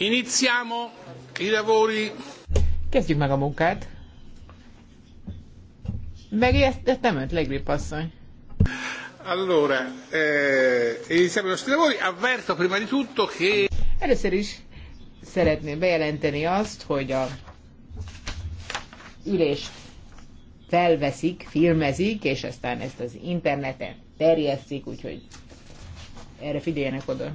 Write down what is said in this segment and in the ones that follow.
Iniziamo i lavori. Kezdjük meg a munkát. Megijesztettem önt, Legrip asszony. Allora, eh, iniziamo i nostri lavori. Avverto prima di tutto che... Először is szeretném bejelenteni azt, hogy a ülést felveszik, filmezik, és aztán ezt az interneten terjesztik, úgyhogy erre figyeljenek oda.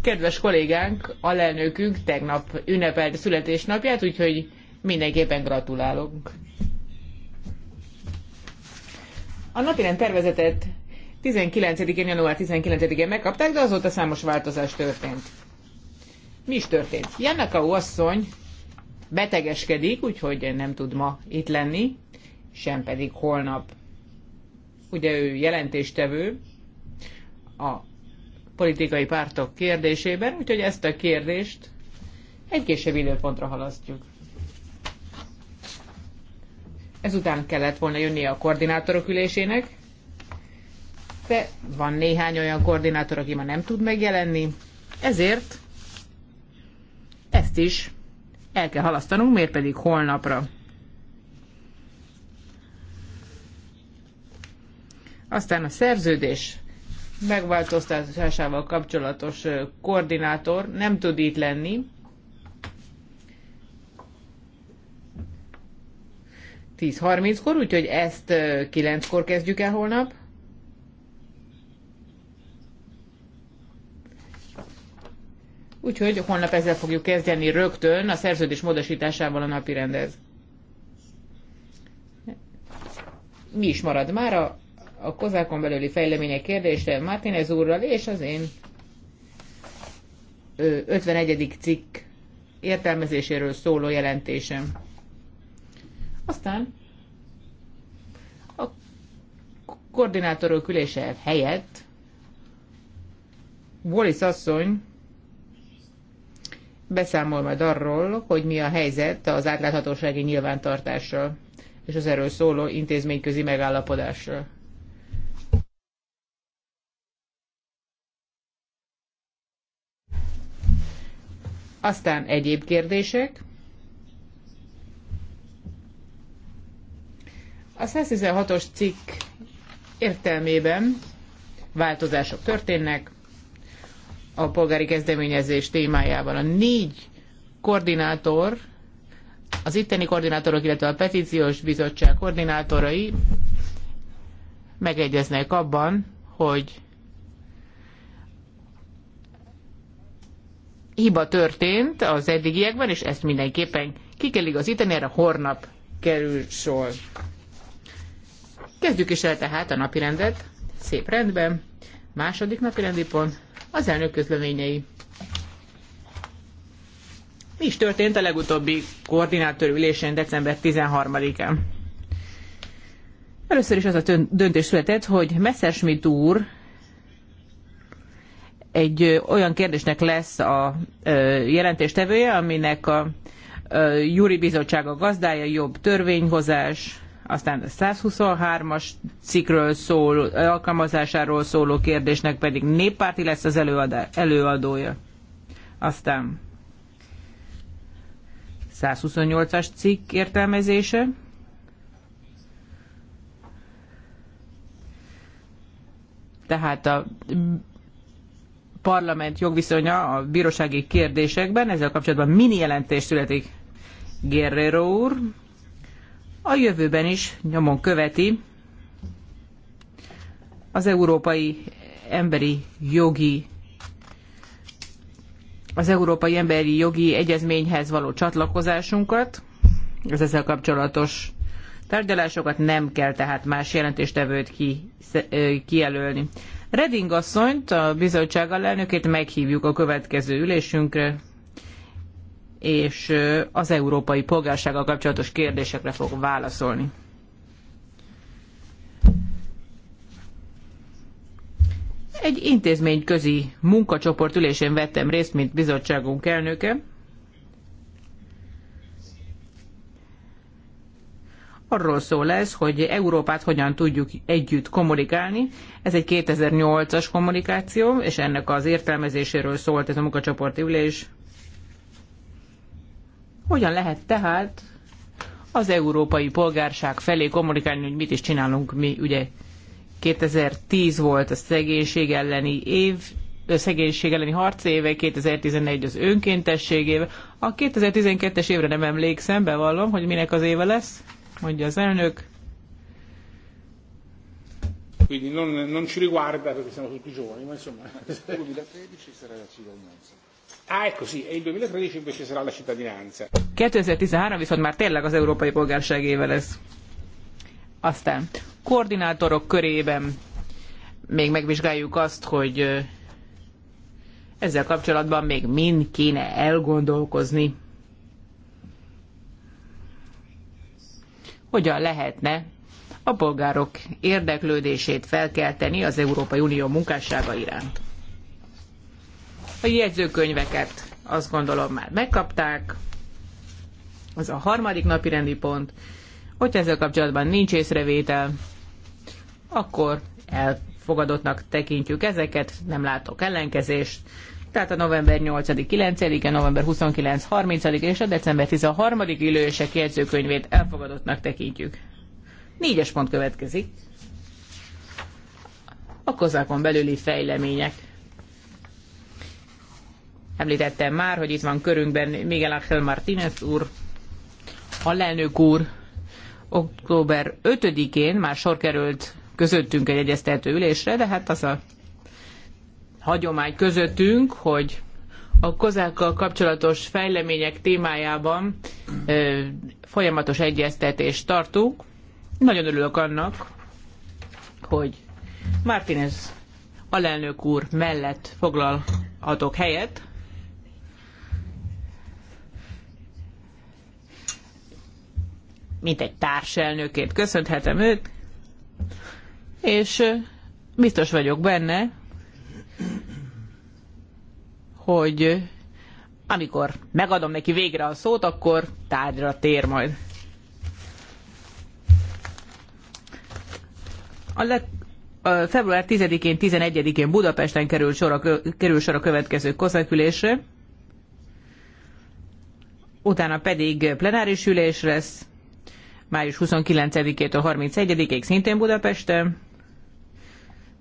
kedves kollégánk, alelnökünk tegnap ünnepelte születésnapját, úgyhogy mindenképpen gratulálunk. A napirend tervezetet 19-én, január 19-én megkapták, de azóta számos változás történt. Mi is történt? a asszony betegeskedik, úgyhogy nem tud ma itt lenni, sem pedig holnap. Ugye ő jelentéstevő a politikai pártok kérdésében, úgyhogy ezt a kérdést egy később időpontra halasztjuk. Ezután kellett volna jönnie a koordinátorok ülésének, de van néhány olyan koordinátor, aki ma nem tud megjelenni, ezért ezt is el kell halasztanunk, miért pedig holnapra. Aztán a szerződés megváltoztatásával kapcsolatos koordinátor nem tud itt lenni. 10.30-kor, úgyhogy ezt 9-kor kezdjük el holnap. Úgyhogy holnap ezzel fogjuk kezdeni rögtön a szerződés módosításával a napi rendez. Mi is marad már a a kozákon belüli fejlemények kérdése Martinez úrral és az én 51. cikk értelmezéséről szóló jelentésem. Aztán a koordinátorok ülése helyett Wallis asszony beszámol majd arról, hogy mi a helyzet az átláthatósági nyilvántartással és az erről szóló intézményközi megállapodással. Aztán egyéb kérdések. A 116-os cikk értelmében változások történnek a polgári kezdeményezés témájában. A négy koordinátor, az itteni koordinátorok, illetve a petíciós bizottság koordinátorai megegyeznek abban, hogy hiba történt az eddigiekben, és ezt mindenképpen ki kell igazítani, erre hornap kerül sor. Kezdjük is el tehát a napirendet. Szép rendben. Második napirendi pont az elnök közleményei. Mi is történt a legutóbbi koordinátor ülésén december 13-án? Először is az a döntés született, hogy Messerschmitt úr egy olyan kérdésnek lesz a jelentéstevője, aminek a Júri Bizottság a gazdája, jobb törvényhozás, aztán a 123-as cikkről szól, alkalmazásáról szóló kérdésnek pedig néppárti lesz az előadá, előadója. Aztán 128-as cikk értelmezése. Tehát a parlament jogviszonya a bírósági kérdésekben. Ezzel kapcsolatban mini jelentés születik Guerrero úr. A jövőben is nyomon követi az európai emberi jogi az Európai Emberi Jogi Egyezményhez való csatlakozásunkat, az ezzel kapcsolatos tárgyalásokat nem kell tehát más jelentéstevőt ki, kijelölni. Reding asszonyt, a bizottság alelnökét meghívjuk a következő ülésünkre, és az európai polgársággal kapcsolatos kérdésekre fog válaszolni. Egy intézményközi munkacsoport ülésén vettem részt, mint bizottságunk elnöke, Arról szól ez, hogy Európát hogyan tudjuk együtt kommunikálni. Ez egy 2008-as kommunikáció, és ennek az értelmezéséről szólt ez a munkacsoporti ülés. Hogyan lehet tehát az európai polgárság felé kommunikálni, hogy mit is csinálunk mi, ugye 2010 volt a szegénység elleni év, a szegénység elleni harc éve, 2011 az önkéntesség éve. A 2012-es évre nem emlékszem, bevallom, hogy minek az éve lesz mondja az elnök. Quindi non, non ci riguarda perché siamo tutti giovani, ma insomma. Il 2013 sarà la cittadinanza. Ah, ecco sì, e il 2013 invece sarà la cittadinanza. 2013 viszont már tényleg az európai polgárságével lesz. Aztán koordinátorok körében még megvizsgáljuk azt, hogy ezzel kapcsolatban még mind kéne elgondolkozni. hogyan lehetne a polgárok érdeklődését felkelteni az Európai Unió munkássága iránt. A jegyzőkönyveket azt gondolom már megkapták, az a harmadik napi rendi pont. Hogyha ezzel kapcsolatban nincs észrevétel, akkor elfogadottnak tekintjük ezeket, nem látok ellenkezést tehát a november 8-9-e, november 29-30-e és a december 13-i ülések jegyzőkönyvét elfogadottnak tekintjük. Négyes pont következik. A kozákon belüli fejlemények. Említettem már, hogy itt van körünkben Miguel Ángel Martínez úr, a lelnök úr. Október 5-én már sor került közöttünk egy egyeztető ülésre, de hát az a hagyomány közöttünk, hogy a kozákkal kapcsolatos fejlemények témájában ö, folyamatos egyeztetést tartunk. Nagyon örülök annak, hogy Martinez alelnök úr mellett foglalhatok helyet. Mint egy társelnökét köszönhetem őt, és biztos vagyok benne, hogy amikor megadom neki végre a szót, akkor tárgyra tér majd. A leg, a február 10-én, 11-én Budapesten kerül sor a, kerül sor a következő koszakülésre, utána pedig plenáris ülés lesz, május 29-től 31-ig szintén Budapesten,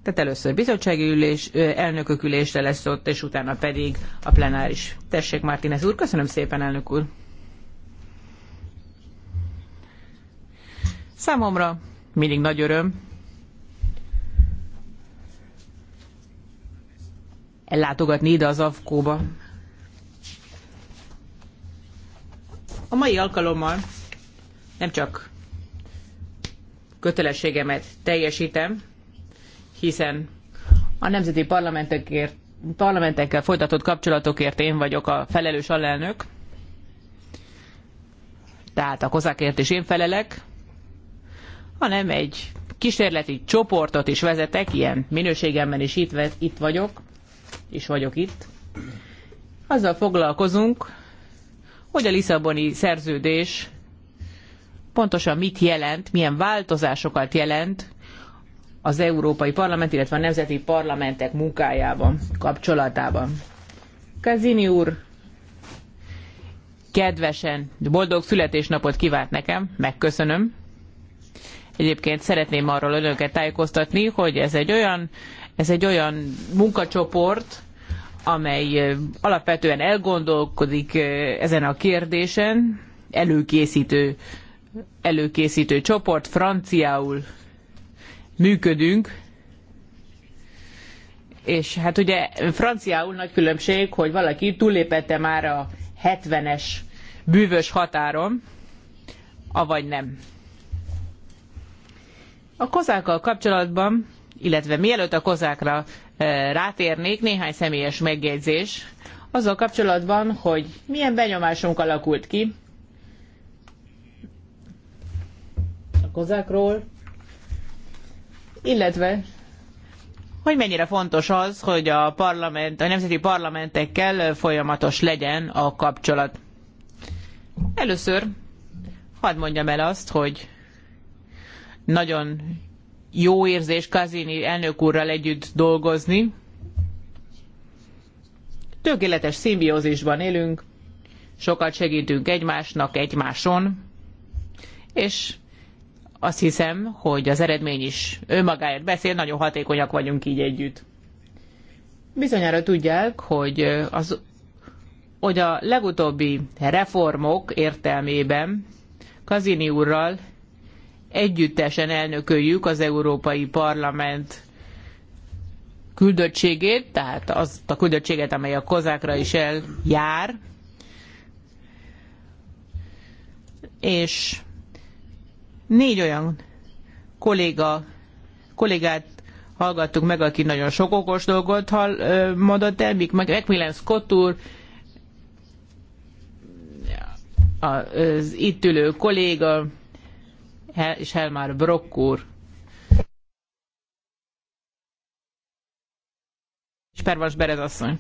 tehát először bizottsági ülés, elnökök ülésre lesz ott, és utána pedig a plenáris. Tessék, Martínez úr, köszönöm szépen, elnök úr. Számomra mindig nagy öröm. Ellátogatni ide az Avkóba. A mai alkalommal nem csak kötelességemet teljesítem, hiszen a nemzeti parlamentekért, parlamentekkel folytatott kapcsolatokért én vagyok a felelős alelnök, tehát a kozákért is én felelek, hanem egy kísérleti csoportot is vezetek, ilyen minőségemben is itt, itt vagyok, és vagyok itt. Azzal foglalkozunk, hogy a Lisszaboni szerződés pontosan mit jelent, milyen változásokat jelent az Európai Parlament, illetve a nemzeti parlamentek munkájában, kapcsolatában. Kazini úr kedvesen boldog születésnapot kívánt nekem, megköszönöm. Egyébként szeretném arról önöket tájékoztatni, hogy ez egy olyan, ez egy olyan munkacsoport, amely alapvetően elgondolkodik ezen a kérdésen, előkészítő, előkészítő csoport, franciául működünk, és hát ugye franciául nagy különbség, hogy valaki túllépette már a 70-es bűvös határon, avagy nem. A kozákkal kapcsolatban, illetve mielőtt a kozákra e, rátérnék, néhány személyes megjegyzés azzal kapcsolatban, hogy milyen benyomásunk alakult ki a kozákról, illetve hogy mennyire fontos az, hogy a, parlament, a nemzeti parlamentekkel folyamatos legyen a kapcsolat. Először hadd mondjam el azt, hogy nagyon jó érzés Kazini elnök úrral együtt dolgozni. Tökéletes szimbiózisban élünk, sokat segítünk egymásnak, egymáson, és azt hiszem, hogy az eredmény is önmagáért beszél, nagyon hatékonyak vagyunk így együtt. Bizonyára tudják, hogy, az, hogy a legutóbbi reformok értelmében Kazini úrral együttesen elnököljük az Európai Parlament küldöttségét, tehát azt a küldöttséget, amely a kozákra is eljár, és Négy olyan kolléga, kollégát hallgattuk meg, aki nagyon sok okos dolgot hall, mondott el, míg Macmillan Scott úr, az itt ülő kolléga, és Helmár Brock úr. Pervas Berez asszony.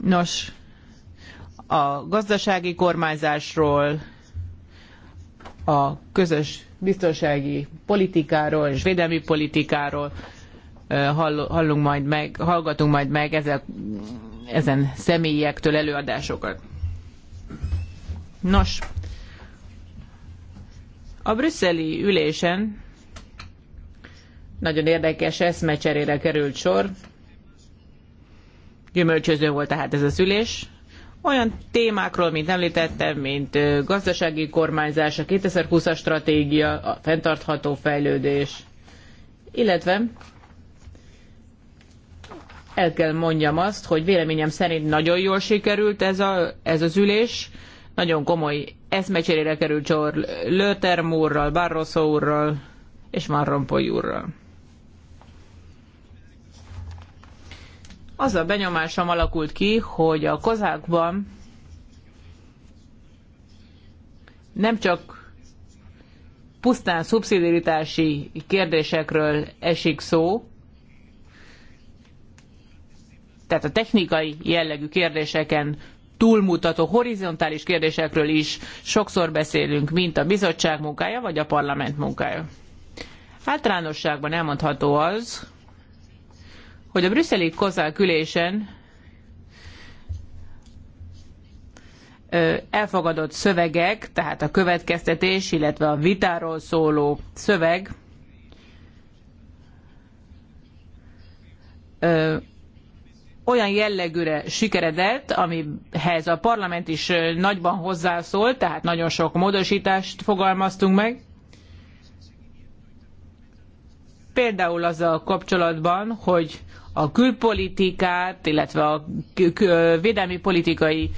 Nos, a gazdasági kormányzásról, a közös biztonsági politikáról és védelmi politikáról hallunk majd meg, hallgatunk majd meg ezek, ezen személyektől előadásokat. Nos, a brüsszeli ülésen nagyon érdekes eszmecserére került sor. Gyümölcsöző volt tehát ez az ülés olyan témákról, mint említettem, mint gazdasági kormányzás, a 2020-as stratégia, a fenntartható fejlődés, illetve el kell mondjam azt, hogy véleményem szerint nagyon jól sikerült ez, a, ez az ülés, nagyon komoly eszmecserére került sor Löter úrral, Barroso úrral és Van Rompuy úrral. Az a benyomásom alakult ki, hogy a kozákban nem csak pusztán szubszidiritási kérdésekről esik szó, tehát a technikai jellegű kérdéseken túlmutató horizontális kérdésekről is sokszor beszélünk, mint a bizottság munkája vagy a parlament munkája. Általánosságban elmondható az, hogy a brüsszeli kozák ülésen elfogadott szövegek, tehát a következtetés, illetve a vitáról szóló szöveg olyan jellegűre sikeredett, amihez a parlament is nagyban hozzászólt, tehát nagyon sok módosítást fogalmaztunk meg. Például azzal kapcsolatban, hogy a külpolitikát, illetve a védelmi politikai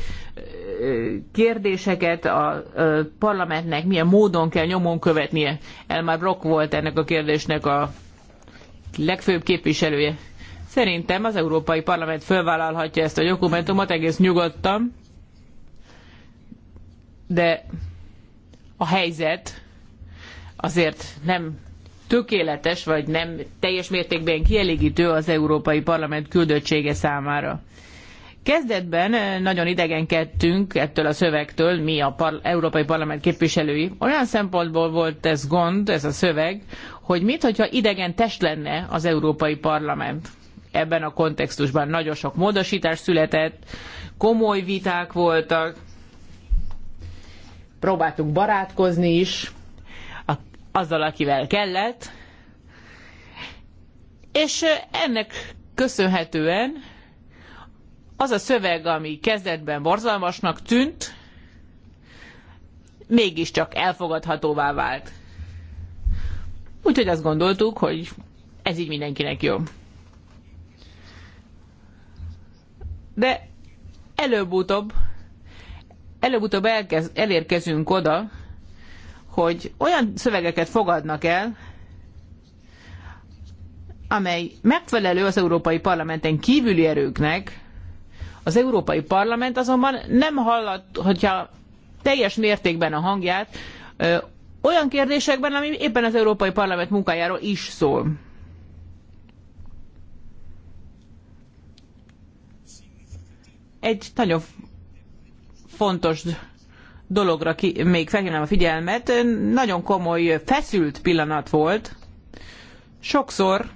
kérdéseket a parlamentnek milyen módon kell nyomon követnie. Elmar Brock volt ennek a kérdésnek a legfőbb képviselője. Szerintem az Európai Parlament fölvállalhatja ezt a dokumentumot egész nyugodtan, de a helyzet azért nem tökéletes, vagy nem teljes mértékben kielégítő az Európai Parlament küldöttsége számára. Kezdetben eh, nagyon idegenkedtünk ettől a szövegtől, mi a par- Európai Parlament képviselői. Olyan szempontból volt ez gond, ez a szöveg, hogy mintha idegen test lenne az Európai Parlament. Ebben a kontextusban nagyon sok módosítás született, komoly viták voltak, próbáltunk barátkozni is, azzal, akivel kellett, és ennek köszönhetően az a szöveg, ami kezdetben borzalmasnak tűnt, mégiscsak elfogadhatóvá vált. Úgyhogy azt gondoltuk, hogy ez így mindenkinek jó. De előbb-utóbb előbb-utóbb elérkezünk oda, hogy olyan szövegeket fogadnak el, amely megfelelő az Európai Parlamenten kívüli erőknek, az Európai Parlament azonban nem hallat, hogyha teljes mértékben a hangját olyan kérdésekben, ami éppen az Európai Parlament munkájáról is szól. Egy nagyon fontos dologra ki, még felhívnám a figyelmet. Nagyon komoly, feszült pillanat volt. Sokszor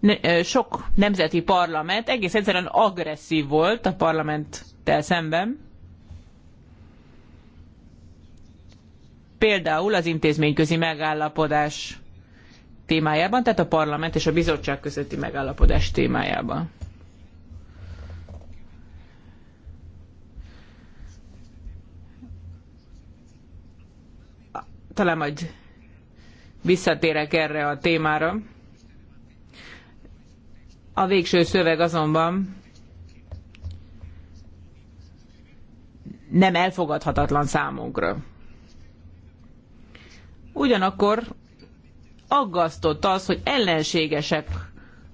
ne, sok nemzeti parlament egész egyszerűen agresszív volt a parlamenttel szemben. Például az intézményközi megállapodás témájában, tehát a parlament és a bizottság közötti megállapodás témájában. talán majd visszatérek erre a témára. A végső szöveg azonban nem elfogadhatatlan számunkra. Ugyanakkor aggasztott az, hogy ellenségesek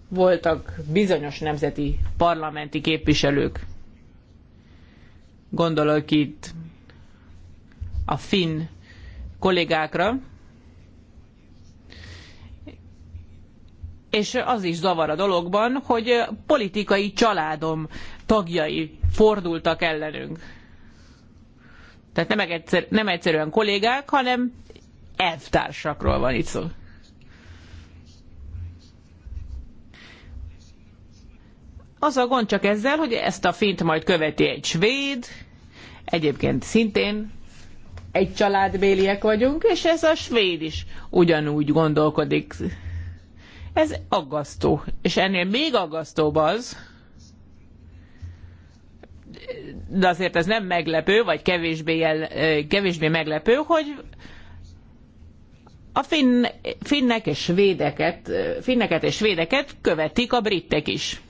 voltak bizonyos nemzeti parlamenti képviselők. Gondolok itt a finn kollégákra, és az is zavar a dologban, hogy politikai családom tagjai fordultak ellenünk. Tehát nem, egyszer, nem egyszerűen kollégák, hanem elvtársakról van itt szó. Az a gond csak ezzel, hogy ezt a fint majd követi egy svéd, egyébként szintén egy családbéliek vagyunk, és ez a svéd is ugyanúgy gondolkodik. Ez aggasztó. És ennél még aggasztóbb az, de azért ez nem meglepő, vagy kevésbé, jel, kevésbé meglepő, hogy a finn, finnek és svédeket, finneket és svédeket követik a britek is.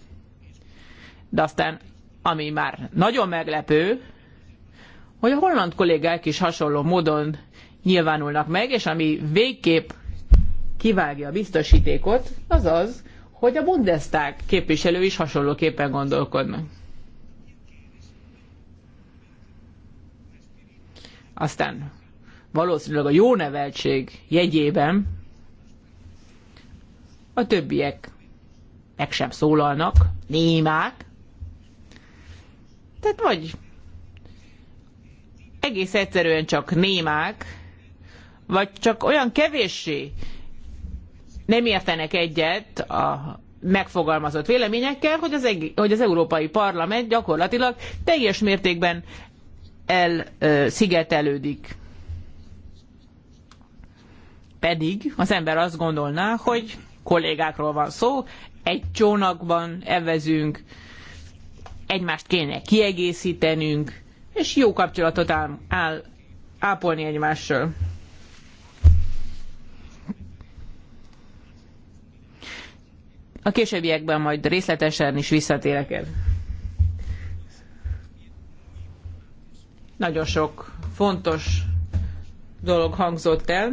De aztán, ami már nagyon meglepő, hogy a holland kollégák is hasonló módon nyilvánulnak meg, és ami végképp kivágja a biztosítékot, az az, hogy a Bundestag képviselő is hasonlóképpen gondolkodnak. Aztán valószínűleg a jó neveltség jegyében a többiek meg sem szólalnak, némák. Tehát vagy egész egyszerűen csak némák, vagy csak olyan kevéssé nem értenek egyet a megfogalmazott véleményekkel, hogy az, hogy az Európai Parlament gyakorlatilag teljes mértékben elszigetelődik. Pedig az ember azt gondolná, hogy kollégákról van szó, egy csónakban evezünk, egymást kéne kiegészítenünk, és jó kapcsolatot áll, áll ápolni egymással. A későbbiekben majd részletesen is visszatérek el. Nagyon sok fontos dolog hangzott el,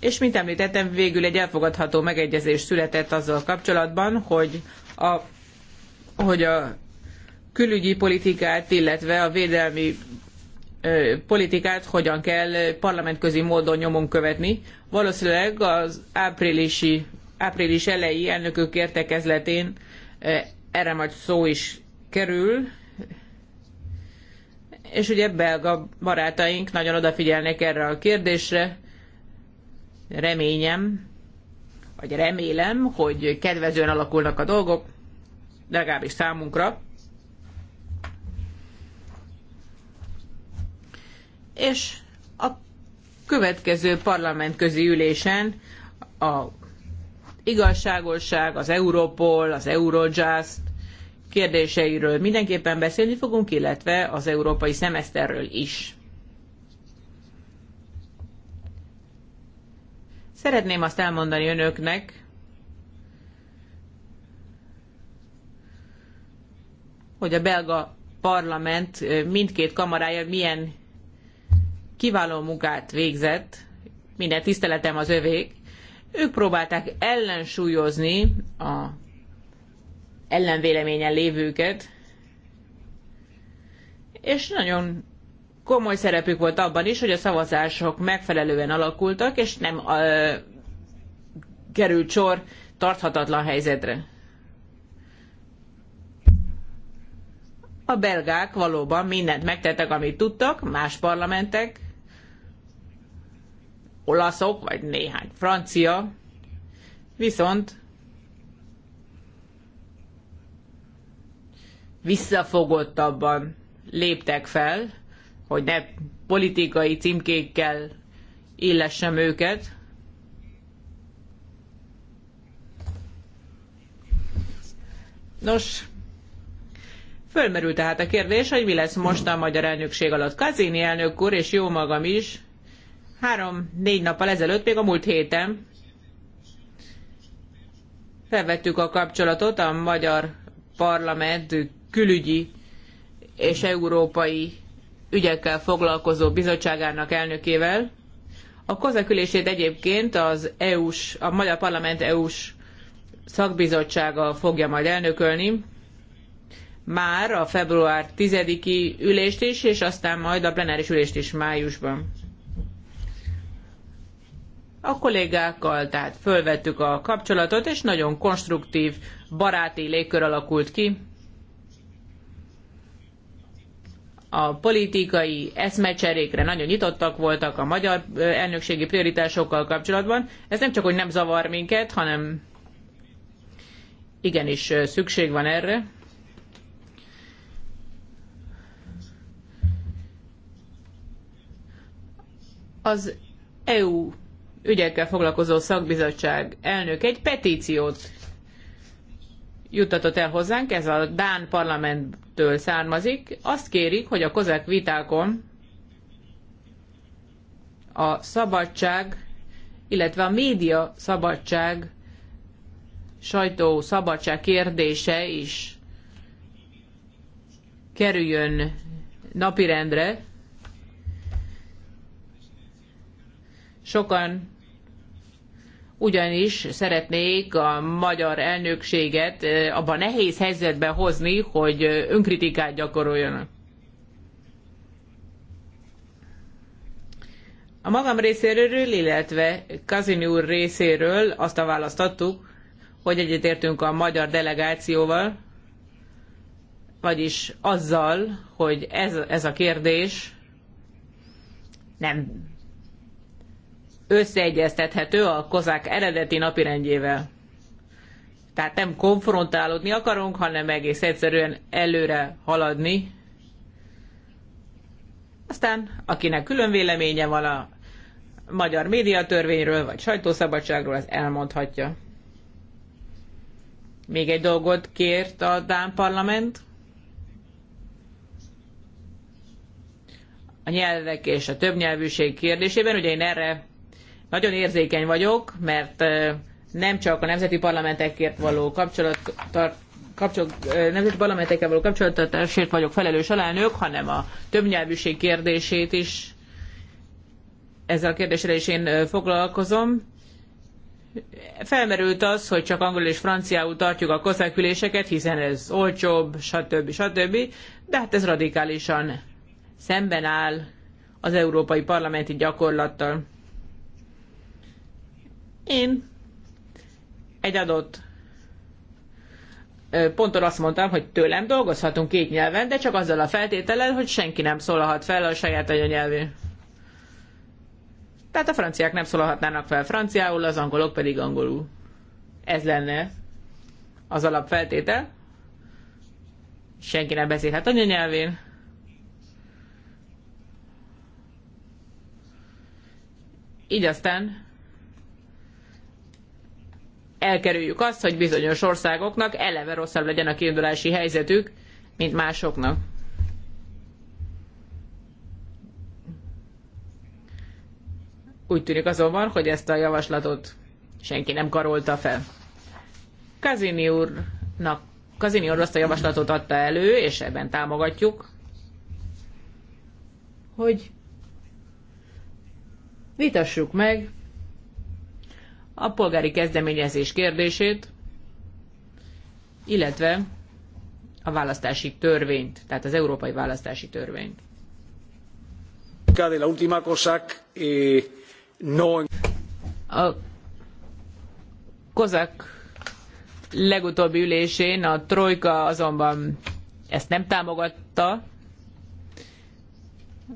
és mint említettem, végül egy elfogadható megegyezés született azzal kapcsolatban, hogy a, hogy a külügyi politikát, illetve a védelmi politikát hogyan kell parlamentközi módon nyomon követni. Valószínűleg az áprilisi, április elejé elnökök értekezletén erre majd szó is kerül, és ugye belga barátaink nagyon odafigyelnek erre a kérdésre. Reményem, vagy remélem, hogy kedvezően alakulnak a dolgok, legalábbis számunkra. és a következő parlamentközi ülésen a igazságosság, az Europol, az Eurojust kérdéseiről mindenképpen beszélni fogunk, illetve az európai szemeszterről is. Szeretném azt elmondani önöknek, hogy a belga parlament mindkét kamarája milyen kiváló munkát végzett, minden tiszteletem az övék, ők próbálták ellensúlyozni a ellenvéleményen lévőket, és nagyon komoly szerepük volt abban is, hogy a szavazások megfelelően alakultak, és nem ö, került sor tarthatatlan helyzetre. A belgák valóban mindent megtettek, amit tudtak, más parlamentek olaszok, vagy néhány francia, viszont visszafogottabban léptek fel, hogy ne politikai címkékkel illessem őket. Nos, fölmerült tehát a kérdés, hogy mi lesz most a magyar elnökség alatt. Kazini elnök úr és jó magam is Három-négy nappal ezelőtt, még a múlt héten felvettük a kapcsolatot a magyar parlament külügyi és európai ügyekkel foglalkozó bizottságának elnökével. A kozakülését egyébként az EU-s, a Magyar Parlament EU-s szakbizottsága fogja majd elnökölni. Már a február 10-i ülést is, és aztán majd a plenáris ülést is májusban a kollégákkal, tehát fölvettük a kapcsolatot, és nagyon konstruktív, baráti légkör alakult ki. A politikai eszmecserékre nagyon nyitottak voltak a magyar elnökségi prioritásokkal kapcsolatban. Ez nem csak, hogy nem zavar minket, hanem igenis szükség van erre. Az EU ügyekkel foglalkozó szakbizottság elnök egy petíciót juttatott el hozzánk, ez a Dán parlamenttől származik. Azt kérik, hogy a kozák vitákon a szabadság, illetve a média szabadság, sajtó szabadság kérdése is kerüljön napirendre, Sokan ugyanis szeretnék a magyar elnökséget eh, abban nehéz helyzetbe hozni, hogy eh, önkritikát gyakoroljanak. A magam részéről, illetve Kazini úr részéről azt a választ adtuk, hogy egyetértünk a magyar delegációval, vagyis azzal, hogy ez, ez a kérdés nem összeegyeztethető a kozák eredeti napirendjével. Tehát nem konfrontálódni akarunk, hanem egész egyszerűen előre haladni. Aztán, akinek külön véleménye van a magyar médiatörvényről, vagy sajtószabadságról, az elmondhatja. Még egy dolgot kért a Dán parlament. A nyelvek és a többnyelvűség kérdésében, ugye én erre nagyon érzékeny vagyok, mert nem csak a nemzeti parlamentekért való kapcsolattart, kapcsolat, nemzeti parlamentekkel való kapcsolattartásért vagyok felelős alelnök, hanem a többnyelvűség kérdését is ezzel a kérdéssel is én foglalkozom. Felmerült az, hogy csak angol és franciául tartjuk a kozáküléseket, hiszen ez olcsóbb, stb. stb. De hát ez radikálisan szemben áll az európai parlamenti gyakorlattal. Én egy adott ponton azt mondtam, hogy tőlem dolgozhatunk két nyelven, de csak azzal a feltétellel, hogy senki nem szólhat fel a saját anyanyelvű. Tehát a franciák nem szólhatnának fel franciául, az angolok pedig angolul. Ez lenne az alapfeltétel. Senki nem beszélhet anyanyelvén. Így aztán elkerüljük azt, hogy bizonyos országoknak eleve rosszabb legyen a kiindulási helyzetük, mint másoknak. Úgy tűnik azonban, hogy ezt a javaslatot senki nem karolta fel. Kazini úrnak, Kazini úr azt a javaslatot adta elő, és ebben támogatjuk, hogy vitassuk meg a polgári kezdeményezés kérdését, illetve a választási törvényt, tehát az európai választási törvényt. Eh, a kozák legutóbbi ülésén a trojka azonban ezt nem támogatta.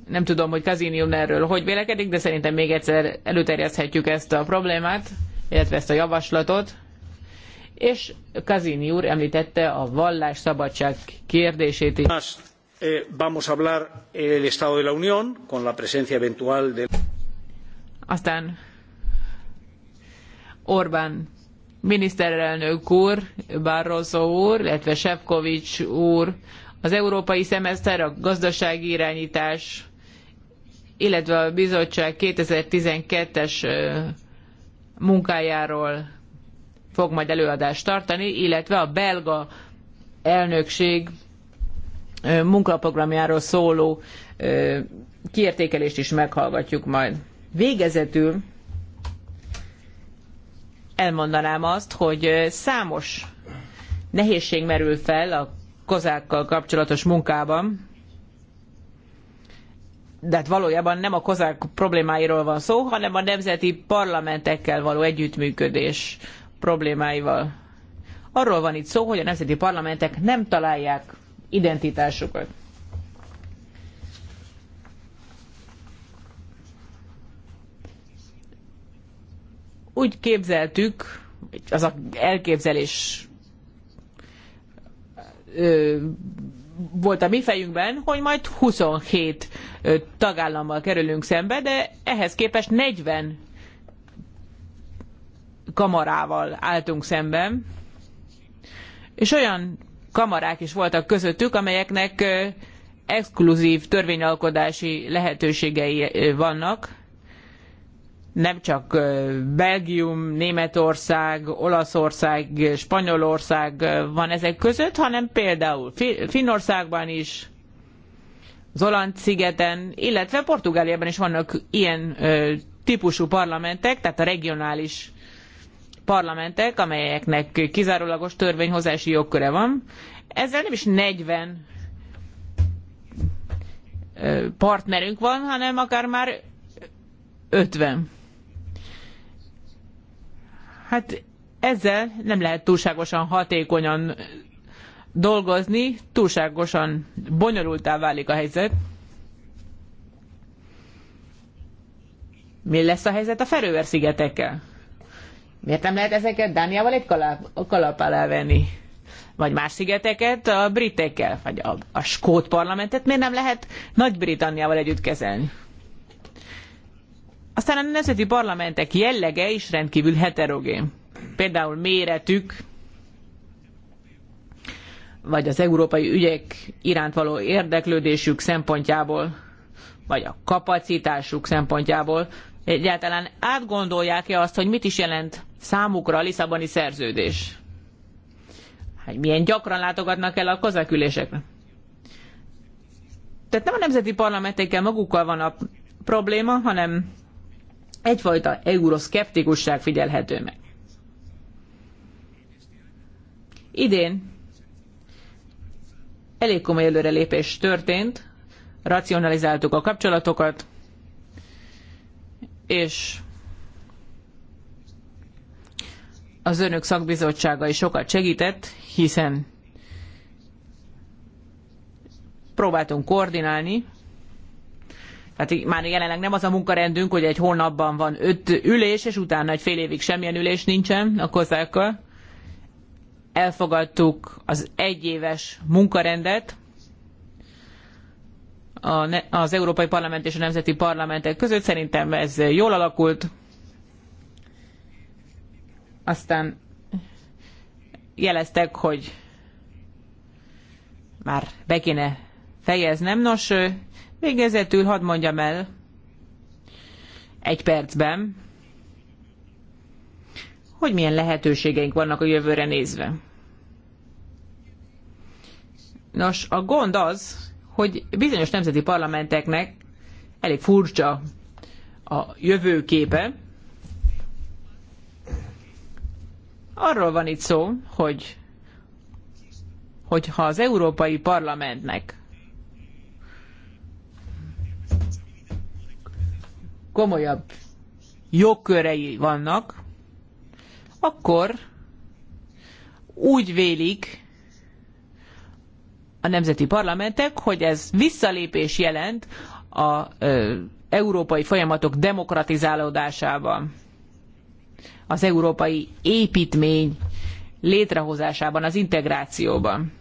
Nem tudom, hogy Kazinium erről hogy vélekedik, de szerintem még egyszer előterjeszthetjük ezt a problémát illetve ezt a javaslatot, és Kazini úr említette a vallás szabadság kérdését is. Eh, vamos hablar eh, el Estado de la Unión con la presencia eventual de... Aztán Orbán miniszterelnök úr, Barroso úr, illetve Sefcovics úr, az európai szemeszter, a gazdasági irányítás, illetve a bizottság 2012-es munkájáról fog majd előadást tartani, illetve a belga elnökség munkaprogramjáról szóló kiértékelést is meghallgatjuk majd. Végezetül elmondanám azt, hogy számos nehézség merül fel a kozákkal kapcsolatos munkában, de hát valójában nem a kozák problémáiról van szó, hanem a nemzeti parlamentekkel való együttműködés problémáival. Arról van itt szó, hogy a nemzeti parlamentek nem találják identitásukat. Úgy képzeltük, az a elképzelés ö, volt a mi fejünkben, hogy majd 27 tagállammal kerülünk szembe, de ehhez képest 40 kamarával álltunk szemben, és olyan kamarák is voltak közöttük, amelyeknek exkluzív törvényalkodási lehetőségei vannak, nem csak Belgium, Németország, Olaszország, Spanyolország van ezek között, hanem például Finnországban is, az szigeten illetve Portugáliában is vannak ilyen típusú parlamentek, tehát a regionális parlamentek, amelyeknek kizárólagos törvényhozási jogköre van. Ezzel nem is 40 partnerünk van, hanem akár már 50. Hát ezzel nem lehet túlságosan hatékonyan dolgozni, túlságosan bonyolultá válik a helyzet. Mi lesz a helyzet a Ferőver szigetekkel Miért nem lehet ezeket Dániával egy kalap, kalap alá venni? Vagy más szigeteket a britekkel, vagy a, a skót parlamentet miért nem lehet Nagy-Britanniával együtt kezelni? Aztán a nemzeti parlamentek jellege is rendkívül heterogén. Például méretük, vagy az európai ügyek iránt való érdeklődésük szempontjából, vagy a kapacitásuk szempontjából egyáltalán átgondolják-e azt, hogy mit is jelent számukra a Lisszaboni szerződés? Hát milyen gyakran látogatnak el a kozakülésekre? Tehát nem a nemzeti parlamentekkel magukkal van a probléma, hanem egyfajta euroszkeptikusság figyelhető meg. Idén elég komoly előrelépés történt, racionalizáltuk a kapcsolatokat, és az önök szakbizottsága is sokat segített, hiszen próbáltunk koordinálni, tehát már jelenleg nem az a munkarendünk, hogy egy hónapban van öt ülés, és utána egy fél évig semmilyen ülés nincsen a kozákkal. Elfogadtuk az egyéves munkarendet az Európai Parlament és a Nemzeti Parlamentek között. Szerintem ez jól alakult. Aztán jeleztek, hogy már be kéne fejeznem. Nos, végezetül hadd mondjam el egy percben, hogy milyen lehetőségeink vannak a jövőre nézve. Nos, a gond az, hogy bizonyos nemzeti parlamenteknek elég furcsa a jövőképe. Arról van itt szó, hogy, hogy ha az Európai Parlamentnek komolyabb jogkörei vannak, akkor úgy vélik a nemzeti parlamentek, hogy ez visszalépés jelent az európai folyamatok demokratizálódásában, az európai építmény létrehozásában, az integrációban.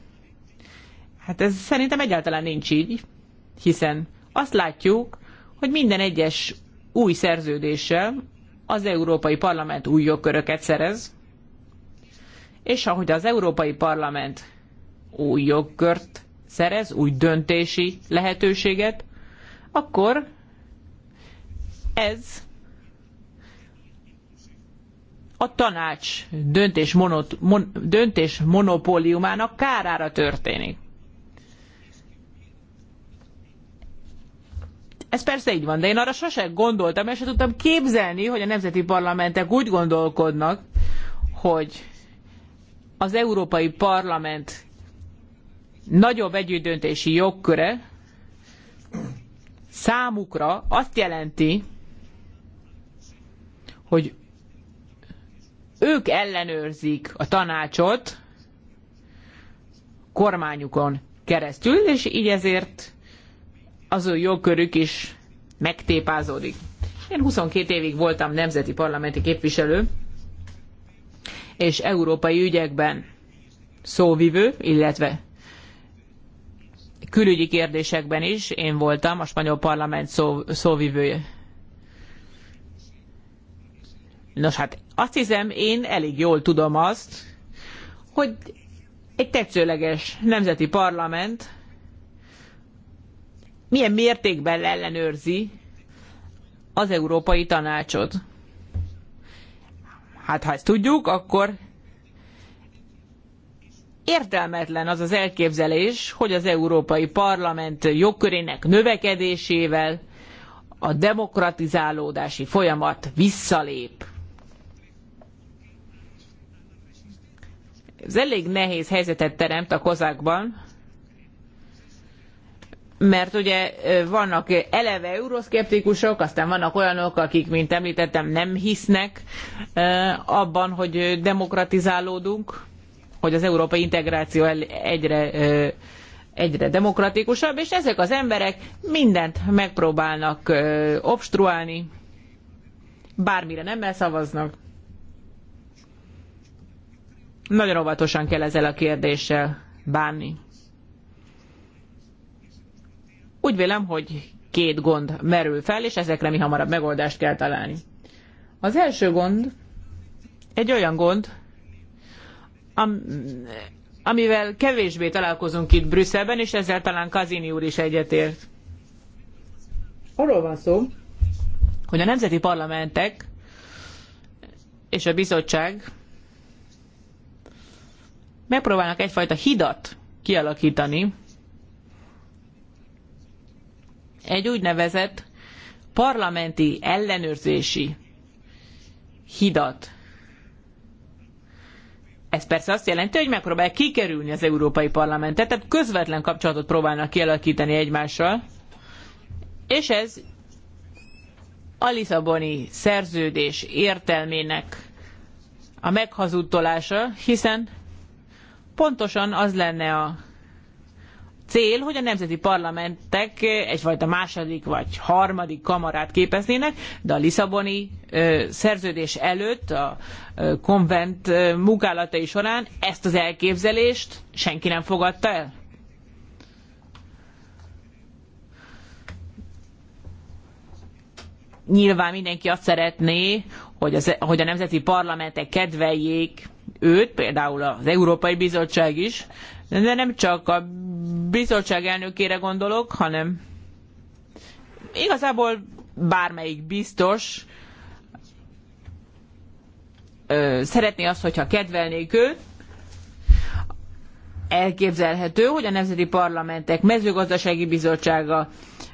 Hát ez szerintem egyáltalán nincs így, hiszen azt látjuk, hogy minden egyes új szerződéssel az Európai Parlament új jogköröket szerez, és ahogy az Európai Parlament új jogkört szerez, új döntési lehetőséget, akkor ez a tanács döntés, monot, mon, döntés monopóliumának kárára történik. Ez persze így van, de én arra sose gondoltam, és se tudtam képzelni, hogy a nemzeti parlamentek úgy gondolkodnak, hogy az Európai Parlament nagyobb együttdöntési jogköre számukra azt jelenti, hogy ők ellenőrzik a tanácsot kormányukon keresztül, és így ezért az ő jogkörük is megtépázódik. Én 22 évig voltam nemzeti parlamenti képviselő, és európai ügyekben szóvivő, illetve külügyi kérdésekben is én voltam a spanyol parlament szó, szóvivője. Nos hát azt hiszem, én elég jól tudom azt, hogy egy tetszőleges nemzeti parlament milyen mértékben ellenőrzi az Európai Tanácsot. Hát ha ezt tudjuk, akkor értelmetlen az az elképzelés, hogy az Európai Parlament jogkörének növekedésével a demokratizálódási folyamat visszalép. Ez elég nehéz helyzetet teremt a kozákban, mert ugye vannak eleve euroszkeptikusok, aztán vannak olyanok, akik, mint említettem, nem hisznek abban, hogy demokratizálódunk, hogy az európai integráció egyre, egyre demokratikusabb, és ezek az emberek mindent megpróbálnak obstruálni, bármire nem elszavaznak. Nagyon óvatosan kell ezzel a kérdéssel bánni. Úgy vélem, hogy két gond merül fel, és ezekre mi hamarabb megoldást kell találni. Az első gond egy olyan gond, am, amivel kevésbé találkozunk itt Brüsszelben, és ezzel talán Kazini úr is egyetért. Arról van szó, hogy a nemzeti parlamentek és a bizottság megpróbálnak egyfajta hidat kialakítani egy úgynevezett parlamenti ellenőrzési hidat. Ez persze azt jelenti, hogy megpróbálják kikerülni az Európai Parlamentet, tehát közvetlen kapcsolatot próbálnak kialakítani egymással, és ez a Lisszaboni szerződés értelmének a meghazudtolása, hiszen pontosan az lenne a cél, hogy a nemzeti parlamentek egyfajta második vagy harmadik kamarát képeznének, de a Lisszaboni szerződés előtt a konvent munkálatai során ezt az elképzelést senki nem fogadta el? Nyilván mindenki azt szeretné, hogy, az, hogy a nemzeti parlamentek kedveljék őt, például az Európai Bizottság is, de nem csak a bizottság elnökére gondolok, hanem igazából bármelyik biztos ö, szeretné azt, hogyha kedvelnék őt, elképzelhető, hogy a Nemzeti Parlamentek mezőgazdasági bizottsága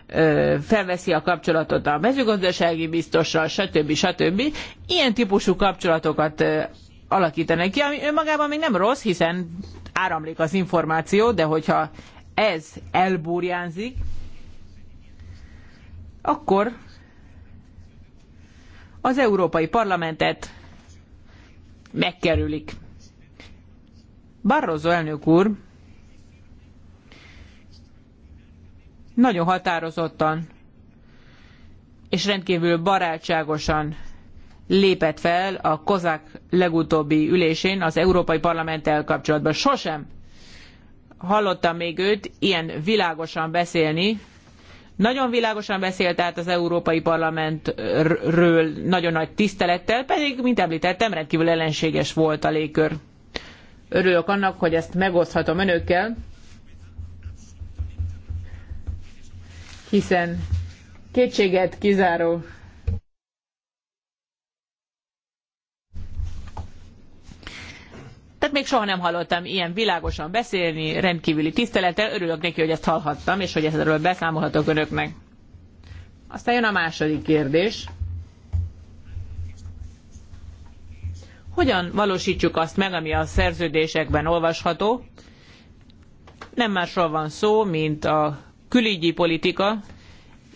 ö, felveszi a kapcsolatot a mezőgazdasági biztossal, stb. stb. Ilyen típusú kapcsolatokat ö, alakítani ki, ami önmagában még nem rossz, hiszen áramlik az információ, de hogyha ez elbúrjánzik, akkor az Európai Parlamentet megkerülik. Barroso elnök úr nagyon határozottan és rendkívül barátságosan lépett fel a kozák legutóbbi ülésén az Európai Parlamenttel kapcsolatban. Sosem hallottam még őt ilyen világosan beszélni. Nagyon világosan beszélt át az Európai Parlamentről nagyon nagy tisztelettel, pedig, mint említettem, rendkívül ellenséges volt a légkör. Örülök annak, hogy ezt megoszthatom önökkel, hiszen kétséget kizáró Tehát még soha nem hallottam ilyen világosan beszélni, rendkívüli tisztelettel. Örülök neki, hogy ezt hallhattam, és hogy ezzel beszámolhatok önöknek. Aztán jön a második kérdés. Hogyan valósítjuk azt meg, ami a szerződésekben olvasható? Nem másról van szó, mint a külügyi politika,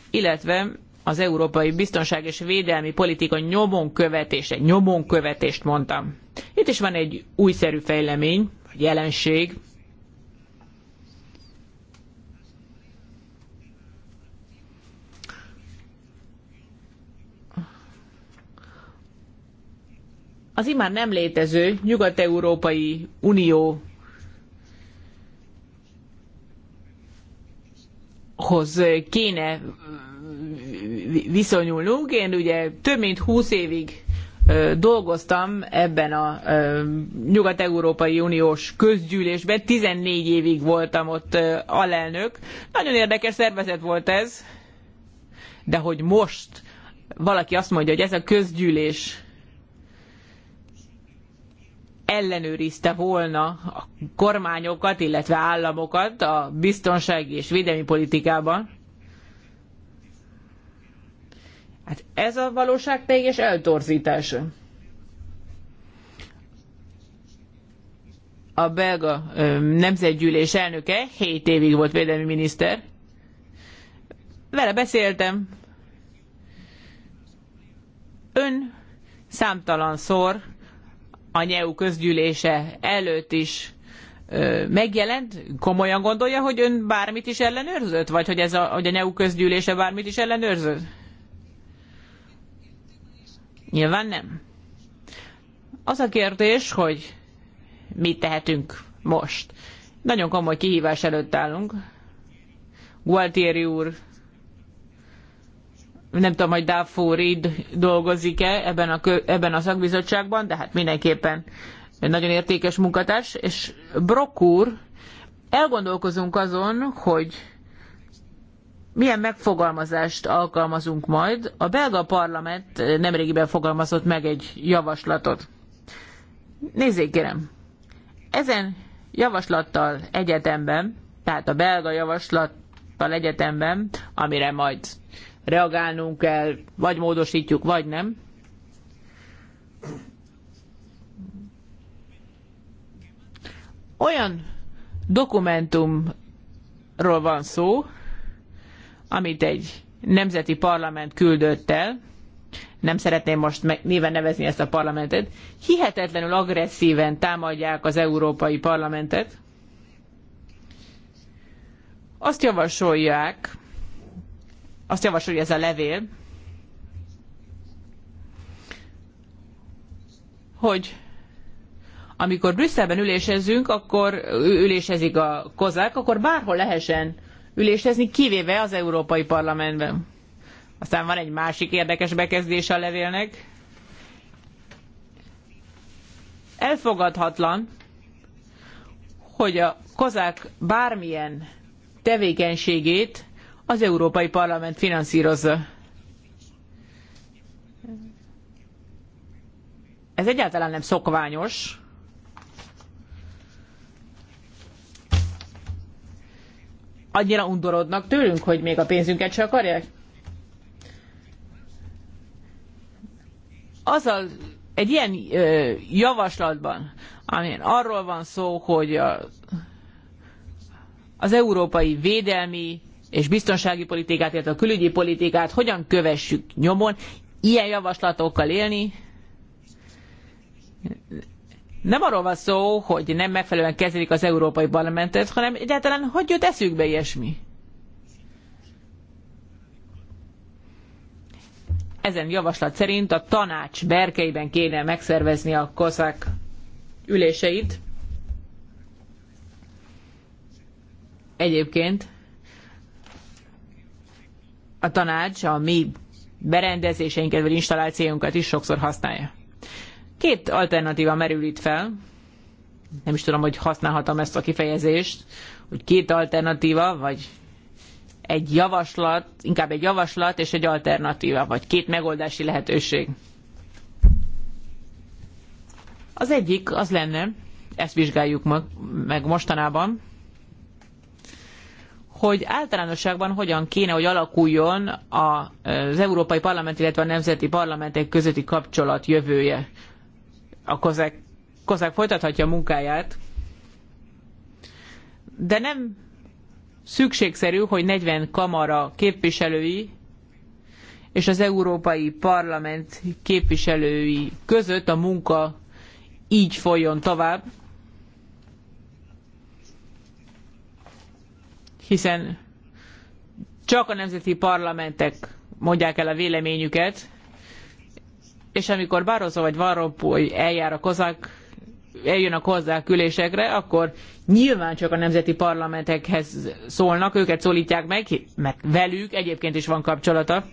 illetve az európai biztonság és védelmi politika nyomon követése, nyomon követést mondtam. Itt is van egy újszerű fejlemény, vagy jelenség. Az imár nem létező Nyugat-Európai Unió hoz kéne viszonyulnunk. Én ugye több mint 20 évig dolgoztam ebben a Nyugat-Európai Uniós közgyűlésben, 14 évig voltam ott alelnök. Nagyon érdekes szervezet volt ez, de hogy most valaki azt mondja, hogy ez a közgyűlés ellenőrizte volna a kormányokat, illetve államokat a biztonsági és védelmi politikában, Hát ez a valóság teljes eltorzítása. A belga ö, nemzetgyűlés elnöke 7 évig volt védelmi miniszter. Vele beszéltem. Ön szor a NEU közgyűlése előtt is ö, megjelent, komolyan gondolja, hogy ön bármit is ellenőrzött? Vagy hogy, ez a, hogy a NEU közgyűlése bármit is ellenőrzött? Nyilván nem. Az a kérdés, hogy mit tehetünk most. Nagyon komoly kihívás előtt állunk. Gualtieri úr, nem tudom, hogy Dáfórid dolgozik-e ebben a, ebben a szakbizottságban, de hát mindenképpen nagyon értékes munkatárs, és brokúr. úr, elgondolkozunk azon, hogy milyen megfogalmazást alkalmazunk majd. A belga parlament nemrégiben fogalmazott meg egy javaslatot. Nézzék, kérem! Ezen javaslattal egyetemben, tehát a belga javaslattal egyetemben, amire majd reagálnunk kell, vagy módosítjuk, vagy nem, olyan dokumentumról van szó, amit egy nemzeti parlament küldött el, nem szeretném most néven nevezni ezt a parlamentet, hihetetlenül agresszíven támadják az Európai Parlamentet. Azt javasolják, azt javasolja ez a levél, hogy amikor Brüsszelben ülésezünk, akkor ülésezik a kozák, akkor bárhol lehessen ülésezni, kivéve az Európai Parlamentben. Aztán van egy másik érdekes bekezdés a levélnek. Elfogadhatlan, hogy a kozák bármilyen tevékenységét az Európai Parlament finanszírozza. Ez egyáltalán nem szokványos, annyira undorodnak tőlünk, hogy még a pénzünket se akarják? Azzal egy ilyen ö, javaslatban, amin arról van szó, hogy a, az európai védelmi és biztonsági politikát, illetve a külügyi politikát hogyan kövessük nyomon, ilyen javaslatokkal élni, nem arról van szó, hogy nem megfelelően kezelik az Európai Parlamentet, hanem egyáltalán hogy jött eszükbe ilyesmi? Ezen javaslat szerint a tanács berkeiben kéne megszervezni a koszák üléseit. Egyébként a tanács a mi berendezéseinket vagy installációinkat is sokszor használja. Két alternatíva merül itt fel. Nem is tudom, hogy használhatom ezt a kifejezést, hogy két alternatíva, vagy egy javaslat, inkább egy javaslat és egy alternatíva, vagy két megoldási lehetőség. Az egyik az lenne, ezt vizsgáljuk meg mostanában, hogy általánosságban hogyan kéne, hogy alakuljon az Európai Parlament, illetve a Nemzeti Parlamentek közötti kapcsolat jövője a kozák, kozák folytathatja a munkáját, de nem szükségszerű, hogy 40 kamara képviselői és az Európai Parlament képviselői között a munka így folyjon tovább, hiszen csak a nemzeti parlamentek mondják el a véleményüket, és amikor Barroso vagy Van Rompuy eljár a kozák, eljön a kozák ülésekre, akkor nyilván csak a nemzeti parlamentekhez szólnak, őket szólítják meg, mert velük egyébként is van kapcsolata.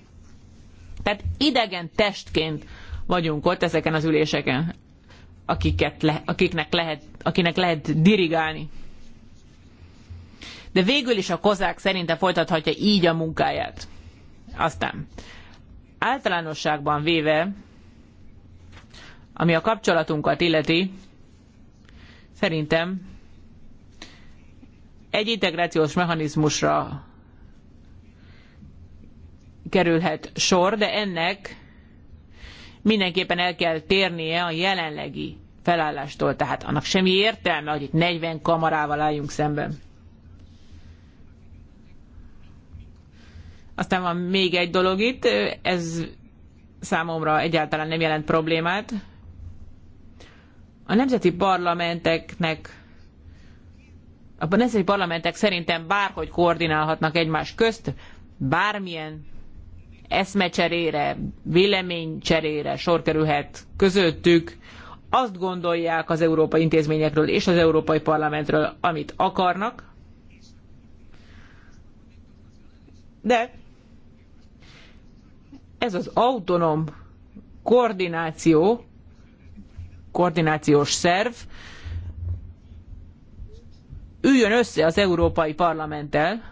Tehát idegen testként vagyunk ott ezeken az üléseken, akiket le, akiknek lehet, akinek lehet dirigálni. De végül is a kozák szerinte folytathatja így a munkáját. Aztán általánosságban véve ami a kapcsolatunkat illeti, szerintem egy integrációs mechanizmusra kerülhet sor, de ennek mindenképpen el kell térnie a jelenlegi felállástól, tehát annak semmi értelme, hogy itt 40 kamarával álljunk szemben. Aztán van még egy dolog itt, ez számomra egyáltalán nem jelent problémát. A nemzeti parlamenteknek a nemzeti parlamentek szerintem bárhogy koordinálhatnak egymás közt, bármilyen eszmecserére, véleménycserére sor kerülhet közöttük, azt gondolják az európai intézményekről és az európai parlamentről, amit akarnak, de ez az autonóm koordináció koordinációs szerv üljön össze az Európai Parlamenttel,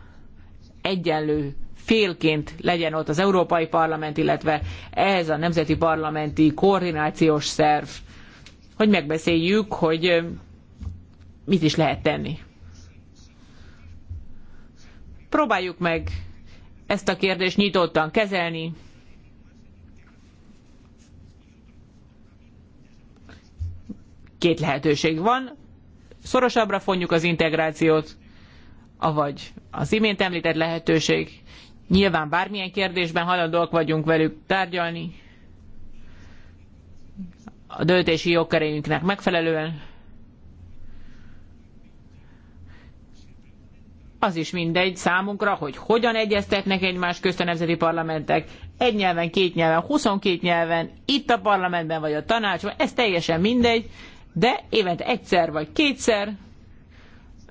egyenlő félként legyen ott az Európai Parlament, illetve ez a Nemzeti Parlamenti Koordinációs Szerv, hogy megbeszéljük, hogy mit is lehet tenni. Próbáljuk meg ezt a kérdést nyitottan kezelni, két lehetőség van, szorosabbra fonjuk az integrációt, avagy az imént említett lehetőség. Nyilván bármilyen kérdésben haladók vagyunk velük tárgyalni, a döntési jogkerényünknek megfelelően. Az is mindegy számunkra, hogy hogyan egyeztetnek egymás közt a nemzeti parlamentek, egy nyelven, két nyelven, 22 nyelven, itt a parlamentben vagy a tanácsban, ez teljesen mindegy, de évente egyszer vagy kétszer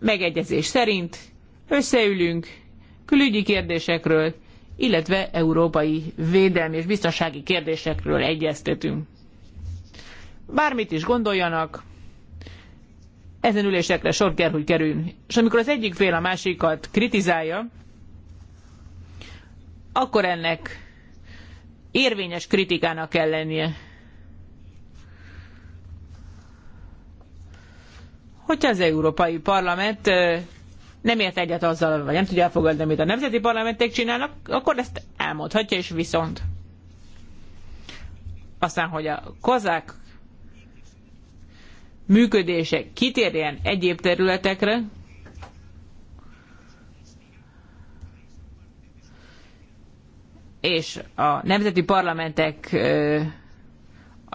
megegyezés szerint összeülünk külügyi kérdésekről, illetve európai védelmi és biztonsági kérdésekről egyeztetünk. Bármit is gondoljanak, ezen ülésekre sor kell, hogy kerüljön. És amikor az egyik fél a másikat kritizálja, akkor ennek érvényes kritikának kell lennie. hogyha az Európai Parlament nem ért egyet azzal, vagy nem tudja elfogadni, amit a nemzeti parlamentek csinálnak, akkor ezt elmondhatja, és viszont. Aztán, hogy a kozák működése kitérjen egyéb területekre, és a nemzeti parlamentek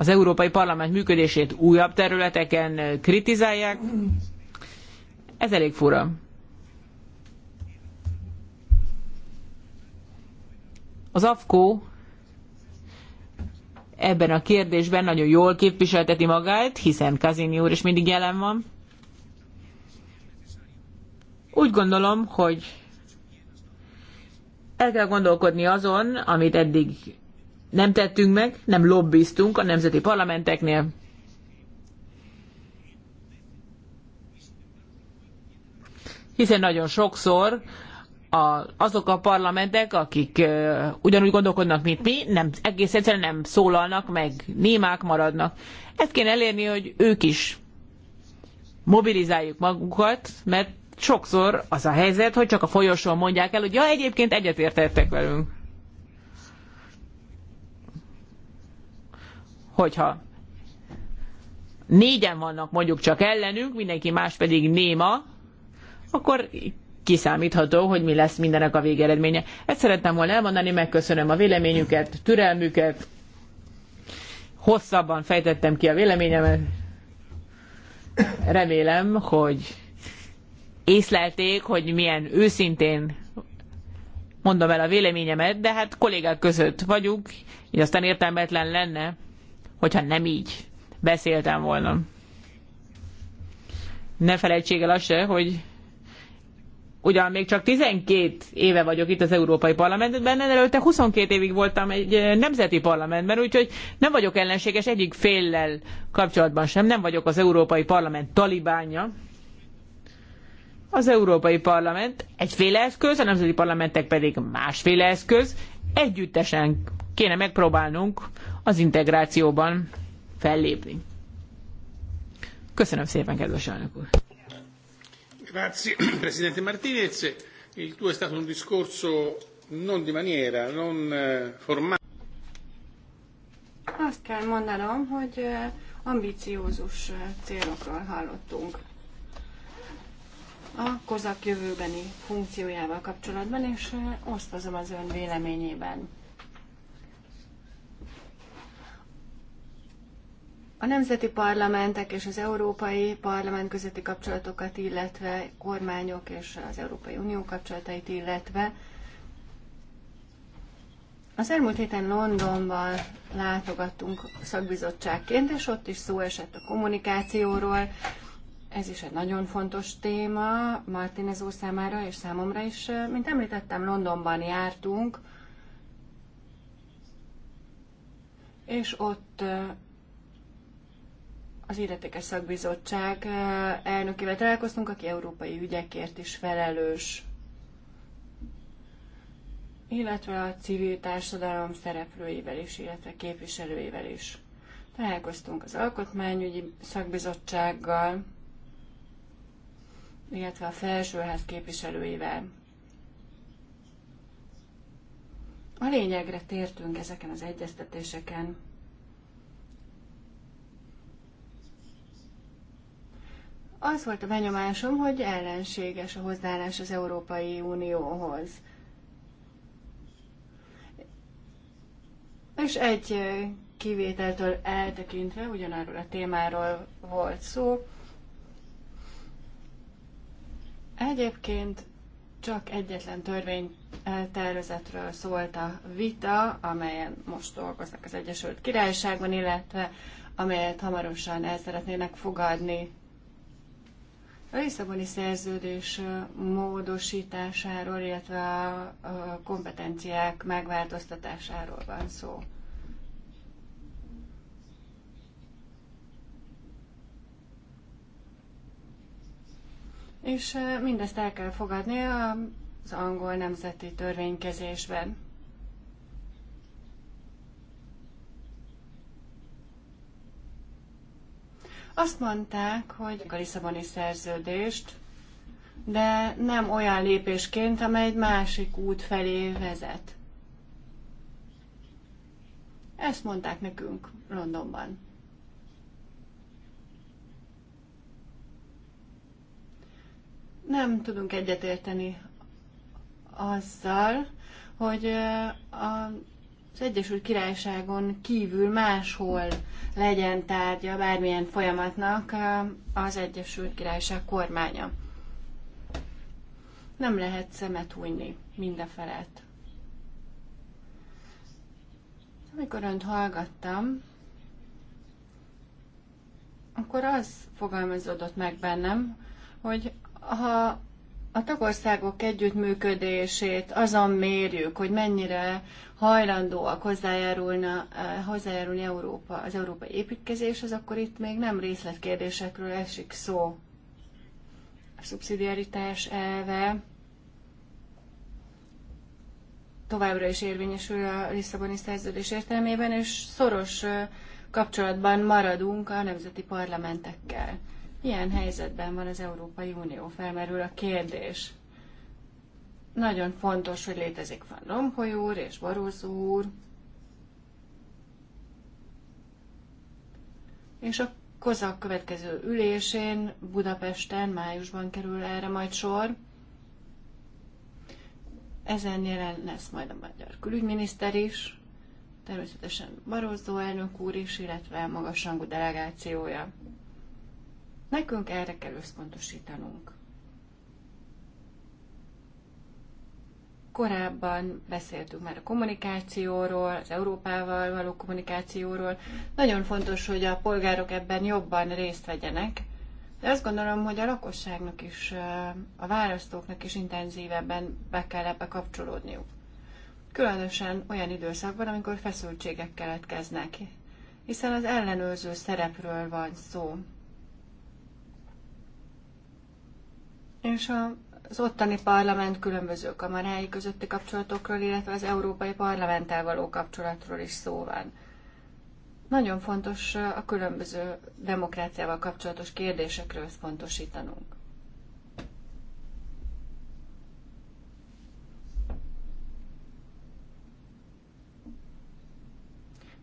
az Európai Parlament működését újabb területeken kritizálják. Ez elég fura. Az AFKO ebben a kérdésben nagyon jól képviselteti magát, hiszen Kazini úr is mindig jelen van. Úgy gondolom, hogy el kell gondolkodni azon, amit eddig nem tettünk meg, nem lobbiztunk a nemzeti parlamenteknél. Hiszen nagyon sokszor a, azok a parlamentek, akik uh, ugyanúgy gondolkodnak, mint mi, nem, egész egyszerűen nem szólalnak meg, némák maradnak. Ezt kéne elérni, hogy ők is mobilizáljuk magukat, mert sokszor az a helyzet, hogy csak a folyosón mondják el, hogy ja, egyébként egyetértettek velünk. hogyha négyen vannak mondjuk csak ellenünk, mindenki más pedig néma, akkor kiszámítható, hogy mi lesz mindenek a végeredménye. Ezt szerettem volna elmondani, megköszönöm a véleményüket, türelmüket, hosszabban fejtettem ki a véleményemet. Remélem, hogy észlelték, hogy milyen őszintén mondom el a véleményemet, de hát kollégák között vagyunk, így aztán értelmetlen lenne hogyha nem így beszéltem volna. Ne felejtsék el azt se, hogy ugyan még csak 12 éve vagyok itt az Európai Parlamentben, előtte 22 évig voltam egy eh, nemzeti parlamentben, úgyhogy nem vagyok ellenséges egyik féllel kapcsolatban sem, nem vagyok az Európai Parlament talibánya. Az Európai Parlament egyféle eszköz, a nemzeti parlamentek pedig másféle eszköz. Együttesen kéne megpróbálnunk az integrációban fellépni. Köszönöm szépen, kedves elnök úr! Grazie, Presidente Martinez. Il tuo è stato un discorso non di maniera, non eh, formale. Azt kell mondanom, hogy eh, ambiciózus eh, célokról hallottunk a kozak jövőbeni funkciójával kapcsolatban, és osztozom az ön véleményében. A nemzeti parlamentek és az Európai Parlament közötti kapcsolatokat, illetve kormányok és az Európai Unió kapcsolatait, illetve az elmúlt héten Londonban látogattunk szakbizottságként, és ott is szó esett a kommunikációról. Ez is egy nagyon fontos téma Martinez úr számára és számomra is. Mint említettem, Londonban jártunk, és ott az illetékes szakbizottság elnökével találkoztunk, aki európai ügyekért is felelős, illetve a civil társadalom szereplőivel is, illetve képviselőivel is. Találkoztunk az Alkotmányügyi Szakbizottsággal, illetve a Felsőház képviselőivel. A lényegre tértünk ezeken az egyeztetéseken. Az volt a benyomásom, hogy ellenséges a hozzáállás az Európai Unióhoz. És egy kivételtől eltekintve ugyanarról a témáról volt szó. Egyébként csak egyetlen törvénytervezetről szólt a vita, amelyen most dolgoznak az Egyesült Királyságban, illetve amelyet hamarosan el szeretnének fogadni a Lisszaboni szerződés módosításáról, illetve a kompetenciák megváltoztatásáról van szó. És mindezt el kell fogadni az angol nemzeti törvénykezésben. Azt mondták, hogy a Lisszaboni szerződést, de nem olyan lépésként, amely egy másik út felé vezet. Ezt mondták nekünk Londonban. Nem tudunk egyetérteni azzal, hogy a az Egyesült Királyságon kívül máshol legyen tárgya bármilyen folyamatnak az Egyesült Királyság kormánya. Nem lehet szemet hunyni mindefelett. Amikor önt hallgattam, akkor az fogalmazódott meg bennem, hogy ha a tagországok együttműködését azon mérjük, hogy mennyire hajlandóak hozzájárulna, eh, hozzájárulni Európa, az európai építkezéshez, akkor itt még nem részletkérdésekről esik szó. A szubszidiaritás elve továbbra is érvényesül a Lisszaboni szerződés értelmében, és szoros eh, kapcsolatban maradunk a nemzeti parlamentekkel. Ilyen helyzetben van az Európai Unió, felmerül a kérdés. Nagyon fontos, hogy létezik Van Rompoly úr és Barroso úr. És a Kozak következő ülésén Budapesten májusban kerül erre majd sor. Ezen jelen lesz majd a magyar külügyminiszter is, természetesen Barózó elnök úr is, illetve magasrangú delegációja. Nekünk erre kell összpontosítanunk. Korábban beszéltünk már a kommunikációról, az Európával való kommunikációról. Nagyon fontos, hogy a polgárok ebben jobban részt vegyenek, de azt gondolom, hogy a lakosságnak is, a választóknak is intenzívebben be kell ebbe kapcsolódniuk. Különösen olyan időszakban, amikor feszültségek keletkeznek, hiszen az ellenőrző szerepről van szó. És a az ottani parlament különböző kamarái közötti kapcsolatokról, illetve az Európai Parlamenttel való kapcsolatról is szó van. Nagyon fontos a különböző demokráciával kapcsolatos kérdésekről összpontosítanunk.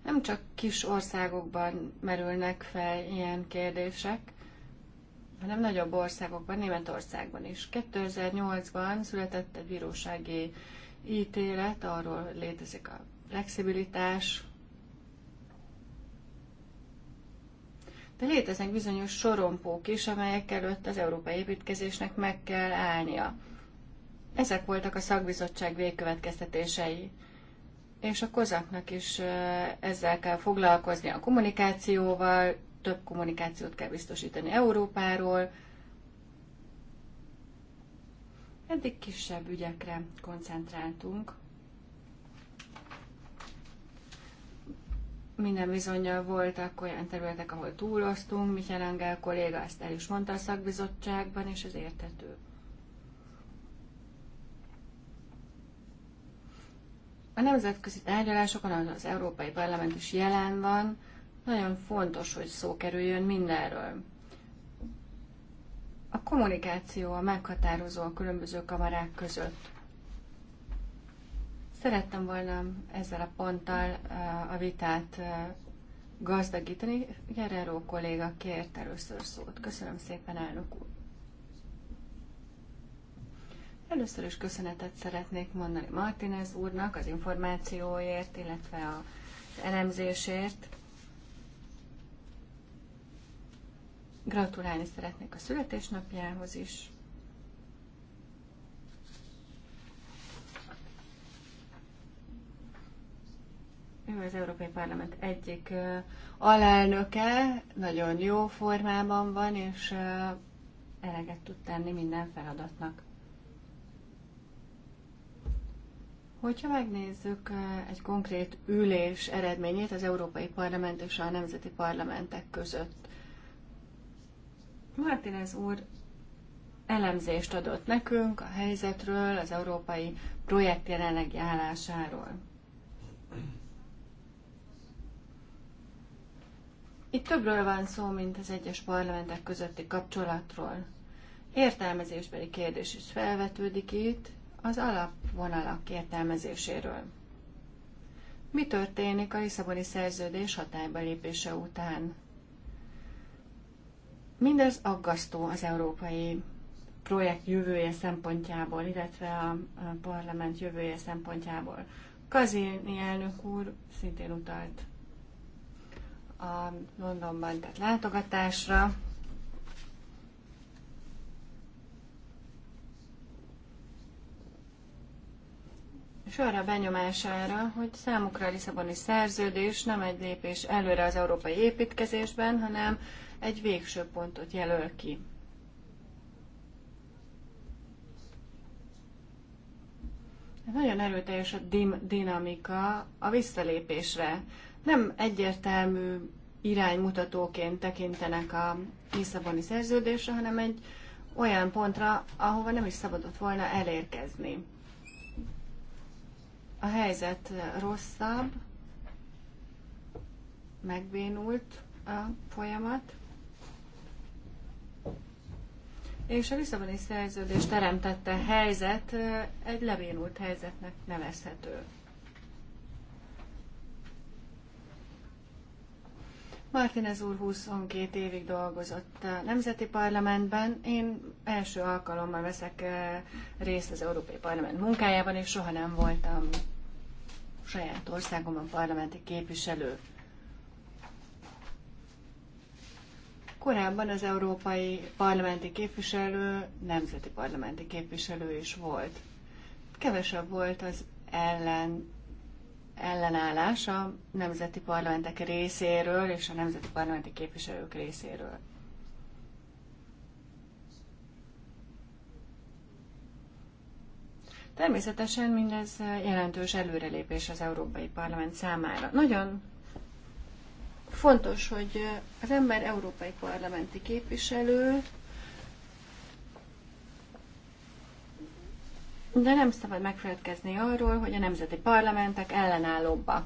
Nem csak kis országokban merülnek fel ilyen kérdések, hanem nagyobb országokban, Németországban is. 2008-ban született egy bírósági ítélet, arról létezik a flexibilitás, de léteznek bizonyos sorompók is, amelyek előtt az európai építkezésnek meg kell állnia. Ezek voltak a szakbizottság végkövetkeztetései. És a kozaknak is ezzel kell foglalkozni a kommunikációval, több kommunikációt kell biztosítani Európáról. Eddig kisebb ügyekre koncentráltunk. Minden bizonyal voltak olyan területek, ahol túloztunk, Michel Angel kolléga ezt el is mondta a szakbizottságban, és ez értető. A nemzetközi tárgyalásokon az Európai Parlament is jelen van, nagyon fontos, hogy szó kerüljön mindenről. A kommunikáció a meghatározó a különböző kamarák között. Szerettem volna ezzel a ponttal eh, a vitát eh, gazdagítani. Gerero kolléga kért először szót. Köszönöm szépen, elnök úr. Először is köszönetet szeretnék mondani Martinez úrnak az információért, illetve az elemzésért. Gratulálni szeretnék a születésnapjához is. Ő az Európai Parlament egyik alelnöke, nagyon jó formában van, és eleget tud tenni minden feladatnak. Hogyha megnézzük egy konkrét ülés eredményét az Európai Parlament és a Nemzeti Parlamentek között, Martínez úr elemzést adott nekünk a helyzetről, az európai projekt jelenlegi állásáról. Itt többről van szó, mint az egyes parlamentek közötti kapcsolatról. Értelmezésbeli kérdés is felvetődik itt, az alapvonalak értelmezéséről. Mi történik a Lisszaboni szerződés hatályba lépése után? Mindez aggasztó az európai projekt jövője szempontjából, illetve a, parlament jövője szempontjából. Kazini elnök úr szintén utalt a Londonban tett látogatásra. És arra benyomására, hogy számukra a Lisszaboni szerződés nem egy lépés előre az európai építkezésben, hanem egy végső pontot jelöl ki. Nagyon erőteljes a dim- dinamika a visszalépésre. Nem egyértelmű iránymutatóként tekintenek a Lisszaboni szerződésre, hanem egy olyan pontra, ahova nem is szabadott volna elérkezni. A helyzet rosszabb, megbénult a folyamat. és a Lisszaboni szerződés teremtette helyzet egy levénult helyzetnek nevezhető. Martinez úr 22 évig dolgozott a Nemzeti Parlamentben. Én első alkalommal veszek részt az Európai Parlament munkájában, és soha nem voltam saját országomban parlamenti képviselő. Korábban az európai parlamenti képviselő nemzeti parlamenti képviselő is volt. Kevesebb volt az ellen, ellenállás a nemzeti parlamentek részéről és a nemzeti parlamenti képviselők részéről. Természetesen mindez jelentős előrelépés az Európai Parlament számára. Nagyon Fontos, hogy az ember európai parlamenti képviselő, de nem szabad megfelelkezni arról, hogy a nemzeti parlamentek ellenállóbbak.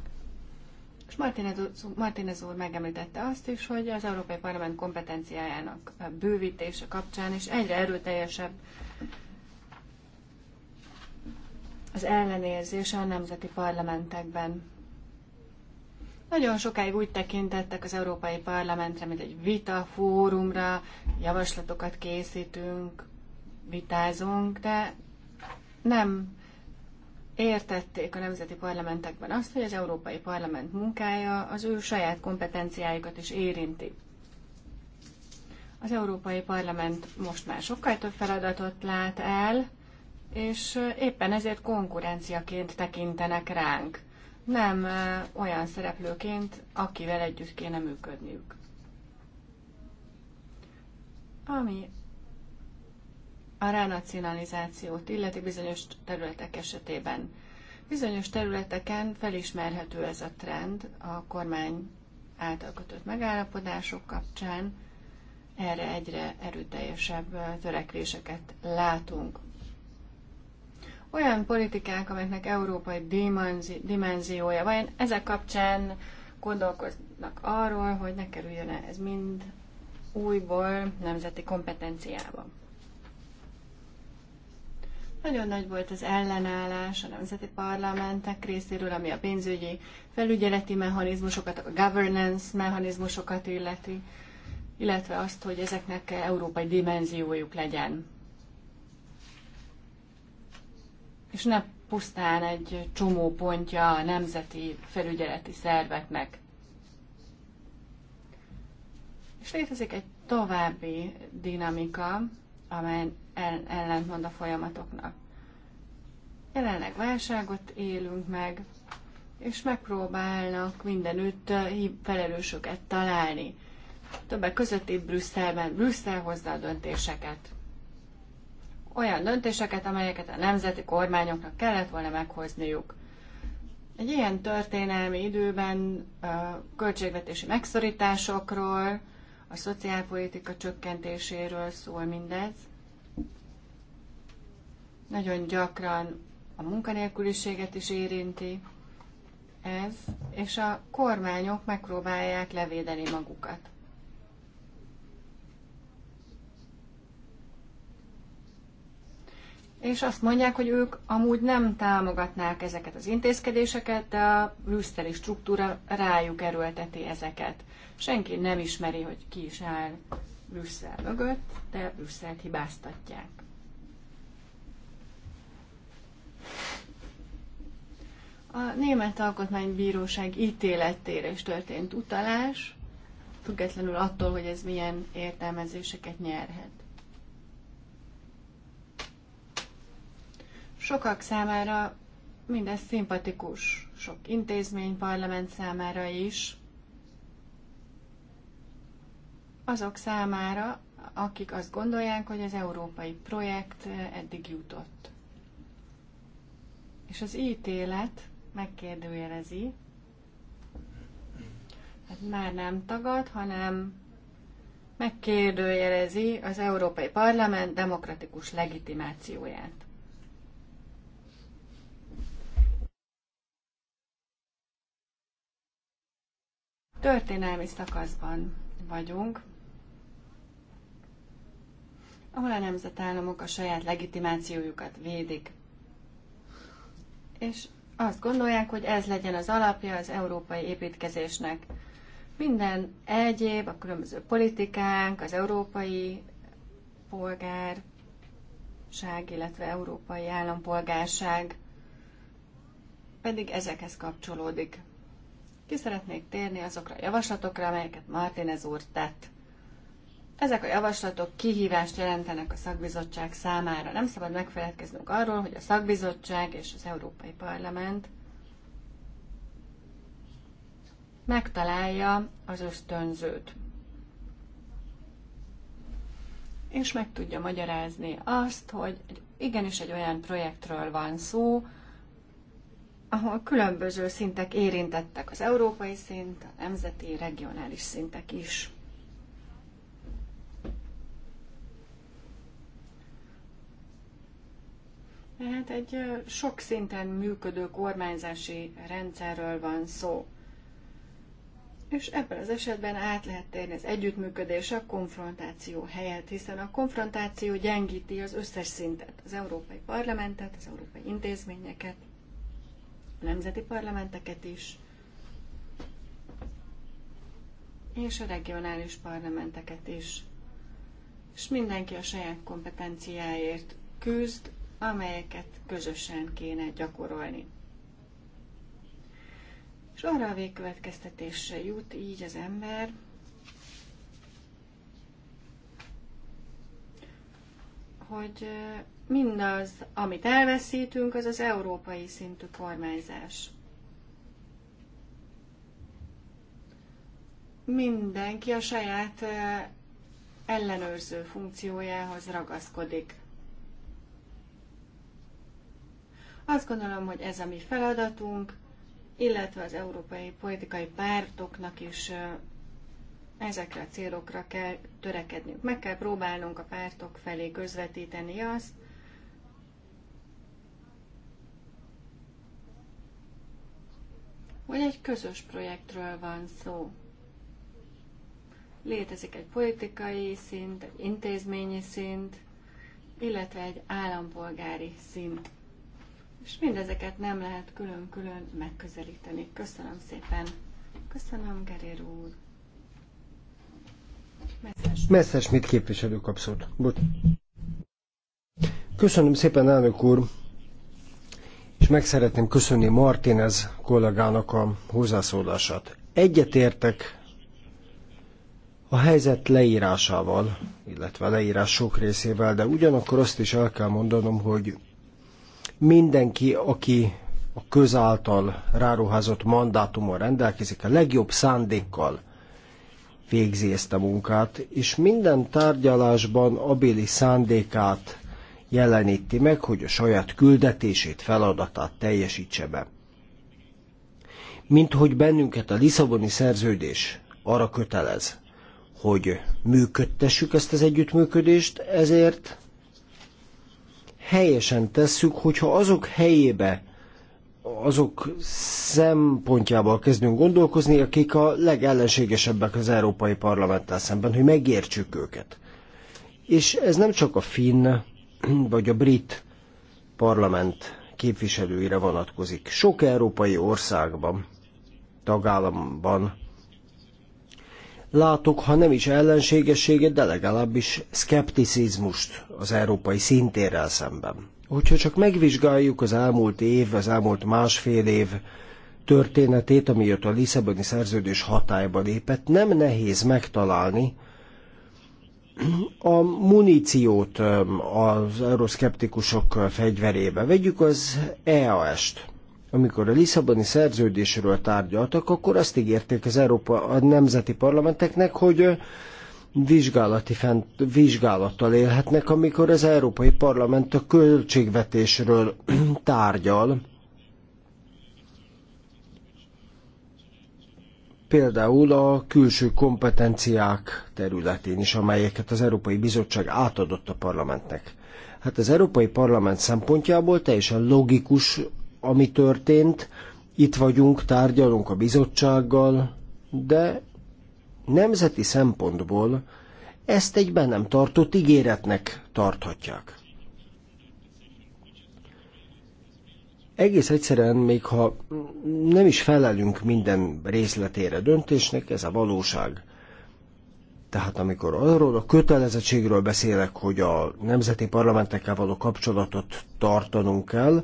És Martínez úr megemlítette azt is, hogy az Európai Parlament kompetenciájának bővítése kapcsán is egyre erőteljesebb az ellenérzése a nemzeti parlamentekben. Nagyon sokáig úgy tekintettek az Európai Parlamentre, mint egy vita fórumra, javaslatokat készítünk, vitázunk, de nem értették a nemzeti parlamentekben azt, hogy az Európai Parlament munkája az ő saját kompetenciájukat is érinti. Az Európai Parlament most már sokkal több feladatot lát el, és éppen ezért konkurenciaként tekintenek ránk nem olyan szereplőként, akivel együtt kéne működniük. Ami a ránacionalizációt illeti bizonyos területek esetében. Bizonyos területeken felismerhető ez a trend a kormány által kötött megállapodások kapcsán, erre egyre erőteljesebb törekvéseket látunk olyan politikák, amelyeknek európai dimenziója van, ezek kapcsán gondolkoznak arról, hogy ne kerüljön -e ez mind újból nemzeti kompetenciába. Nagyon nagy volt az ellenállás a nemzeti parlamentek részéről, ami a pénzügyi felügyeleti mechanizmusokat, a governance mechanizmusokat illeti, illetve azt, hogy ezeknek európai dimenziójuk legyen. és ne pusztán egy csomó pontja a nemzeti felügyeleti szerveknek. És létezik egy további dinamika, amely ellentmond a folyamatoknak. Jelenleg válságot élünk meg, és megpróbálnak mindenütt eh, felelősöket találni. Többek között itt Brüsszelben, Brüsszel hozza a döntéseket olyan döntéseket, amelyeket a nemzeti kormányoknak kellett volna meghozniuk. Egy ilyen történelmi időben a költségvetési megszorításokról, a szociálpolitika csökkentéséről szól mindez. Nagyon gyakran a munkanélküliséget is érinti ez, és a kormányok megpróbálják levédeni magukat. és azt mondják, hogy ők amúgy nem támogatnák ezeket az intézkedéseket, de a brüsszeli struktúra rájuk erőlteti ezeket. Senki nem ismeri, hogy ki is áll Brüsszel mögött, de Brüsszelt hibáztatják. A Német Alkotmánybíróság ítéletére is történt utalás, függetlenül attól, hogy ez milyen értelmezéseket nyerhet. Sokak számára mindez szimpatikus, sok intézmény, parlament számára is. Azok számára, akik azt gondolják, hogy az európai projekt eddig jutott. És az ítélet megkérdőjelezi, hát már nem tagad, hanem megkérdőjelezi az Európai Parlament demokratikus legitimációját. történelmi szakaszban vagyunk, ahol a nemzetállamok a saját legitimációjukat védik. És azt gondolják, hogy ez legyen az alapja az európai építkezésnek. Minden egyéb, a különböző politikánk, az európai polgárság, illetve európai állampolgárság pedig ezekhez kapcsolódik. Ki szeretnék térni azokra a javaslatokra, amelyeket Martinez úr tett. Ezek a javaslatok kihívást jelentenek a szakbizottság számára. Nem szabad megfeledkeznünk arról, hogy a szakbizottság és az Európai Parlament megtalálja az ösztönzőt. És meg tudja magyarázni azt, hogy igenis egy olyan projektről van szó, ahol különböző szintek érintettek, az európai szint, a nemzeti, regionális szintek is. Tehát egy sok szinten működő kormányzási rendszerről van szó. És ebben az esetben át lehet térni az együttműködés a konfrontáció helyett, hiszen a konfrontáció gyengíti az összes szintet, az Európai Parlamentet, az európai intézményeket, nemzeti parlamenteket is, és a regionális parlamenteket is. És mindenki a saját kompetenciáért küzd, amelyeket közösen kéne gyakorolni. És arra a végkövetkeztetésre jut így az ember, hogy mindaz, amit elveszítünk, az az európai szintű kormányzás. Mindenki a saját ellenőrző funkciójához ragaszkodik. Azt gondolom, hogy ez a mi feladatunk, illetve az európai politikai pártoknak is Ezekre a célokra kell törekednünk. Meg kell próbálnunk a pártok felé közvetíteni azt, hogy egy közös projektről van szó. Létezik egy politikai szint, egy intézményi szint, illetve egy állampolgári szint. És mindezeket nem lehet külön-külön megközelíteni. Köszönöm szépen. Köszönöm, Gerér úr. Messzes mit képviselő kapszót. Bocs. Köszönöm szépen, elnök úr, és meg szeretném köszönni Martinez kollégának a hozzászólását. Egyetértek a helyzet leírásával, illetve a leírás sok részével, de ugyanakkor azt is el kell mondanom, hogy mindenki, aki a közáltal ráruházott mandátumon rendelkezik, a legjobb szándékkal végzi ezt a munkát, és minden tárgyalásban abéli szándékát jeleníti meg, hogy a saját küldetését, feladatát teljesítse be. Mint hogy bennünket a Lisszaboni szerződés arra kötelez, hogy működtessük ezt az együttműködést, ezért helyesen tesszük, hogyha azok helyébe azok szempontjából kezdünk gondolkozni, akik a legellenségesebbek az Európai Parlamenttel szemben, hogy megértsük őket. És ez nem csak a finn vagy a brit parlament képviselőire vonatkozik. Sok európai országban, tagállamban látok, ha nem is ellenségességet, de legalábbis szkepticizmust az európai szintérrel szemben. Hogyha csak megvizsgáljuk az elmúlt év, az elmúlt másfél év történetét, amióta a Lisszaboni szerződés hatályba lépett, nem nehéz megtalálni a muníciót az euroszkeptikusok fegyverébe. Vegyük az EAS-t. Amikor a Lisszaboni szerződésről tárgyaltak, akkor azt ígérték az Európa a nemzeti parlamenteknek, hogy vizsgálati fent, vizsgálattal élhetnek, amikor az Európai Parlament a költségvetésről tárgyal. Például a külső kompetenciák területén is, amelyeket az Európai Bizottság átadott a parlamentnek. Hát az Európai Parlament szempontjából teljesen logikus, ami történt. Itt vagyunk, tárgyalunk a bizottsággal, de nemzeti szempontból ezt egy be nem tartott ígéretnek tarthatják. Egész egyszerűen, még ha nem is felelünk minden részletére döntésnek, ez a valóság. Tehát amikor arról a kötelezettségről beszélek, hogy a nemzeti parlamentekkel való kapcsolatot tartanunk kell,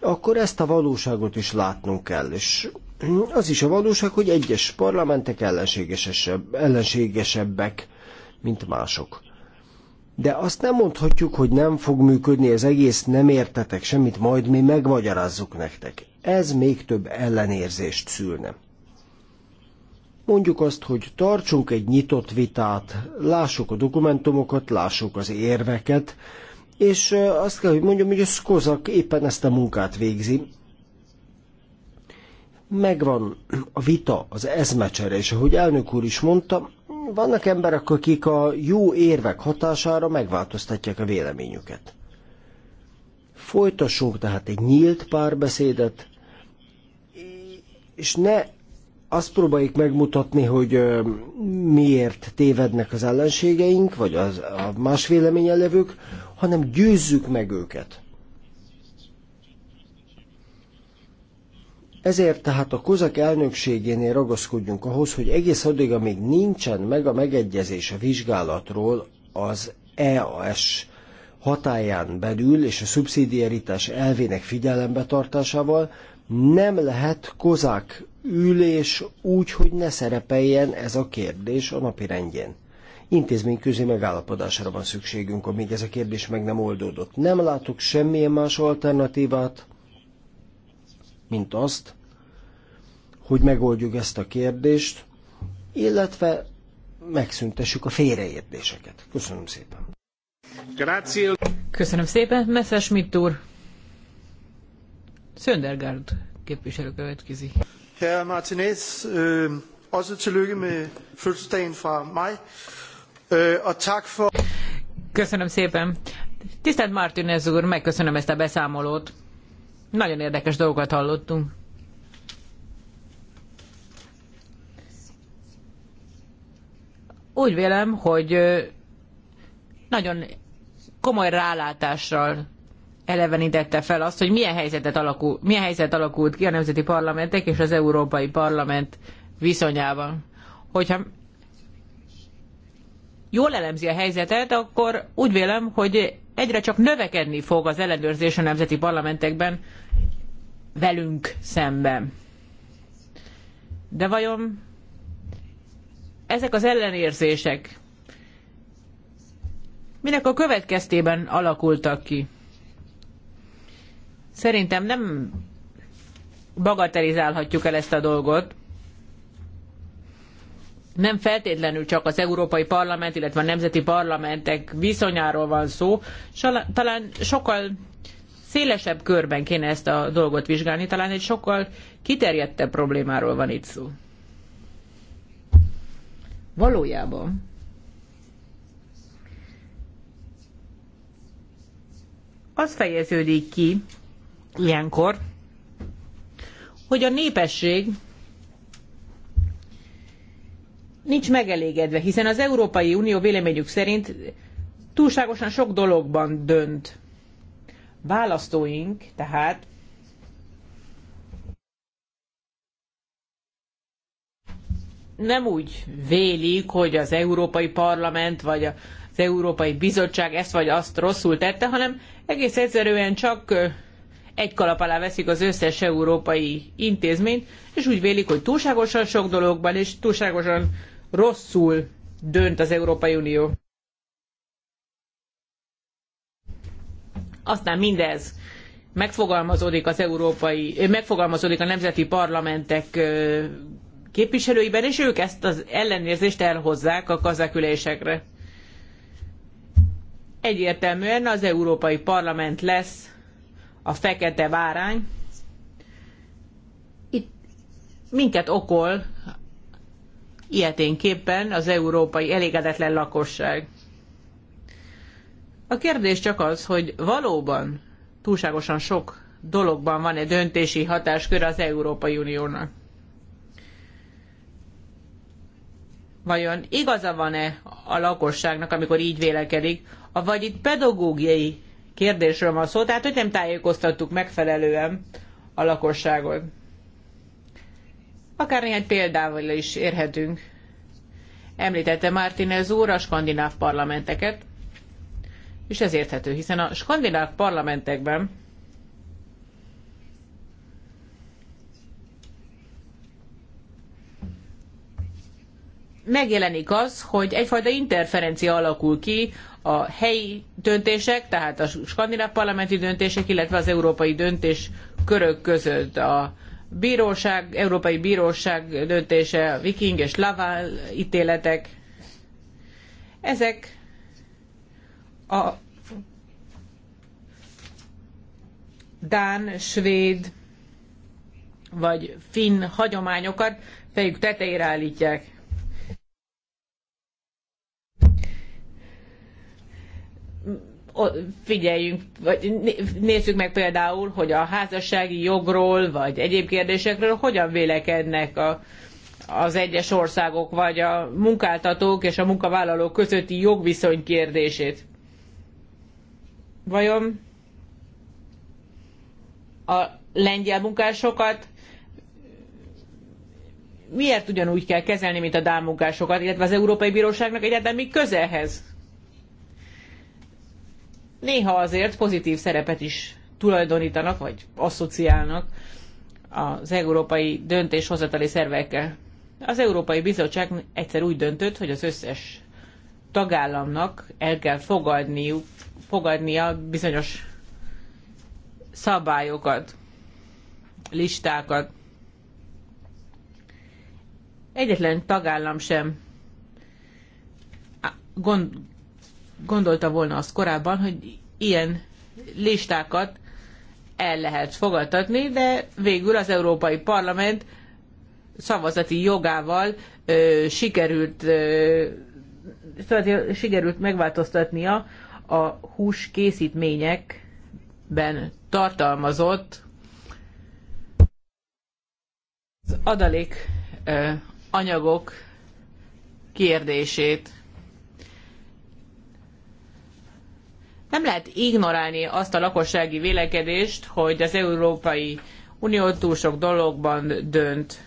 akkor ezt a valóságot is látnunk kell, és az is a valóság, hogy egyes parlamentek ellenségesebb, ellenségesebbek, mint mások. De azt nem mondhatjuk, hogy nem fog működni az egész, nem értetek semmit, majd mi megmagyarázzuk nektek. Ez még több ellenérzést szülne. Mondjuk azt, hogy tartsunk egy nyitott vitát, lássuk a dokumentumokat, lássuk az érveket, és azt kell, hogy mondjam, hogy a Skozak éppen ezt a munkát végzi megvan a vita, az ezmecsere, és ahogy elnök úr is mondta, vannak emberek, akik a jó érvek hatására megváltoztatják a véleményüket. Folytassunk tehát egy nyílt párbeszédet, és ne azt próbáljuk megmutatni, hogy miért tévednek az ellenségeink, vagy az, a más véleményen levők, hanem győzzük meg őket. Ezért tehát a kozak elnökségénél ragaszkodjunk ahhoz, hogy egész addig, amíg nincsen meg a megegyezés a vizsgálatról az EAS hatáján belül és a szubszidiaritás elvének figyelembe tartásával, nem lehet kozák ülés úgy, hogy ne szerepeljen ez a kérdés a napi rendjén. Intézményközi megállapodásra van szükségünk, amíg ez a kérdés meg nem oldódott. Nem látok semmilyen más alternatívát, mint azt, hogy megoldjuk ezt a kérdést, illetve megszüntessük a félreértéseket. Köszönöm szépen. Grazie. Köszönöm szépen. Messerschmitt Mittúr. Söndergaard képviselő következik. Herr Martinez, az eh, a tillykke med fødselsdagen fra mig, øh, tak for... Köszönöm szépen. Tisztelt Martinez úr, megköszönöm ezt a beszámolót. Nagyon érdekes dolgokat hallottunk. Úgy vélem, hogy nagyon komoly rálátással elevenítette fel azt, hogy milyen, helyzetet alakul, milyen helyzet alakult ki a nemzeti parlamentek és az Európai Parlament viszonyában. Hogyha jól elemzi a helyzetet, akkor úgy vélem, hogy egyre csak növekedni fog az ellenőrzés a nemzeti parlamentekben velünk szemben. De vajon ezek az ellenérzések minek a következtében alakultak ki? Szerintem nem bagatelizálhatjuk el ezt a dolgot. Nem feltétlenül csak az Európai Parlament, illetve a nemzeti parlamentek viszonyáról van szó, talán sokkal szélesebb körben kéne ezt a dolgot vizsgálni, talán egy sokkal kiterjedtebb problémáról van itt szó. Valójában az fejeződik ki ilyenkor, hogy a népesség nincs megelégedve, hiszen az Európai Unió véleményük szerint túlságosan sok dologban dönt. Választóink tehát nem úgy vélik, hogy az Európai Parlament vagy az Európai Bizottság ezt vagy azt rosszul tette, hanem egész egyszerűen csak egy kalap alá veszik az összes európai intézményt, és úgy vélik, hogy túlságosan sok dologban és túlságosan rosszul dönt az Európai Unió. Aztán mindez megfogalmazódik az európai, megfogalmazódik a nemzeti parlamentek képviselőiben, és ők ezt az ellenérzést elhozzák a kazakülésekre. Egyértelműen az Európai Parlament lesz a fekete bárány. Itt minket okol ilyeténképpen az európai elégedetlen lakosság. A kérdés csak az, hogy valóban túlságosan sok dologban van-e döntési hatáskör az Európai Uniónak. vajon igaza van-e a lakosságnak, amikor így vélekedik, vagy itt pedagógiai kérdésről van szó, tehát hogy nem tájékoztattuk megfelelően a lakosságot. Akár néhány példával is érhetünk. Említette Martinez úr a skandináv parlamenteket, és ez érthető, hiszen a skandináv parlamentekben megjelenik az, hogy egyfajta interferencia alakul ki a helyi döntések, tehát a skandináv parlamenti döntések, illetve az európai döntés körök között a bíróság, európai bíróság döntése, a viking és laval ítéletek. Ezek a dán, svéd vagy finn hagyományokat fejük tetejére állítják. figyeljünk, vagy nézzük meg például, hogy a házassági jogról, vagy egyéb kérdésekről hogyan vélekednek a, az egyes országok, vagy a munkáltatók és a munkavállalók közötti jogviszony kérdését. Vajon a lengyel munkásokat miért ugyanúgy kell kezelni, mint a dán munkásokat, illetve az Európai Bíróságnak egyáltalán mi közelhez? néha azért pozitív szerepet is tulajdonítanak, vagy asszociálnak az európai döntéshozatali szervekkel. Az Európai Bizottság egyszer úgy döntött, hogy az összes tagállamnak el kell fogadniuk, fogadnia bizonyos szabályokat, listákat. Egyetlen tagállam sem gond, gondolta volna azt korábban, hogy ilyen listákat el lehet fogadtatni, de végül az Európai Parlament szavazati jogával ö, sikerült, ö, szóval sikerült megváltoztatnia a hús készítményekben tartalmazott az adalék ö, anyagok kérdését. Nem lehet ignorálni azt a lakossági vélekedést, hogy az Európai Unió túl sok dologban dönt.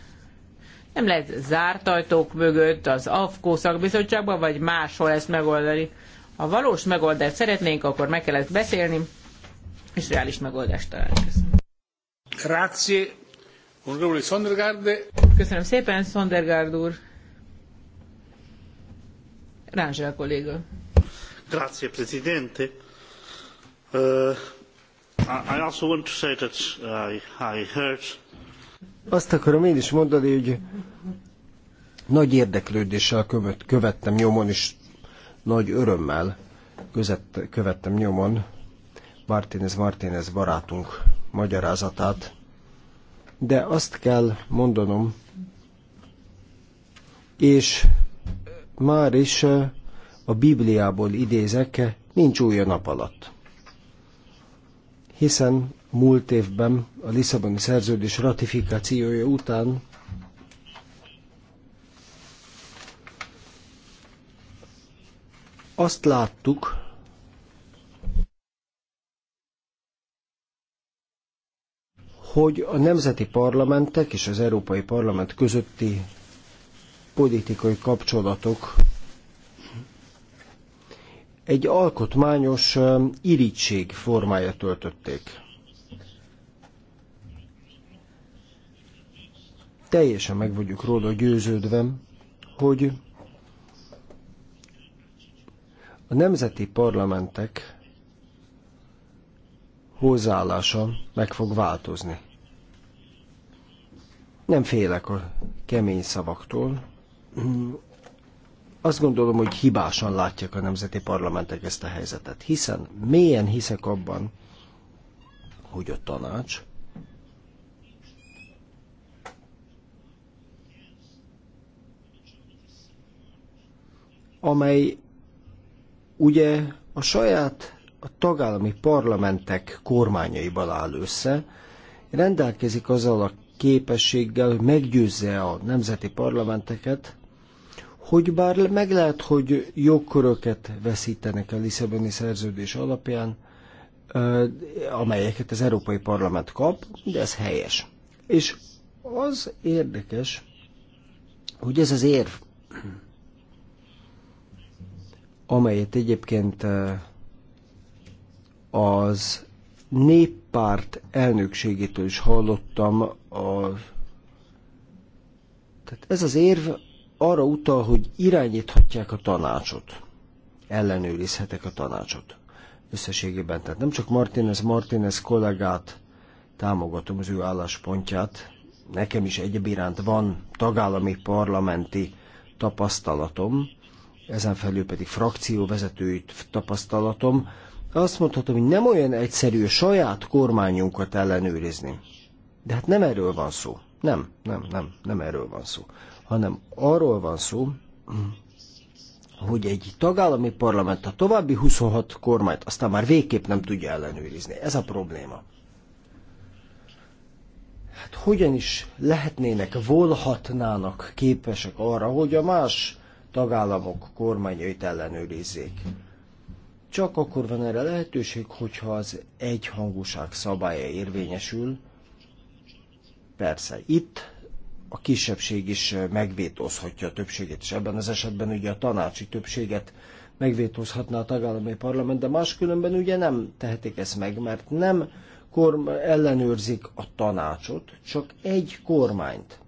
Nem lehet zárt ajtók mögött az AFKO szakbizottságban, vagy máshol ezt megoldani. Ha valós megoldást szeretnénk, akkor meg kell ezt beszélni, és reális megoldást találni. Grazie. Köszönöm szépen, Sondergaard úr. Ránzsel kolléga. Grazie, Presidente azt akarom én is mondani, hogy nagy érdeklődéssel követ, követtem nyomon, és nagy örömmel között, követtem nyomon Martínez Martínez barátunk magyarázatát. De azt kell mondanom, és már is a Bibliából idézek, nincs új a nap alatt hiszen múlt évben a Lisszaboni szerződés ratifikációja után azt láttuk, hogy a nemzeti parlamentek és az Európai Parlament közötti politikai kapcsolatok egy alkotmányos um, irítség formája töltötték. Teljesen meg vagyok róla győződve, hogy a nemzeti parlamentek hozzáállása meg fog változni. Nem félek a kemény szavaktól, azt gondolom, hogy hibásan látják a nemzeti parlamentek ezt a helyzetet, hiszen mélyen hiszek abban, hogy a tanács amely ugye a saját a tagállami parlamentek kormányaiban áll össze, rendelkezik azzal a képességgel, hogy meggyőzze a nemzeti parlamenteket, hogy bár meg lehet, hogy jogköröket veszítenek a Lisszaboni szerződés alapján, amelyeket az Európai Parlament kap, de ez helyes. És az érdekes, hogy ez az érv, amelyet egyébként az néppárt elnökségétől is hallottam, a, tehát ez az érv arra utal, hogy irányíthatják a tanácsot. Ellenőrizhetek a tanácsot. Összességében, tehát nem csak Martinez, Martinez kollégát támogatom az ő álláspontját, nekem is egyebiránt van tagállami parlamenti tapasztalatom, ezen felül pedig frakcióvezetői tapasztalatom, azt mondhatom, hogy nem olyan egyszerű a saját kormányunkat ellenőrizni. De hát nem erről van szó. Nem, nem, nem, nem erről van szó hanem arról van szó, hogy egy tagállami parlament a további 26 kormányt aztán már végképp nem tudja ellenőrizni. Ez a probléma. Hát hogyan is lehetnének, volhatnának képesek arra, hogy a más tagállamok kormányait ellenőrizzék? Csak akkor van erre lehetőség, hogyha az egyhangúság szabálya érvényesül. Persze, itt a kisebbség is megvétózhatja a többséget, és ebben az esetben ugye a tanácsi többséget megvétózhatná a tagállami parlament, de máskülönben ugye nem tehetik ezt meg, mert nem korm- ellenőrzik a tanácsot, csak egy kormányt.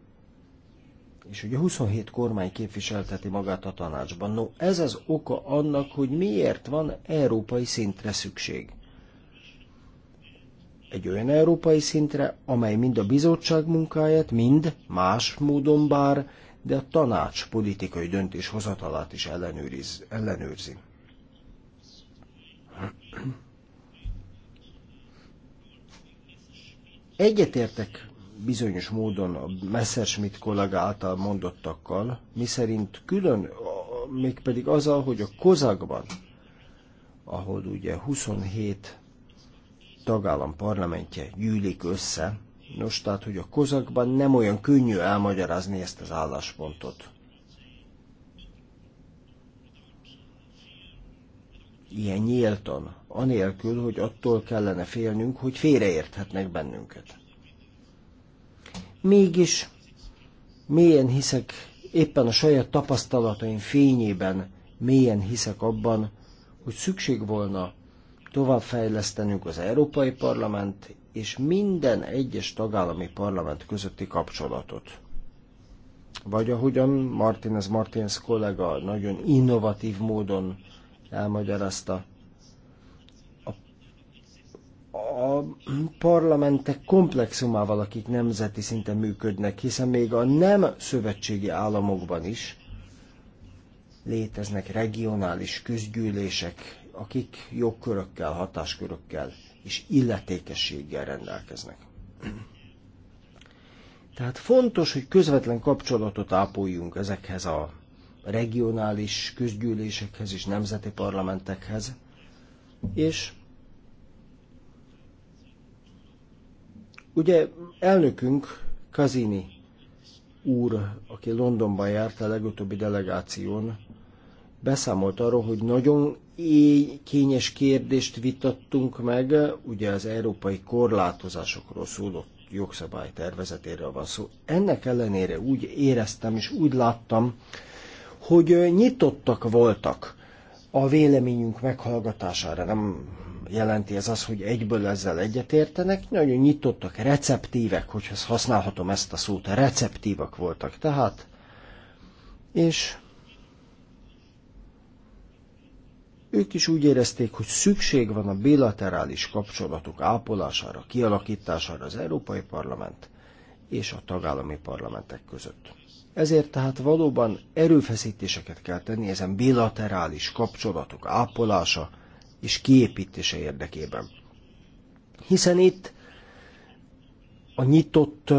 És ugye 27 kormány képviselteti magát a tanácsban. No, ez az oka annak, hogy miért van európai szintre szükség egy olyan európai szintre, amely mind a bizottság munkáját, mind más módon bár, de a tanács politikai döntéshozatalát is ellenőriz, ellenőrzi. Egyetértek bizonyos módon a Messerschmitt kollega által mondottakkal, miszerint külön, mégpedig azzal, hogy a kozakban, ahol ugye 27 tagállam parlamentje gyűlik össze. Nos, tehát, hogy a kozakban nem olyan könnyű elmagyarázni ezt az álláspontot. Ilyen nyíltan, anélkül, hogy attól kellene félnünk, hogy félreérthetnek bennünket. Mégis mélyen hiszek, éppen a saját tapasztalataim fényében mélyen hiszek abban, hogy szükség volna továbbfejlesztenünk az Európai Parlament és minden egyes tagállami parlament közötti kapcsolatot. Vagy ahogyan Martinez Martins kollega nagyon innovatív módon elmagyarázta, a parlamentek komplexumával, akik nemzeti szinten működnek, hiszen még a nem szövetségi államokban is léteznek regionális közgyűlések, akik jogkörökkel, hatáskörökkel és illetékességgel rendelkeznek. Tehát fontos, hogy közvetlen kapcsolatot ápoljunk ezekhez a regionális közgyűlésekhez és nemzeti parlamentekhez, és ugye elnökünk Kazini úr, aki Londonban járt a legutóbbi delegáción, beszámolt arról, hogy nagyon kényes kérdést vitattunk meg, ugye az európai korlátozásokról szóló jogszabály tervezetéről van szó. Ennek ellenére úgy éreztem és úgy láttam, hogy nyitottak voltak a véleményünk meghallgatására. Nem jelenti ez az, hogy egyből ezzel egyetértenek, nagyon nyitottak, receptívek, hogyha használhatom ezt a szót, receptívak voltak tehát, és Ők is úgy érezték, hogy szükség van a bilaterális kapcsolatok ápolására, kialakítására az Európai Parlament és a tagállami parlamentek között. Ezért tehát valóban erőfeszítéseket kell tenni ezen bilaterális kapcsolatok ápolása és kiépítése érdekében. Hiszen itt a nyitott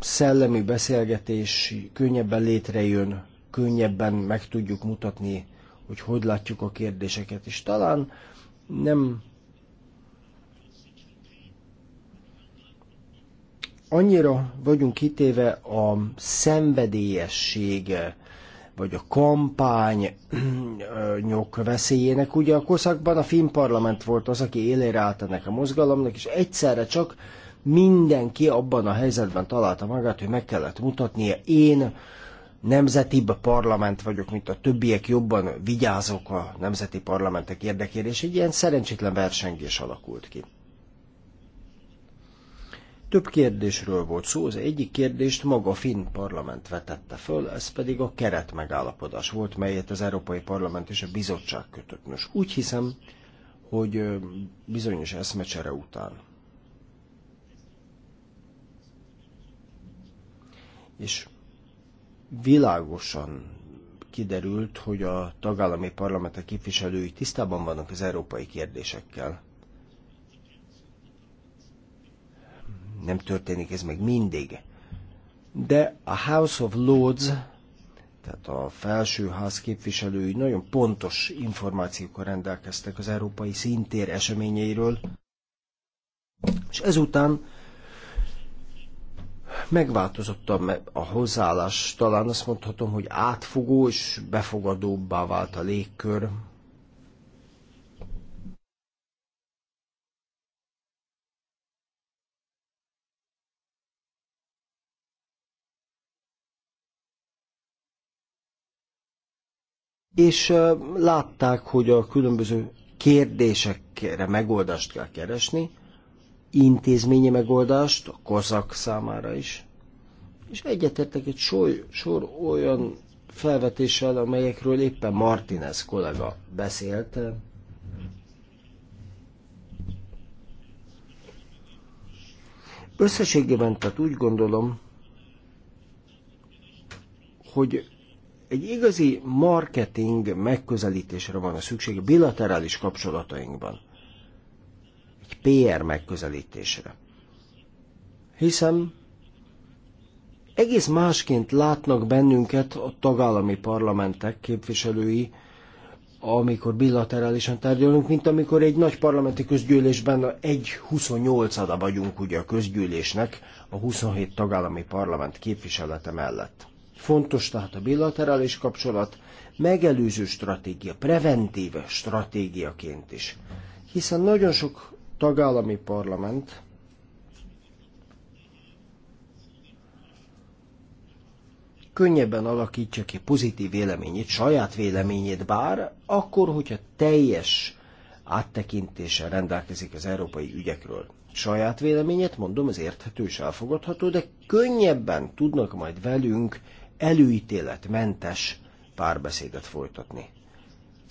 szellemi beszélgetés könnyebben létrejön, könnyebben meg tudjuk mutatni hogy hogy látjuk a kérdéseket, és talán nem annyira vagyunk kitéve a szenvedélyesség vagy a kampány nyok veszélyének. Ugye a koszakban a filmparlament volt az, aki élére állt ennek a mozgalomnak, és egyszerre csak mindenki abban a helyzetben találta magát, hogy meg kellett mutatnia én nemzetibb parlament vagyok, mint a többiek, jobban vigyázok a nemzeti parlamentek érdekére, és egy ilyen szerencsétlen versengés alakult ki. Több kérdésről volt szó, az egyik kérdést maga a finn parlament vetette föl, ez pedig a keretmegállapodás volt, melyet az Európai Parlament és a bizottság kötött. Nos, úgy hiszem, hogy bizonyos eszmecsere után és világosan kiderült, hogy a tagállami parlamentek képviselői tisztában vannak az európai kérdésekkel. Nem történik ez meg mindig. De a House of Lords, tehát a felsőház képviselői nagyon pontos információkkal rendelkeztek az európai szintér eseményeiről, és ezután megváltozott a, a hozzáállás, talán azt mondhatom, hogy átfogó és befogadóbbá vált a légkör. És látták, hogy a különböző kérdésekre megoldást kell keresni, intézményi megoldást, a kozak számára is. És egyetértek egy sor, sor olyan felvetéssel, amelyekről éppen Martinez kollega beszélt. Összességében tehát úgy gondolom, hogy egy igazi marketing megközelítésre van a szükség bilaterális kapcsolatainkban egy PR megközelítésre. Hiszen egész másként látnak bennünket a tagállami parlamentek képviselői, amikor bilaterálisan tárgyalunk, mint amikor egy nagy parlamenti közgyűlésben egy 28-ada vagyunk ugye a közgyűlésnek, a 27 tagállami parlament képviselete mellett. Fontos tehát a bilaterális kapcsolat megelőző stratégia, preventív stratégiaként is. Hiszen nagyon sok tagállami parlament könnyebben alakítsa ki pozitív véleményét, saját véleményét bár, akkor, hogyha teljes áttekintéssel rendelkezik az európai ügyekről. Saját véleményet, mondom, az érthető és elfogadható, de könnyebben tudnak majd velünk előítéletmentes párbeszédet folytatni.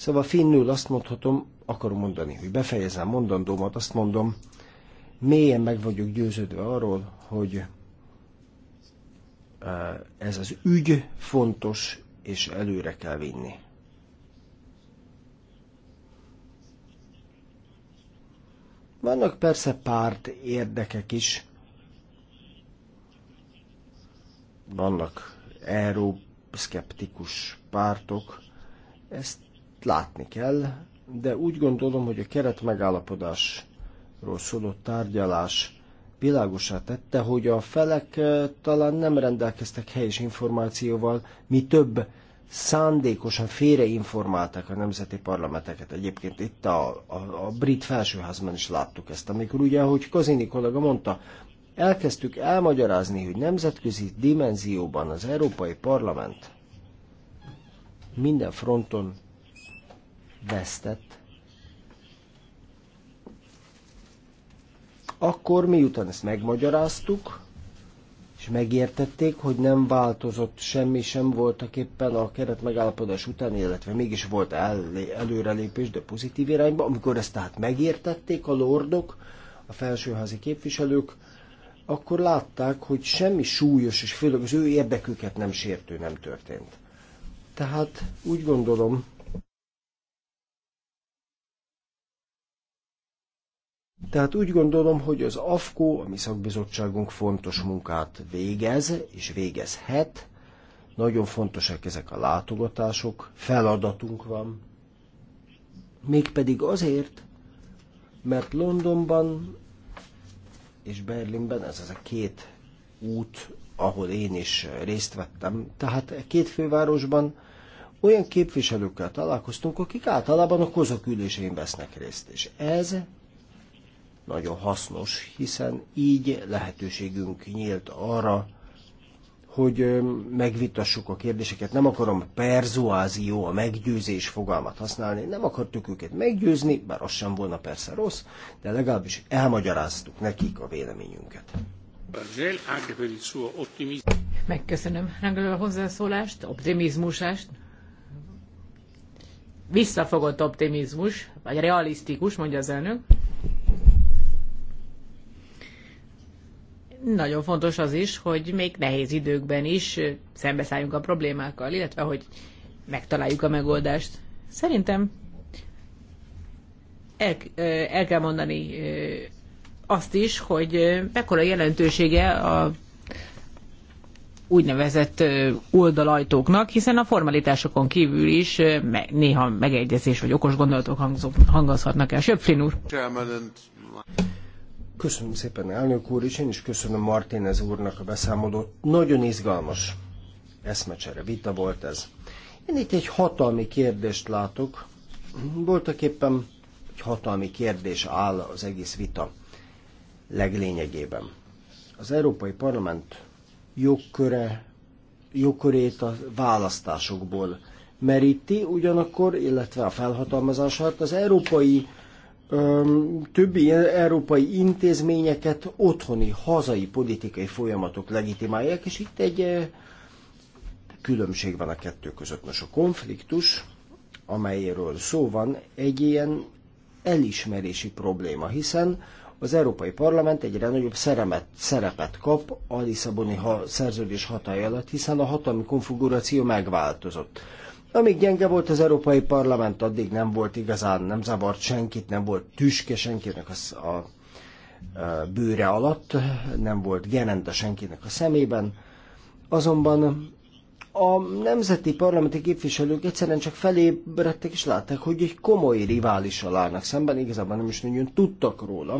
Szóval finnül azt mondhatom, akarom mondani, hogy befejezem mondandómat, azt mondom, mélyen meg vagyok győződve arról, hogy e, ez az ügy fontos, és előre kell vinni. Vannak persze párt érdekek is, vannak szkeptikus pártok, ezt látni kell, de úgy gondolom, hogy a keret megállapodásról szóló tárgyalás világosá tette, hogy a felek eh, talán nem rendelkeztek helyes információval, mi több szándékosan félreinformálták a nemzeti parlamenteket. Egyébként itt a, a, a brit felsőházban is láttuk ezt, amikor ugye, ahogy Kazini kollega mondta, elkezdtük elmagyarázni, hogy nemzetközi dimenzióban az Európai Parlament minden fronton vesztett, akkor miután ezt megmagyaráztuk, és megértették, hogy nem változott semmi, sem voltak éppen a keret megállapodás után, illetve mégis volt el, előrelépés, de pozitív irányba. Amikor ezt tehát megértették a lordok, a felsőházi képviselők, akkor látták, hogy semmi súlyos, és főleg az ő érdeküket nem sértő nem történt. Tehát úgy gondolom, Tehát úgy gondolom, hogy az AFKO, a mi szakbizottságunk fontos munkát végez, és végezhet. Nagyon fontosak ezek a látogatások, feladatunk van. Mégpedig azért, mert Londonban és Berlinben ez az a két út, ahol én is részt vettem. Tehát a e két fővárosban olyan képviselőkkel találkoztunk, akik általában a kozok ülésén vesznek részt. És ez nagyon hasznos, hiszen így lehetőségünk nyílt arra, hogy megvitassuk a kérdéseket. Nem akarom perzuázió, a meggyőzés fogalmat használni, nem akartuk őket meggyőzni, bár az sem volna persze rossz, de legalábbis elmagyaráztuk nekik a véleményünket. Megköszönöm Rangel a hozzászólást, optimizmusást. Visszafogott optimizmus, vagy realisztikus, mondja az elnök. nagyon fontos az is, hogy még nehéz időkben is szembeszálljunk a problémákkal, illetve hogy megtaláljuk a megoldást. Szerintem el, el kell mondani azt is, hogy mekkora jelentősége a úgynevezett oldalajtóknak, hiszen a formalitásokon kívül is néha megegyezés vagy okos gondolatok hangozhatnak el. Söpflin úr! Köszönöm szépen, elnök úr, és én is köszönöm Martínez úrnak a beszámolót. Nagyon izgalmas eszmecsere vita volt ez. Én itt egy hatalmi kérdést látok. Voltak éppen egy hatalmi kérdés áll az egész vita leglényegében. Az Európai Parlament jogköre, jogkörét a választásokból meríti, ugyanakkor, illetve a felhatalmazását az Európai többi európai intézményeket otthoni, hazai politikai folyamatok legitimálják, és itt egy különbség van a kettő között. Most a konfliktus, amelyről szó van, egy ilyen elismerési probléma, hiszen az Európai Parlament egyre nagyobb szerepet, szerepet kap a Lisszaboni ha, szerződés hatája alatt, hiszen a hatalmi konfiguráció megváltozott. Amíg gyenge volt az Európai Parlament, addig nem volt igazán, nem zavart senkit, nem volt tüske senkinek a, a, a bőre alatt, nem volt gerenda senkinek a szemében. Azonban a nemzeti parlamenti képviselők egyszerűen csak felébredtek és látták, hogy egy komoly riválissal állnak szemben, igazából nem is nagyon tudtak róla.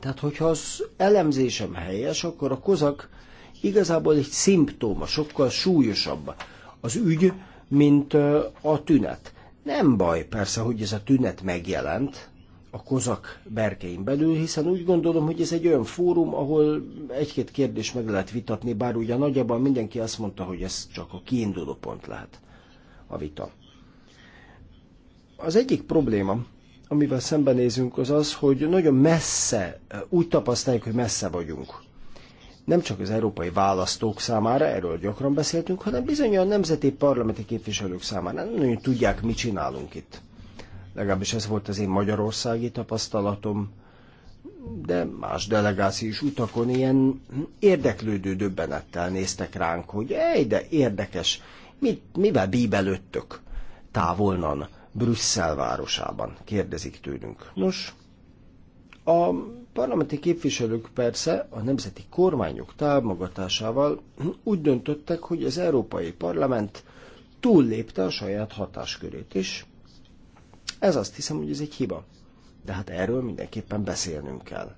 Tehát, hogyha az elemzésem helyes, akkor a kozak igazából egy szimptóma, sokkal súlyosabb az ügy, mint a tünet. Nem baj persze, hogy ez a tünet megjelent a kozak berkein belül, hiszen úgy gondolom, hogy ez egy olyan fórum, ahol egy-két kérdés meg lehet vitatni, bár ugye nagyjából mindenki azt mondta, hogy ez csak a kiinduló pont lehet a vita. Az egyik probléma, amivel szembenézünk, az az, hogy nagyon messze, úgy tapasztaljuk, hogy messze vagyunk nem csak az európai választók számára, erről gyakran beszéltünk, hanem bizony a nemzeti parlamenti képviselők számára. Nem nagyon tudják, mit csinálunk itt. Legalábbis ez volt az én magyarországi tapasztalatom, de más delegációs utakon ilyen érdeklődő döbbenettel néztek ránk, hogy ej, de érdekes, mit, mivel bíbelődtök távolnan Brüsszel városában, kérdezik tőlünk. Nos, a parlamenti képviselők persze a nemzeti kormányok támogatásával úgy döntöttek, hogy az Európai Parlament túllépte a saját hatáskörét is. Ez azt hiszem, hogy ez egy hiba. De hát erről mindenképpen beszélnünk kell.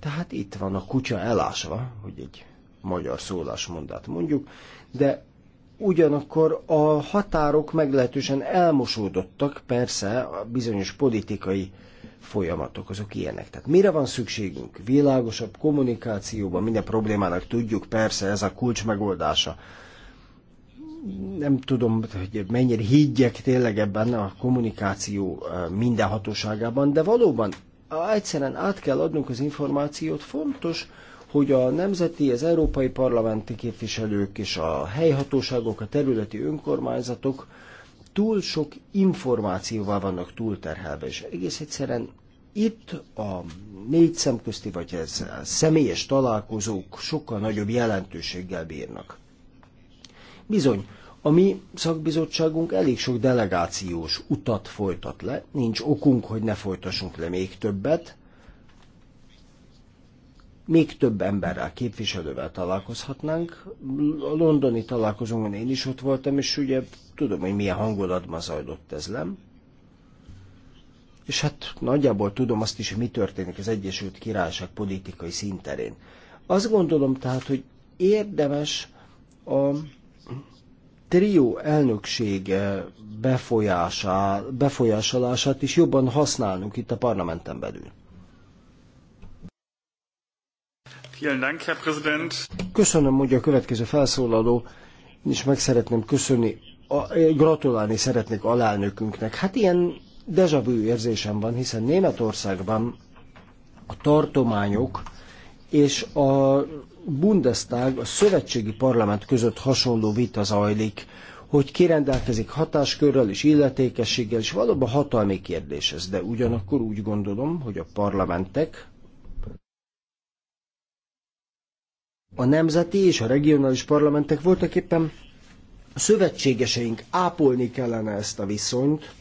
Tehát itt van a kutya elásva, hogy egy magyar szólásmondát mondjuk, de ugyanakkor a határok meglehetősen elmosódottak, persze a bizonyos politikai folyamatok, azok ilyenek. Tehát mire van szükségünk? Világosabb kommunikációban minden problémának tudjuk, persze ez a kulcs megoldása. Nem tudom, hogy mennyire higgyek tényleg ebben a kommunikáció eh, minden hatóságában, de valóban egyszerűen át kell adnunk az információt. Fontos, hogy a nemzeti, az európai parlamenti képviselők és a helyhatóságok, a területi önkormányzatok túl sok információval vannak túlterhelve, és egész egyszerűen itt a négy szemközti, vagy ez a személyes találkozók sokkal nagyobb jelentőséggel bírnak. Bizony, a mi szakbizottságunk elég sok delegációs utat folytat le, nincs okunk, hogy ne folytassunk le még többet, még több emberrel, képviselővel találkozhatnánk. A londoni találkozónkon én is ott voltam, és ugye tudom, hogy milyen hangulatban zajlott ez, nem? És hát nagyjából tudom azt is, hogy mi történik az Egyesült Királyság politikai szinterén. Azt gondolom tehát, hogy érdemes a trió elnökség befolyásolását is jobban használnunk itt a parlamenten belül. Köszönöm, mondja a következő felszólaló, és meg szeretném köszönni, a, eh, gratulálni szeretnék alelnökünknek. Hát ilyen deja vu érzésem van, hiszen Németországban a tartományok és a Bundestag, a szövetségi parlament között hasonló vita zajlik, hogy rendelkezik hatáskörrel és illetékességgel, és valóban hatalmi kérdés ez, de ugyanakkor úgy gondolom, hogy a parlamentek, a nemzeti és a regionális parlamentek voltak éppen a szövetségeseink, ápolni kellene ezt a viszonyt,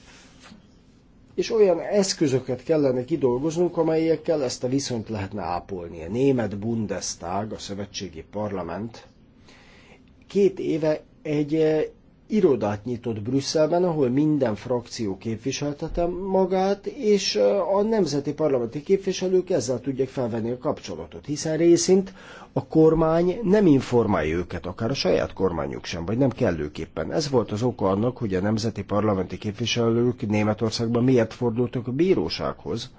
és olyan eszközöket kellene kidolgoznunk, amelyekkel ezt a viszonyt lehetne ápolni. A német Bundestag, a szövetségi parlament két éve egy eh, irodát nyitott Brüsszelben, ahol minden frakció képviseltete magát, és eh, a nemzeti parlamenti képviselők ezzel tudják felvenni a kapcsolatot, hiszen részint a kormány nem informálja őket, akár a saját kormányuk sem, vagy nem kellőképpen. Ez volt az oka annak, hogy a nemzeti parlamenti képviselők Németországban miért fordultak a bírósághoz,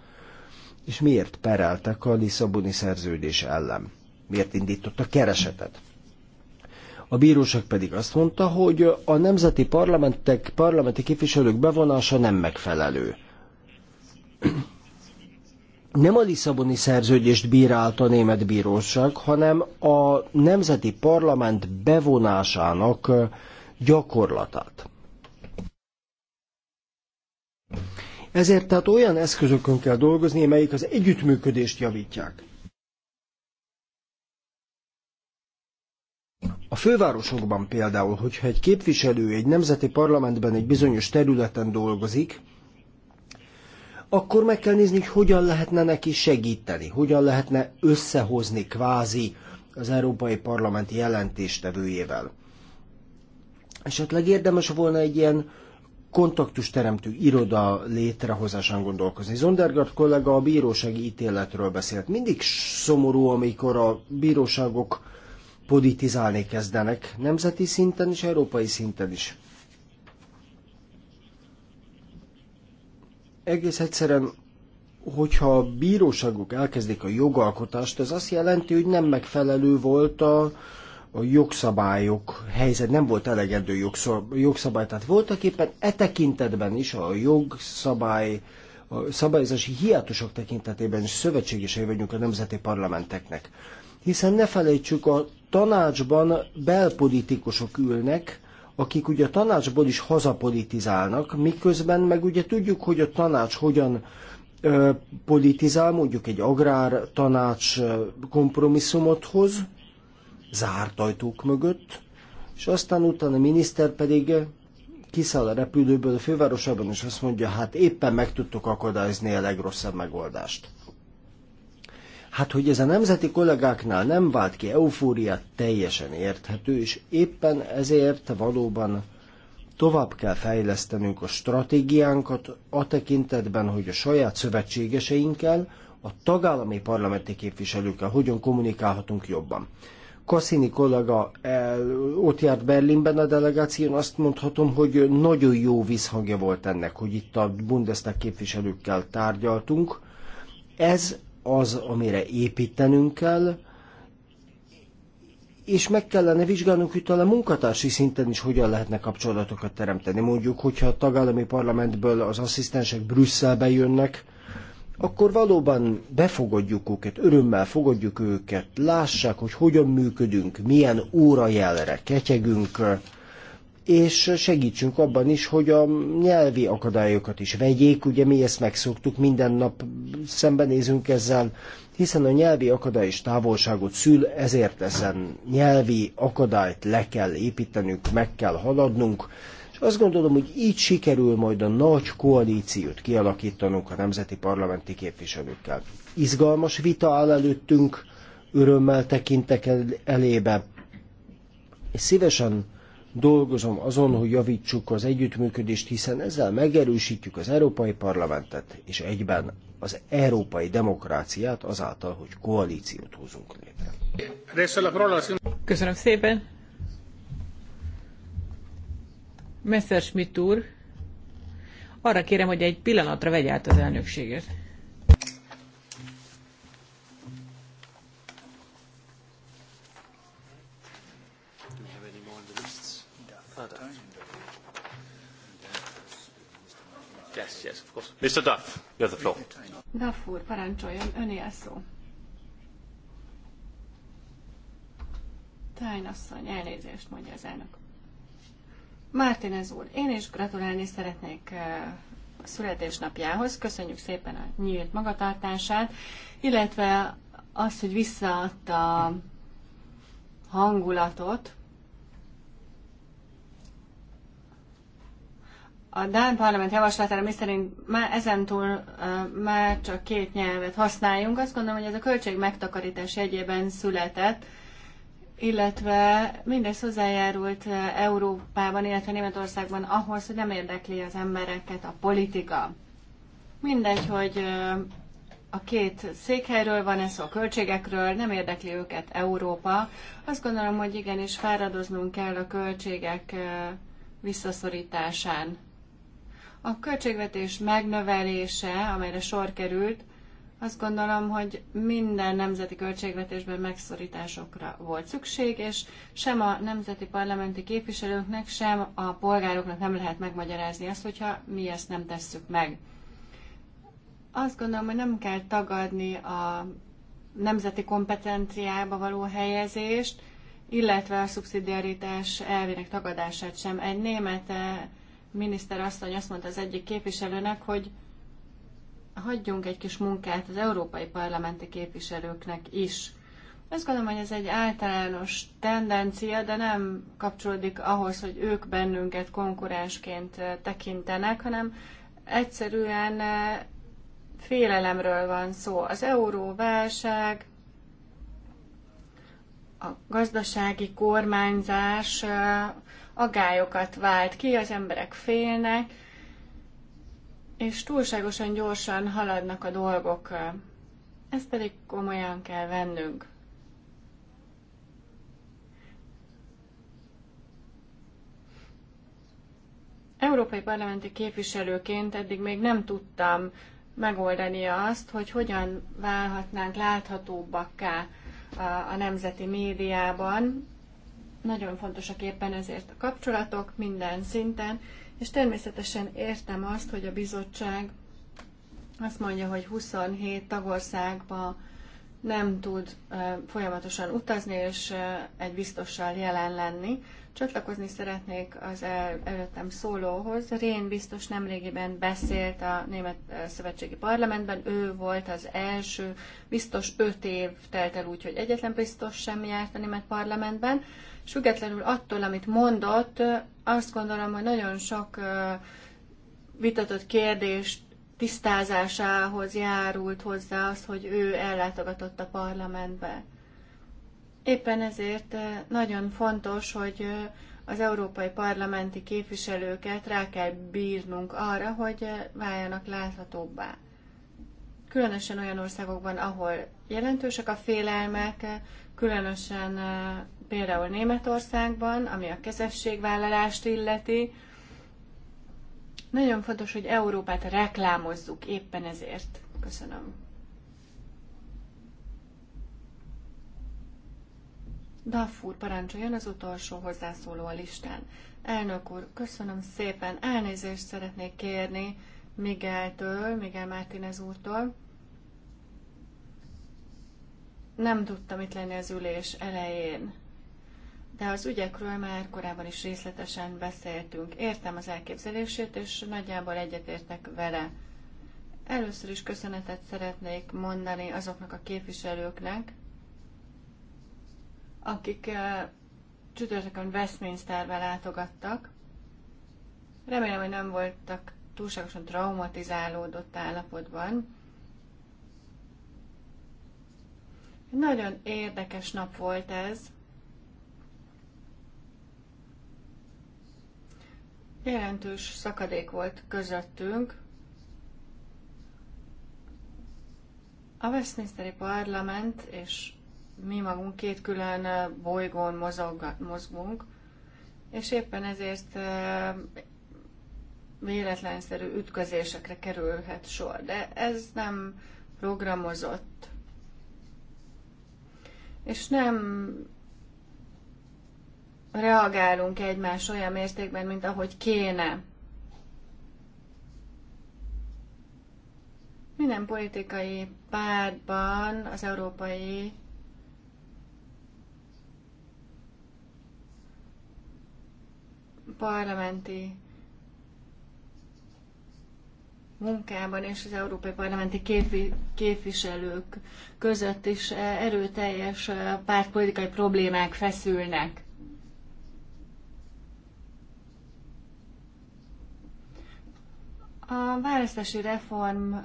és miért pereltek a Lisszaboni szerződés ellen. Miért a keresetet. A bíróság pedig azt mondta, hogy a nemzeti parlamentek, parlamenti képviselők bevonása nem megfelelő nem a Lisszaboni szerződést bírálta a német bíróság, hanem a nemzeti parlament bevonásának gyakorlatát. Ezért tehát olyan eszközökön kell dolgozni, melyik az együttműködést javítják. A fővárosokban például, hogyha egy képviselő egy nemzeti parlamentben egy bizonyos területen dolgozik, akkor meg kell nézni, hogy hogyan lehetne neki segíteni, hogyan lehetne összehozni kvázi az Európai Parlament jelentéstevőjével. Esetleg érdemes volna egy ilyen teremtő iroda létrehozásán gondolkozni. Zondergaard kollega a bírósági ítéletről beszélt. Mindig szomorú, amikor a bíróságok politizálni kezdenek, nemzeti szinten és európai szinten is. egész egyszerűen, hogyha a bíróságok elkezdik a jogalkotást, ez azt jelenti, hogy nem megfelelő volt a, a jogszabályok helyzet, nem volt elegendő jogszab, jogszabály. Tehát voltak éppen e tekintetben is a jogszabály, a szabályozási hiátusok tekintetében is szövetségesei vagyunk a nemzeti parlamenteknek. Hiszen ne felejtsük, a tanácsban belpolitikusok ülnek, akik ugye a tanácsból is hazapolitizálnak, miközben meg ugye tudjuk, hogy a tanács hogyan ö, politizál, mondjuk egy agrár tanács kompromisszumot hoz, zárt ajtók mögött, és aztán utána a miniszter pedig kiszáll a repülőből a fővárosában, és azt mondja, hát éppen meg tudtuk akadályozni a legrosszabb megoldást. Hát, hogy ez a nemzeti kollégáknál nem vált ki eufóriát, teljesen érthető, és éppen ezért valóban tovább kell fejlesztenünk a stratégiánkat a tekintetben, hogy a saját szövetségeseinkkel, a tagállami parlamenti képviselőkkel hogyan kommunikálhatunk jobban. Cassini kollega el, ott járt Berlinben a delegáción, azt mondhatom, hogy nagyon jó visszhangja volt ennek, hogy itt a Bundestag képviselőkkel tárgyaltunk. Ez az, amire építenünk kell, és meg kellene vizsgálnunk, hogy talán munkatársi szinten is hogyan lehetne kapcsolatokat teremteni. Mondjuk, hogyha a tagállami parlamentből az asszisztensek Brüsszelbe jönnek, akkor valóban befogadjuk őket, örömmel fogadjuk őket, lássák, hogy hogyan működünk, milyen órajelre ketyegünk, és segítsünk abban is, hogy a nyelvi akadályokat is vegyék, ugye mi ezt megszoktuk, minden nap szembenézünk ezzel, hiszen a nyelvi akadály és távolságot szül, ezért ezen nyelvi akadályt le kell építenünk, meg kell haladnunk, és azt gondolom, hogy így sikerül majd a nagy koalíciót kialakítanunk a nemzeti parlamenti képviselőkkel. Izgalmas vita áll előttünk, örömmel tekintek elébe, és szívesen dolgozom azon, hogy javítsuk az együttműködést, hiszen ezzel megerősítjük az Európai Parlamentet, és egyben az európai demokráciát azáltal, hogy koalíciót hozunk létre. Köszönöm szépen! Messerschmitt úr, arra kérem, hogy egy pillanatra vegy át az elnökséget. Mr. Duff, you have the floor. Duff úr, parancsoljon, öné a szó. Tájnasszony, elnézést mondja az elnök. Mártinez úr, én is gratulálni szeretnék eh, a születésnapjához. Köszönjük szépen a nyílt magatartását, illetve azt, hogy visszaadta hangulatot, a Dán parlament javaslatára, miszerint már ezentúl már csak két nyelvet használjunk, azt gondolom, hogy ez a költség megtakarítás jegyében született, illetve mindez hozzájárult Európában, illetve Németországban ahhoz, hogy nem érdekli az embereket a politika. Mindegy, hogy a két székhelyről van ez szó, a költségekről, nem érdekli őket Európa. Azt gondolom, hogy igenis fáradoznunk kell a költségek visszaszorításán. A költségvetés megnövelése, amelyre sor került, azt gondolom, hogy minden nemzeti költségvetésben megszorításokra volt szükség, és sem a nemzeti parlamenti képviselőknek, sem a polgároknak nem lehet megmagyarázni azt, hogyha mi ezt nem tesszük meg. Azt gondolom, hogy nem kell tagadni a nemzeti kompetenciába való helyezést, illetve a szubszidiaritás elvének tagadását sem. Egy német eh, miniszter asszony azt mondta az egyik képviselőnek, hogy hagyjunk egy kis munkát az európai parlamenti képviselőknek is. Azt gondolom, hogy ez egy általános tendencia, de nem kapcsolódik ahhoz, hogy ők bennünket konkurensként eh, tekintenek, hanem egyszerűen eh, félelemről van szó. Az euróválság, a gazdasági kormányzás eh, agályokat vált ki, az emberek félnek, és túlságosan gyorsan haladnak a dolgok. Ezt pedig komolyan kell vennünk. Európai parlamenti képviselőként eddig még nem tudtam megoldani azt, hogy hogyan válhatnánk láthatóbbakká a, a nemzeti médiában, nagyon fontosak éppen ezért a kapcsolatok minden szinten, és természetesen értem azt, hogy a bizottság azt mondja, hogy 27 tagországba nem tud folyamatosan utazni és egy biztossal jelen lenni. Csatlakozni szeretnék az el, előttem szólóhoz. Rén biztos nemrégiben beszélt a Német eh, Szövetségi Parlamentben, ő volt az első, biztos öt év telt el úgy, hogy egyetlen biztos sem járt a Német Parlamentben. És függetlenül attól, amit mondott, azt gondolom, hogy nagyon sok eh, vitatott kérdést tisztázásához járult hozzá az, hogy ő ellátogatott a parlamentbe. Éppen ezért eh, nagyon fontos, hogy eh, az európai parlamenti képviselőket rá kell bírnunk arra, hogy eh, váljanak láthatóbbá. Különösen olyan országokban, ahol jelentősek a félelmek, különösen például Németországban, ami a kezességvállalást illeti. Nagyon fontos, hogy Európát reklámozzuk éppen ezért. Köszönöm. Daffur parancsoljon az utolsó hozzászóló a listán. Elnök úr, köszönöm szépen. Elnézést szeretnék kérni Migeltől, Miguel Mártinez úrtól. Nem tudtam itt lenni az ülés elején, de az ügyekről már korábban is részletesen beszéltünk. Értem az elképzelését, és nagyjából egyetértek vele. Először is köszönetet szeretnék mondani azoknak a képviselőknek, akik csütörtökön Westminsterbe látogattak. Remélem, hogy nem voltak túlságosan traumatizálódott állapotban. Nagyon érdekes nap volt ez. Jelentős szakadék volt közöttünk. A Westminsteri Parlament és mi magunk két külön bolygón mozog, mozgunk, és éppen ezért véletlenszerű ütközésekre kerülhet sor. De ez nem programozott. És nem reagálunk egymás olyan mértékben, mint ahogy kéne. Minden politikai pártban az európai parlamenti munkában és az európai parlamenti képviselők között is eh, erőteljes eh, pártpolitikai problémák feszülnek. A választási reformba,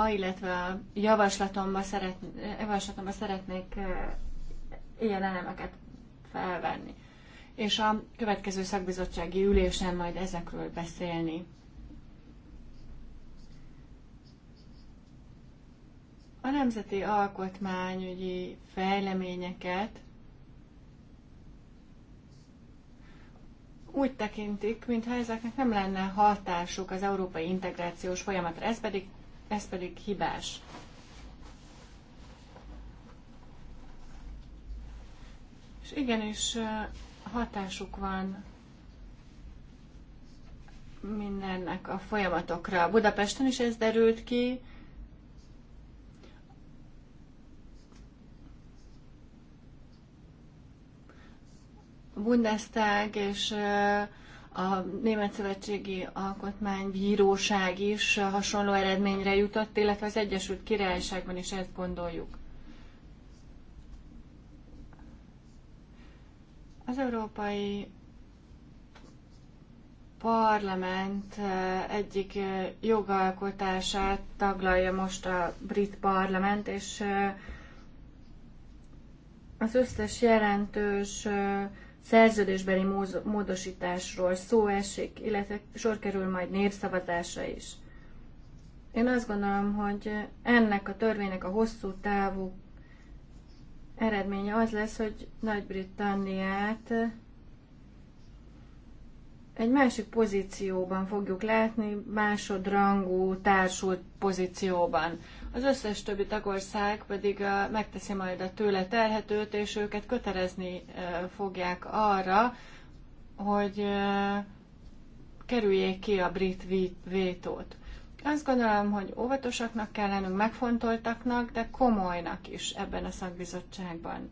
eh, illetve a javaslatomba, szeret, javaslatomba szeretnék ilyen elemeket felvenni és a következő szakbizottsági ülésen majd ezekről beszélni. A nemzeti alkotmányügyi fejleményeket úgy tekintik, mintha ezeknek nem lenne hatásuk az európai integrációs folyamatra, ez pedig, ez pedig hibás. És igenis hatásuk van mindennek a folyamatokra. Budapesten is ez derült ki. Bundestag és a Német Szövetségi Alkotmánybíróság is hasonló eredményre jutott, illetve az Egyesült Királyságban is ezt gondoljuk. Az Európai Parlament eh, egyik eh, jogalkotását taglalja most a brit parlament, és eh, az összes jelentős szerződésbeli módosításról szó esik, illetve sor kerül majd népszavazásra is. Én azt gondolom, hogy ennek a törvénynek a hosszú távú eredménye az lesz, hogy Nagy-Britanniát egy másik pozícióban fogjuk látni, másodrangú társult pozícióban. Az összes többi tagország pedig megteszi majd a tőle terhetőt, és őket kötelezni fogják arra, hogy kerüljék ki a brit vétót. Azt gondolom, hogy óvatosaknak kell lennünk, megfontoltaknak, de komolynak is ebben a szakbizottságban.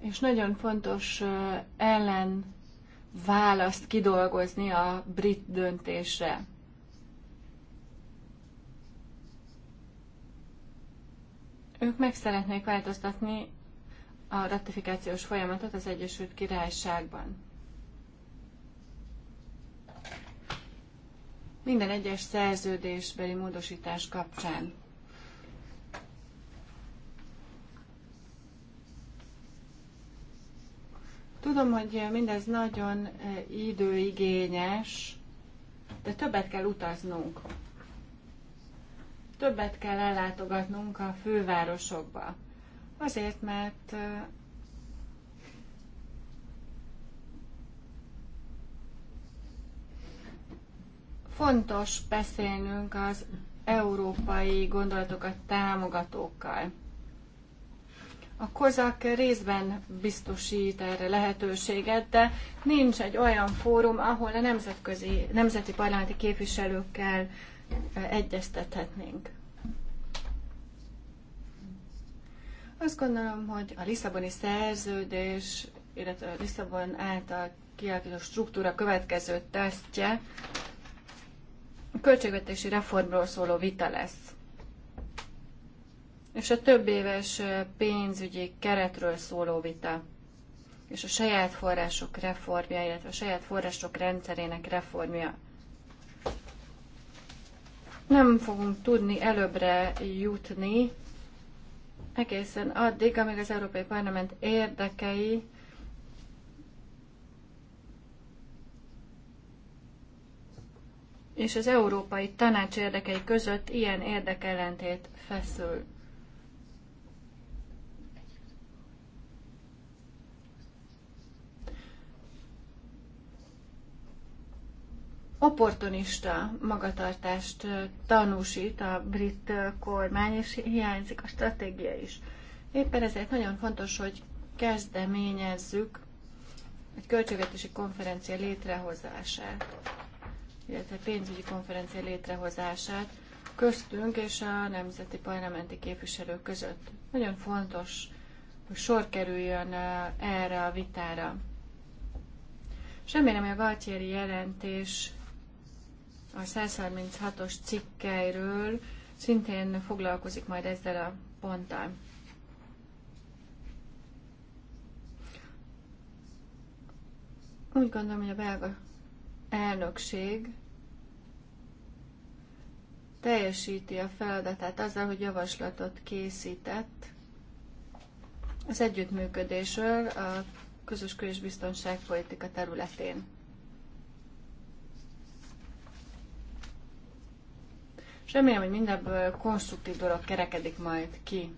És nagyon fontos ellen választ kidolgozni a brit döntésre. Ők meg szeretnék változtatni a ratifikációs folyamatot az Egyesült Királyságban. minden egyes szerződésbeli módosítás kapcsán. Tudom, hogy mindez nagyon eh, időigényes, de többet kell utaznunk. Többet kell ellátogatnunk a fővárosokba. Azért, mert eh, Fontos beszélnünk az európai gondolatokat támogatókkal. A kozak részben biztosít erre lehetőséget, de nincs egy olyan fórum, ahol a nemzetközi, nemzeti parlamenti képviselőkkel egyeztethetnénk. Azt gondolom, hogy a Lisszaboni szerződés, illetve a Lisszabon által kialakított struktúra következő tesztje a költségvetési reformról szóló vita lesz. És a több éves pénzügyi keretről szóló vita. És a saját források reformja, illetve a saját források rendszerének reformja. Nem fogunk tudni előbbre jutni egészen addig, amíg az Európai Parlament érdekei és az Európai Tanács érdekei között ilyen érdekellentét feszül. opportunista magatartást tanúsít a brit kormány, és hiányzik a stratégia is. Éppen ezért nagyon fontos, hogy kezdeményezzük egy költségvetési konferencia létrehozását illetve pénzügyi konferencia létrehozását köztünk és a nemzeti parlamenti képviselők között. Nagyon fontos, hogy sor kerüljön erre a vitára. És remélem, hogy a Galtieri jelentés a 136-os cikkeiről szintén foglalkozik majd ezzel a ponttal. Úgy gondolom, hogy a belga elnökség teljesíti a feladatát azzal, hogy javaslatot készített az együttműködésről a közös kül- és biztonságpolitika területén. És remélem, hogy mindebből konstruktív dolog kerekedik majd ki.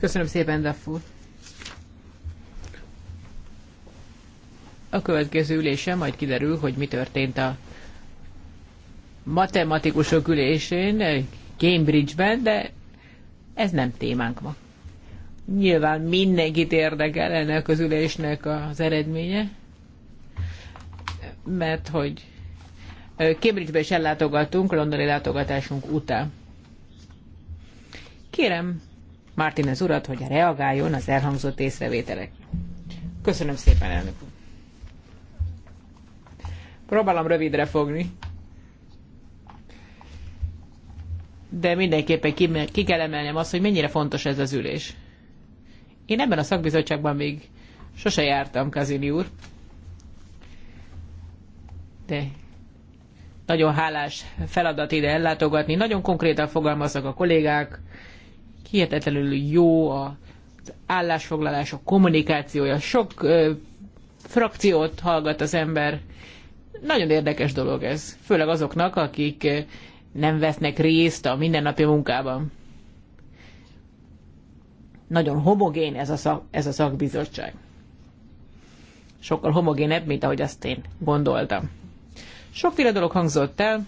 Köszönöm szépen, Daffur. A következő ülésen majd kiderül, hogy mi történt a matematikusok ülésén Cambridge-ben, de ez nem témánk ma. Nyilván mindenkit érdekel ennek az ülésnek az eredménye, mert hogy cambridge ben is ellátogatunk, londoni látogatásunk után. Kérem Martinez urat, hogy reagáljon az elhangzott észrevételek. Köszönöm szépen, elnök úr! Próbálom rövidre fogni. De mindenképpen ki, ki kell emelnem azt, hogy mennyire fontos ez az ülés. Én ebben a szakbizottságban még sose jártam, Kazini úr. De nagyon hálás feladat ide ellátogatni. Nagyon konkrétan fogalmaznak a kollégák, hihetetlenül jó az állásfoglalás, a kommunikációja. Sok ö, frakciót hallgat az ember, nagyon érdekes dolog ez, főleg azoknak, akik eh, nem vesznek részt a mindennapi munkában. Nagyon homogén ez a, szak, ez a szakbizottság. Sokkal homogénebb, mint ahogy azt én gondoltam. Sokféle dolog hangzott el,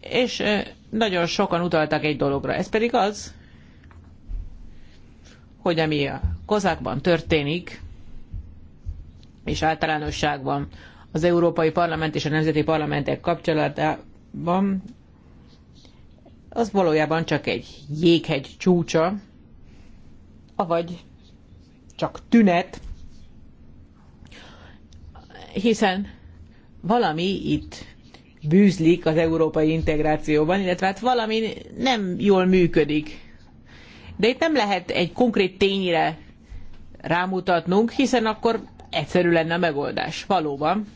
és eh, nagyon sokan utaltak egy dologra. Ez pedig az, hogy ami a kozákban történik, és általánosságban az Európai Parlament és a Nemzeti Parlamentek kapcsolatában, az valójában csak egy jéghegy csúcsa, avagy csak tünet, hiszen valami itt bűzlik az európai integrációban, illetve hát valami nem jól működik. De itt nem lehet egy konkrét tényre rámutatnunk, hiszen akkor egyszerű lenne a megoldás. Valóban.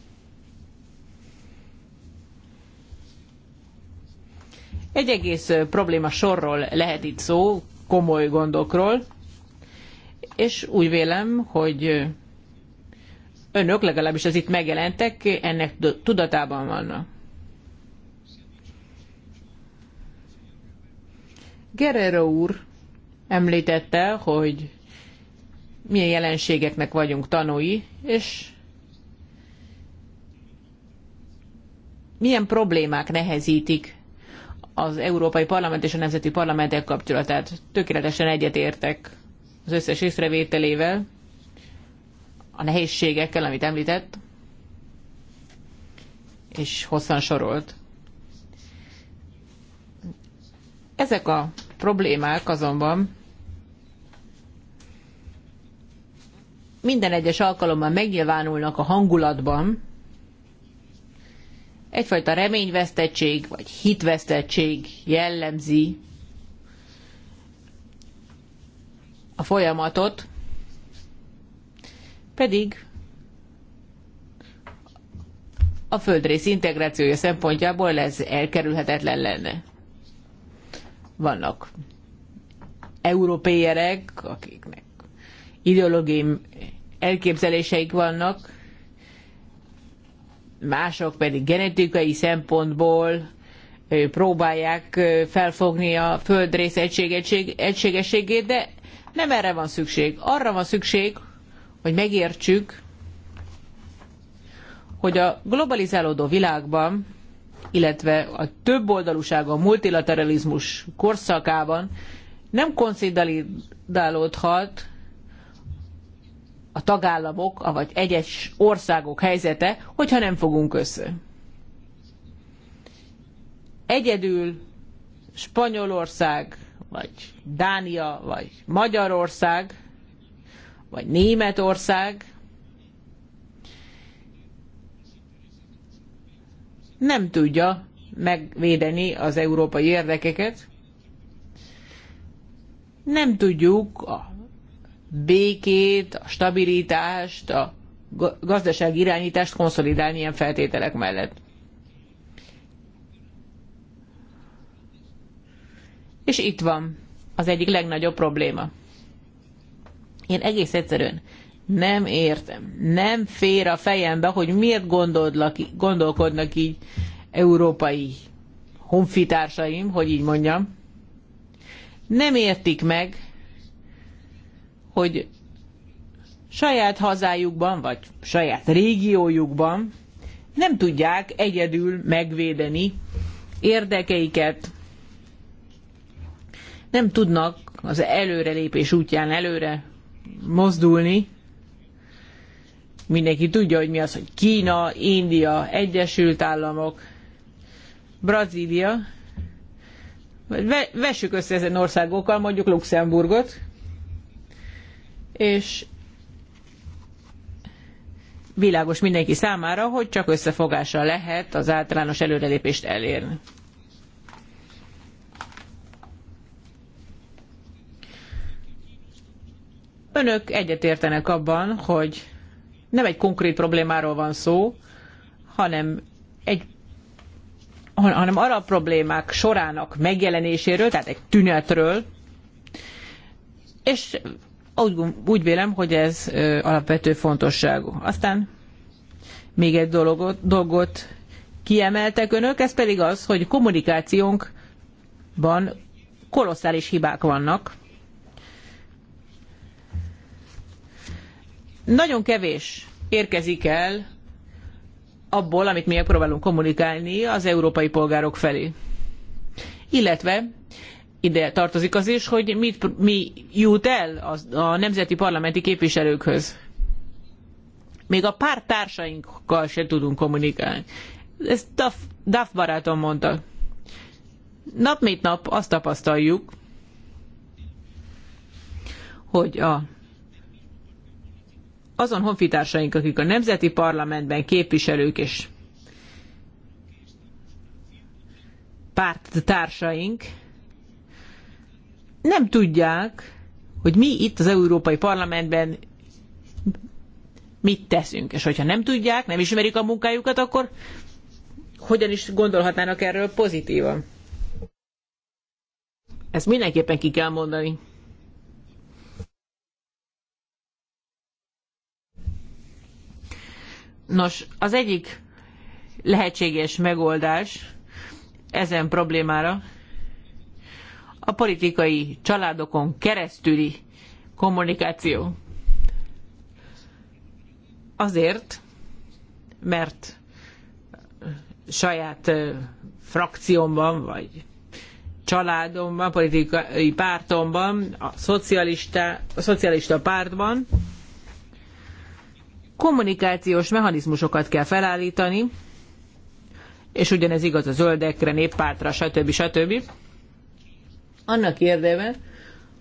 Egy egész probléma sorról lehet itt szó, komoly gondokról, és úgy vélem, hogy önök, legalábbis az itt megjelentek, ennek tudatában vannak. Guerrero úr említette, hogy milyen jelenségeknek vagyunk tanúi, és milyen problémák nehezítik az Európai Parlament és a Nemzeti Parlamentek kapcsolatát. Tökéletesen egyetértek az összes észrevételével, a nehézségekkel, amit említett, és hosszan sorolt. Ezek a problémák azonban minden egyes alkalommal megnyilvánulnak a hangulatban, egyfajta reményvesztettség vagy hitvesztettség jellemzi a folyamatot, pedig a földrész integrációja szempontjából ez elkerülhetetlen lenne. Vannak európéerek, akiknek ideológiai elképzeléseik vannak, mások pedig genetikai szempontból próbálják felfogni a földrész egység, egységességét, de nem erre van szükség. Arra van szükség, hogy megértsük, hogy a globalizálódó világban, illetve a többoldalúság a multilateralizmus korszakában nem konszidálódhat a tagállamok, vagy egyes országok helyzete, hogyha nem fogunk össze. Egyedül Spanyolország, vagy Dánia, vagy Magyarország, vagy Németország nem tudja megvédeni az európai érdekeket. Nem tudjuk a békét, a stabilitást, a gazdasági irányítást konszolidálni ilyen feltételek mellett. És itt van az egyik legnagyobb probléma. Én egész egyszerűen nem értem, nem fér a fejembe, hogy miért gondolkodnak így európai honfitársaim, hogy így mondjam. Nem értik meg, hogy saját hazájukban, vagy saját régiójukban nem tudják egyedül megvédeni érdekeiket, nem tudnak az előrelépés útján előre mozdulni. Mindenki tudja, hogy mi az, hogy Kína, India, Egyesült Államok, Brazília. Vessük össze ezen országokkal, mondjuk Luxemburgot, és világos mindenki számára, hogy csak összefogásra lehet az általános előrelépést elérni. Önök egyetértenek abban, hogy nem egy konkrét problémáról van szó, hanem egy hanem arra a problémák sorának megjelenéséről, tehát egy tünetről, és úgy, úgy vélem, hogy ez alapvető fontosságú. Aztán még egy dologot, dolgot kiemeltek önök, ez pedig az, hogy kommunikációnkban kolosszális hibák vannak. Nagyon kevés érkezik el abból, amit mi próbálunk kommunikálni az európai polgárok felé. Illetve ide tartozik az is, hogy mit, mi jut el a, a nemzeti parlamenti képviselőkhöz. Még a párttársainkkal se tudunk kommunikálni. Ezt Duff, Duff barátom mondta. Nap mint nap azt tapasztaljuk, hogy a azon honfitársaink, akik a nemzeti parlamentben képviselők és párttársaink, nem tudják, hogy mi itt az Európai Parlamentben mit teszünk. És hogyha nem tudják, nem ismerik a munkájukat, akkor hogyan is gondolhatnának erről pozitívan? Ezt mindenképpen ki kell mondani. Nos, az egyik lehetséges megoldás ezen problémára a politikai családokon keresztüli kommunikáció. Azért, mert saját frakciómban, vagy családomban, politikai pártomban, a szocialista, a szocialista pártban kommunikációs mechanizmusokat kell felállítani, és ugyanez igaz a zöldekre, néppártra, stb. stb annak érdeme,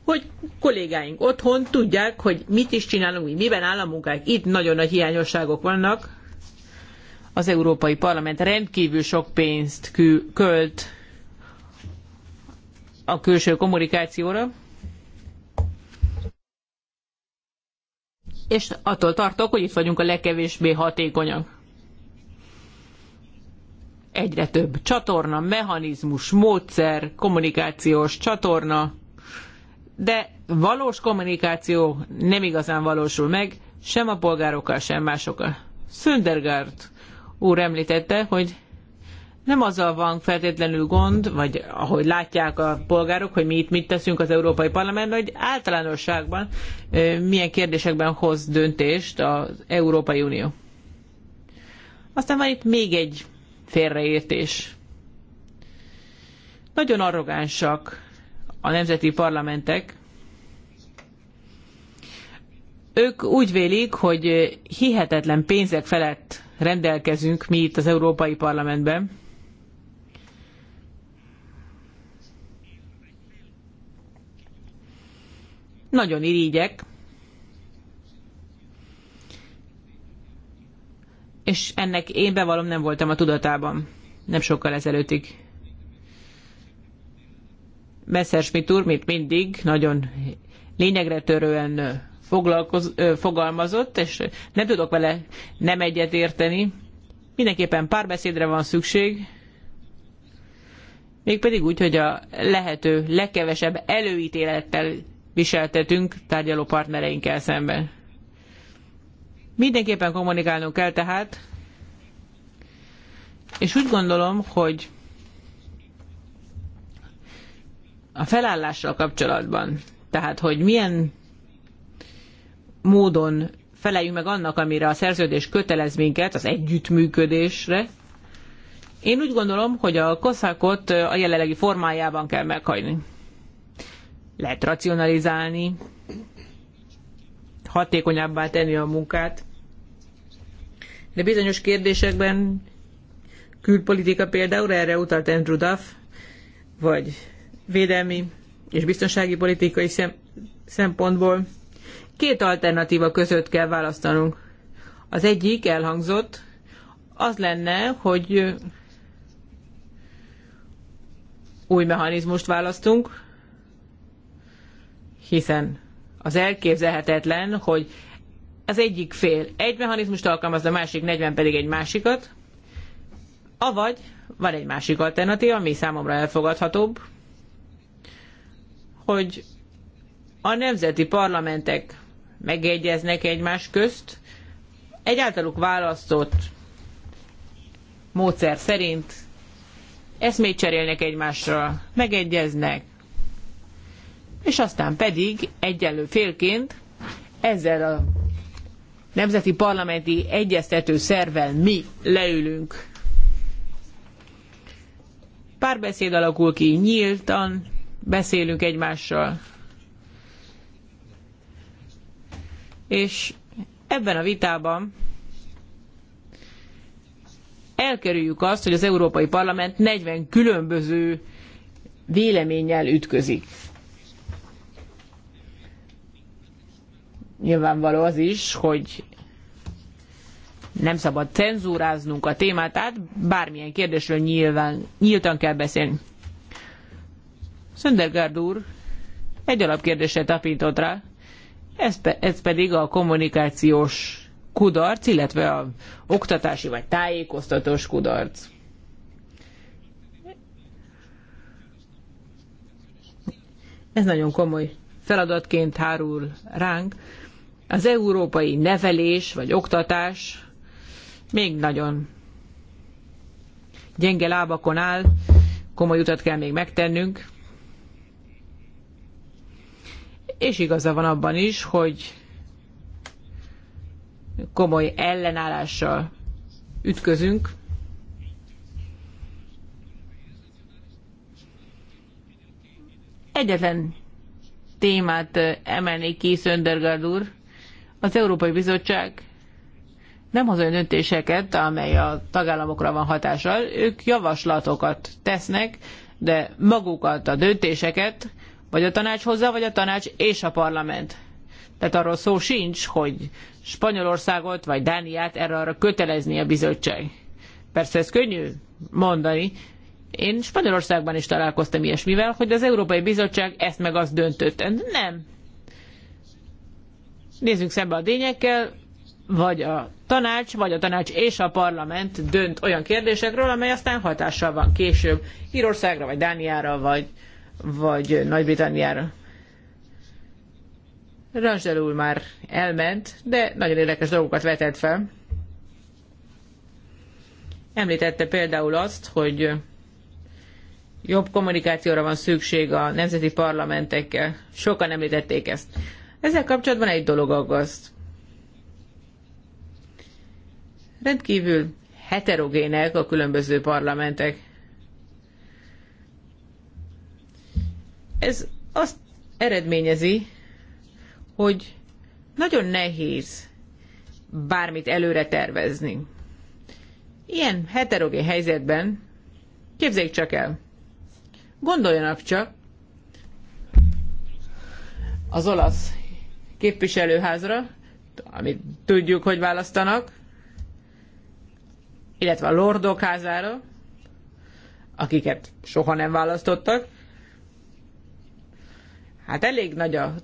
hogy kollégáink otthon tudják, hogy mit is csinálunk, mi miben áll a munkánk. Itt nagyon nagy hiányosságok vannak. Az Európai Parlament rendkívül sok pénzt költ a külső kommunikációra, és attól tartok, hogy itt vagyunk a legkevésbé hatékonyak egyre több csatorna, mechanizmus, módszer, kommunikációs csatorna, de valós kommunikáció nem igazán valósul meg, sem a polgárokkal, sem másokkal. Söndergaard úr említette, hogy nem azzal van feltétlenül gond, vagy ahogy látják a polgárok, hogy mi itt mit teszünk az Európai Parlamentben, hogy általánosságban milyen kérdésekben hoz döntést az Európai Unió. Aztán van itt még egy félreértés. Nagyon arrogánsak a nemzeti parlamentek. Ők úgy vélik, hogy hihetetlen pénzek felett rendelkezünk mi itt az Európai Parlamentben. Nagyon irigyek, és ennek én bevalom nem voltam a tudatában, nem sokkal ezelőttig. Messerschmitt úr, mint mindig, nagyon lényegre törően foglalkoz, ö, fogalmazott, és nem tudok vele nem egyet érteni. Mindenképpen párbeszédre van szükség, mégpedig úgy, hogy a lehető legkevesebb előítélettel viseltetünk tárgyaló partnereinkkel szemben. Mindenképpen kommunikálnunk kell tehát, és úgy gondolom, hogy a felállással kapcsolatban, tehát hogy milyen módon feleljünk meg annak, amire a szerződés kötelez minket, az együttműködésre, én úgy gondolom, hogy a koszákot a jelenlegi formájában kell meghagyni. Lehet racionalizálni, hatékonyabbá tenni a munkát. De bizonyos kérdésekben külpolitika például erre utalt Andrew Duff, vagy védelmi és biztonsági politikai szempontból két alternatíva között kell választanunk. Az egyik elhangzott, az lenne, hogy új mechanizmust választunk, hiszen az elképzelhetetlen, hogy az egyik fél egy mechanizmust alkalmaz, a másik 40 pedig egy másikat, avagy van egy másik alternatíva, ami számomra elfogadhatóbb, hogy a nemzeti parlamentek megegyeznek egymás közt, egy általuk választott módszer szerint eszmét cserélnek egymással, megegyeznek, és aztán pedig egyenlő félként ezzel a nemzeti parlamenti egyeztető szervvel mi leülünk. Párbeszéd alakul ki, nyíltan beszélünk egymással. És ebben a vitában elkerüljük azt, hogy az Európai Parlament 40 különböző véleménnyel ütközik. nyilvánvaló az is, hogy nem szabad cenzúráznunk a témát, tehát bármilyen kérdésről nyilván, nyíltan kell beszélni. Söndergaard úr egy alapkérdésre tapintott rá, ez, pe, ez pedig a kommunikációs kudarc, illetve a oktatási vagy tájékoztatós kudarc. Ez nagyon komoly feladatként hárul ránk az európai nevelés vagy oktatás még nagyon gyenge lábakon áll, komoly utat kell még megtennünk. És igaza van abban is, hogy komoly ellenállással ütközünk. Egyetlen témát emelnék ki, Szöndergaard úr, az Európai Bizottság nem hoz olyan döntéseket, amely a tagállamokra van hatással, ők javaslatokat tesznek, de magukat a döntéseket vagy a tanács hozza, vagy a tanács és a parlament. Tehát arról szó sincs, hogy Spanyolországot vagy Dániát erre arra kötelezni a bizottság. Persze ez könnyű mondani. Én Spanyolországban is találkoztam ilyesmivel, hogy az Európai Bizottság ezt meg azt döntött, Nem nézzünk szembe a dényekkel, vagy a tanács, vagy a tanács és a parlament dönt olyan kérdésekről, amely aztán hatással van később Írországra, vagy Dániára, vagy, vagy Nagy-Britanniára. Rangel úr már elment, de nagyon érdekes dolgokat vetett fel. Említette például azt, hogy jobb kommunikációra van szükség a nemzeti parlamentekkel. Sokan említették ezt. Ezzel kapcsolatban egy dolog aggaszt. Rendkívül heterogének a különböző parlamentek. Ez azt eredményezi, hogy nagyon nehéz bármit előre tervezni. Ilyen heterogén helyzetben képzeljük csak el. Gondoljanak csak az olasz képviselőházra, amit tudjuk, hogy választanak, illetve a lordok házára, akiket soha nem választottak. Hát elég nagy a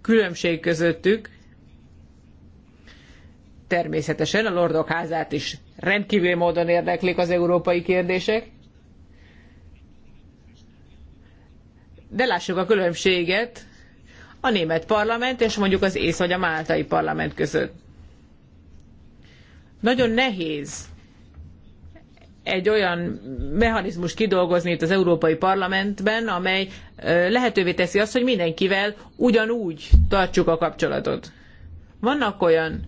különbség közöttük. Természetesen a lordok házát is rendkívül módon érdeklik az európai kérdések. De lássuk a különbséget a német parlament és mondjuk az ész vagy a máltai parlament között. Nagyon nehéz egy olyan mechanizmust kidolgozni itt az Európai Parlamentben, amely lehetővé teszi azt, hogy mindenkivel ugyanúgy tartsuk a kapcsolatot. Vannak olyan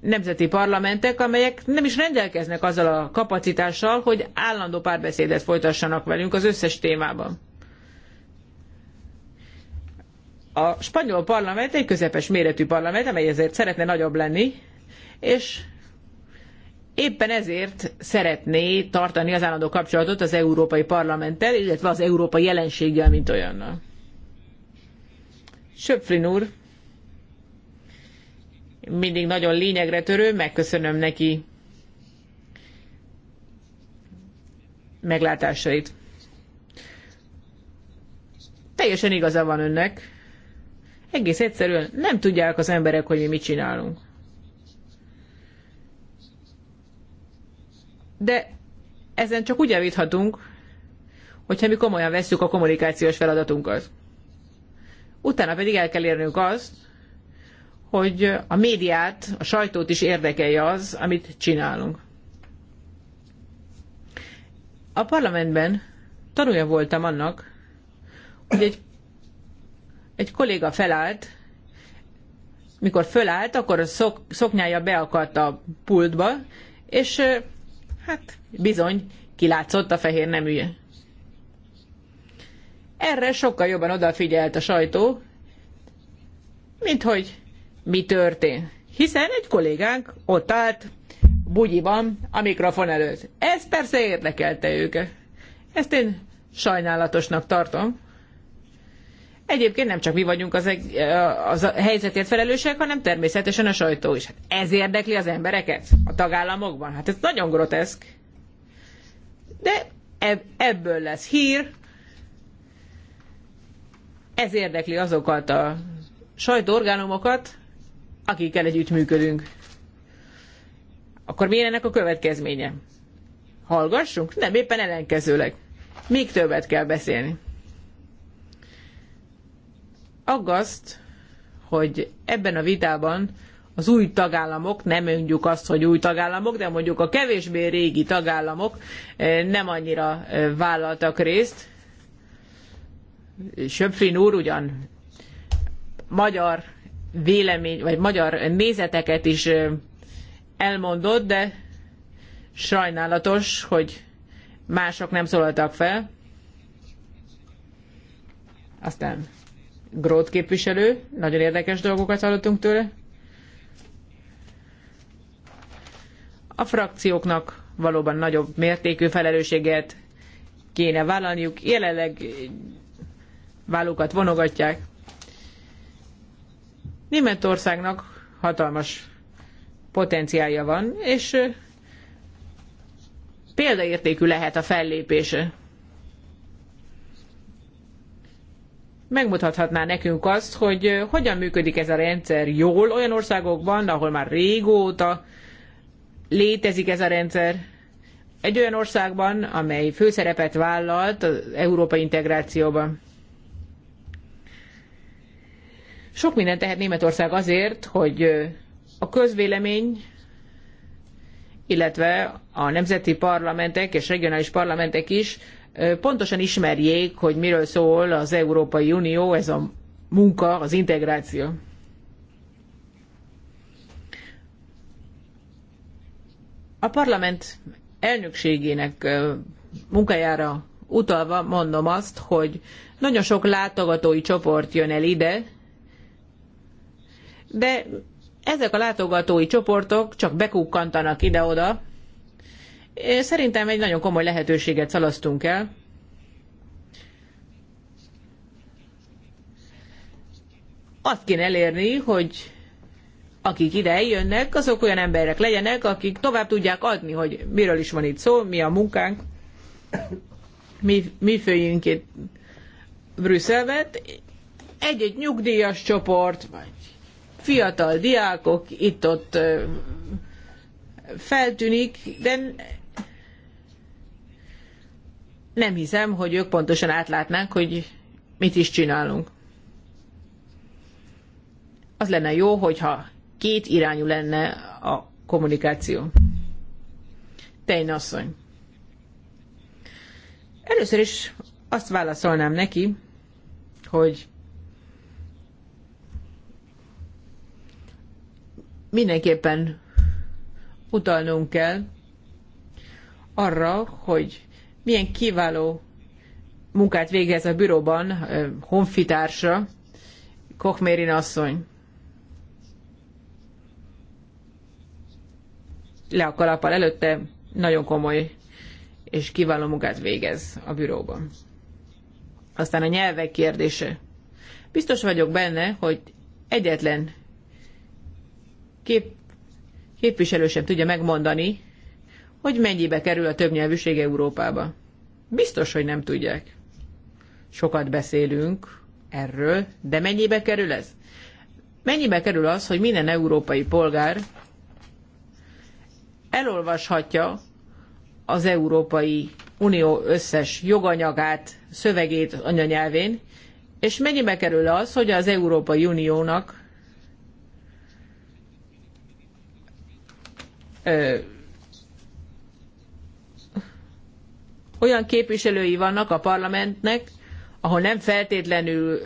nemzeti parlamentek, amelyek nem is rendelkeznek azzal a kapacitással, hogy állandó párbeszédet folytassanak velünk az összes témában a spanyol parlament egy közepes méretű parlament, amely ezért szeretne nagyobb lenni, és éppen ezért szeretné tartani az állandó kapcsolatot az Európai Parlamenttel, illetve az európai jelenséggel, mint olyannal. Söpflin úr, mindig nagyon lényegre törő, megköszönöm neki meglátásait. Teljesen igaza van önnek. Egész egyszerűen nem tudják az emberek, hogy mi mit csinálunk. De ezen csak úgy javíthatunk, hogyha mi komolyan vesszük a kommunikációs feladatunkat. Utána pedig el kell érnünk azt, hogy a médiát, a sajtót is érdekelje az, amit csinálunk. A parlamentben tanulja voltam annak, hogy egy egy kolléga felállt, mikor fölállt, akkor a szok, szoknyája beakadt a pultba, és hát bizony kilátszott a fehér neműje. Erre sokkal jobban odafigyelt a sajtó, mint hogy mi történt. Hiszen egy kollégánk ott állt, bugyiban, a mikrofon előtt. Ez persze érdekelte őket. Ezt én sajnálatosnak tartom. Egyébként nem csak mi vagyunk az, egy, az a helyzetért felelősek, hanem természetesen a sajtó is. Hát ez érdekli az embereket a tagállamokban? Hát ez nagyon groteszk. De ebből lesz hír, ez érdekli azokat a sajtóorgánumokat, akikkel együttműködünk. Akkor mi ennek a következménye? Hallgassunk? Nem, éppen ellenkezőleg. Még többet kell beszélni aggaszt, hogy ebben a vitában az új tagállamok, nem mondjuk azt, hogy új tagállamok, de mondjuk a kevésbé régi tagállamok eh, nem annyira eh, vállaltak részt. Söpfin úr ugyan magyar vélemény, vagy magyar nézeteket is eh, elmondott, de sajnálatos, hogy mások nem szólaltak fel. Aztán Grót képviselő, nagyon érdekes dolgokat hallottunk tőle. A frakcióknak valóban nagyobb mértékű felelősséget kéne vállalniuk. Jelenleg vállukat vonogatják. Németországnak hatalmas potenciálja van, és példaértékű lehet a fellépése. megmutathatná nekünk azt, hogy hogyan működik ez a rendszer jól olyan országokban, ahol már régóta létezik ez a rendszer, egy olyan országban, amely főszerepet vállalt az európai integrációban. Sok mindent tehet Németország azért, hogy a közvélemény, illetve a nemzeti parlamentek és regionális parlamentek is pontosan ismerjék, hogy miről szól az Európai Unió, ez a munka, az integráció. A parlament elnökségének munkájára utalva mondom azt, hogy nagyon sok látogatói csoport jön el ide, de ezek a látogatói csoportok csak bekukkantanak ide-oda, Szerintem egy nagyon komoly lehetőséget szalasztunk el. Azt kéne elérni, hogy akik ide jönnek, azok olyan emberek legyenek, akik tovább tudják adni, hogy miről is van itt szó, mi a munkánk, mi, mi főjünk itt Brüsszelbet. Egy-egy nyugdíjas csoport, vagy fiatal diákok itt-ott feltűnik, de nem hiszem, hogy ők pontosan átlátnánk, hogy mit is csinálunk. Az lenne jó, hogyha két irányú lenne a kommunikáció. Tejn asszony. Először is azt válaszolnám neki, hogy mindenképpen utalnunk kell arra, hogy milyen kiváló munkát végez a büroban honfitársa, Kochmérin asszony. Le a kalappal előtte nagyon komoly és kiváló munkát végez a büróban. Aztán a nyelvek kérdése. Biztos vagyok benne, hogy egyetlen kép, képviselő sem tudja megmondani, hogy mennyibe kerül a többnyelvűség Európába. Biztos, hogy nem tudják. Sokat beszélünk erről, de mennyibe kerül ez? Mennyibe kerül az, hogy minden európai polgár elolvashatja az Európai Unió összes joganyagát, szövegét anyanyelvén, és mennyibe kerül az, hogy az Európai Uniónak ö, olyan képviselői vannak a parlamentnek, ahol nem feltétlenül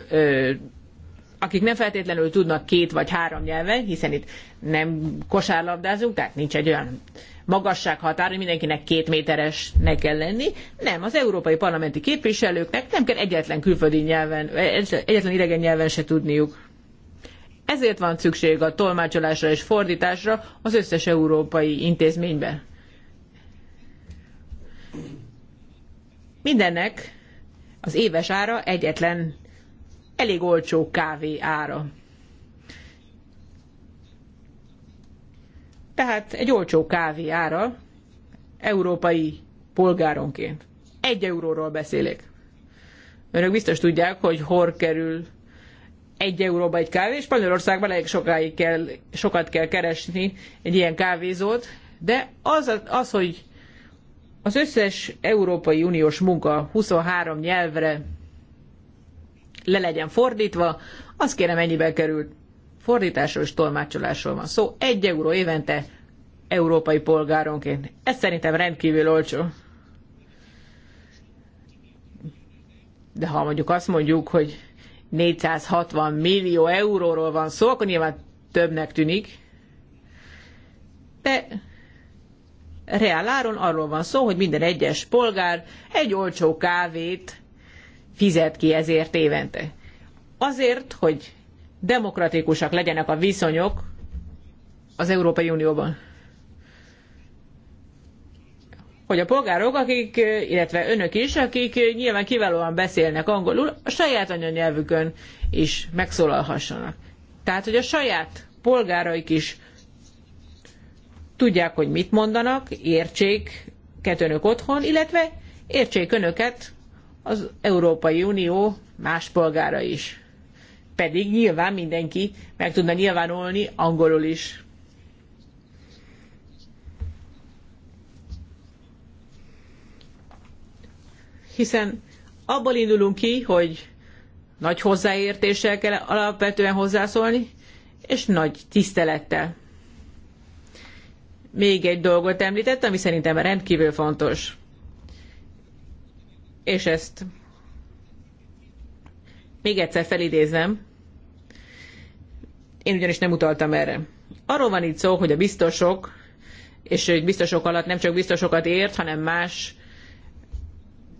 akik nem feltétlenül tudnak két vagy három nyelven, hiszen itt nem kosárlabdázunk, tehát nincs egy olyan magassághatár, hogy mindenkinek két méteresnek kell lenni. Nem, az európai parlamenti képviselőknek nem kell egyetlen külföldi nyelven, egyetlen idegen nyelven se tudniuk. Ezért van szükség a tolmácsolásra és fordításra az összes európai intézményben. Mindennek az éves ára egyetlen elég olcsó kávé ára. Tehát egy olcsó kávé ára európai polgáronként. Egy euróról beszélek. Önök biztos tudják, hogy hor kerül egy euróba egy kávé, és Spanyolországban elég sokáig kell, sokat kell keresni egy ilyen kávézót, de az, az hogy az összes Európai Uniós munka 23 nyelvre le legyen fordítva, azt kérem ennyibe került. Fordításról és tolmácsolásról van szó. Szóval egy euró évente európai polgáronként. Ez szerintem rendkívül olcsó. De ha mondjuk azt mondjuk, hogy 460 millió euróról van szó, akkor nyilván többnek tűnik. De reáláron arról van szó, hogy minden egyes polgár egy olcsó kávét fizet ki ezért évente. Azért, hogy demokratikusak legyenek a viszonyok az Európai Unióban. Hogy a polgárok, akik, illetve önök is, akik nyilván kiválóan beszélnek angolul, a saját anyanyelvükön is megszólalhassanak. Tehát, hogy a saját polgáraik is tudják, hogy mit mondanak, értsék önök otthon, illetve értsék önöket az Európai Unió más polgára is. Pedig nyilván mindenki meg tudna nyilvánulni angolul is. Hiszen abból indulunk ki, hogy nagy hozzáértéssel kell alapvetően hozzászólni, és nagy tisztelettel még egy dolgot említett, ami szerintem rendkívül fontos. És ezt még egyszer felidézem. Én ugyanis nem utaltam erre. Arról van itt szó, hogy a biztosok, és hogy biztosok alatt nem csak biztosokat ért, hanem más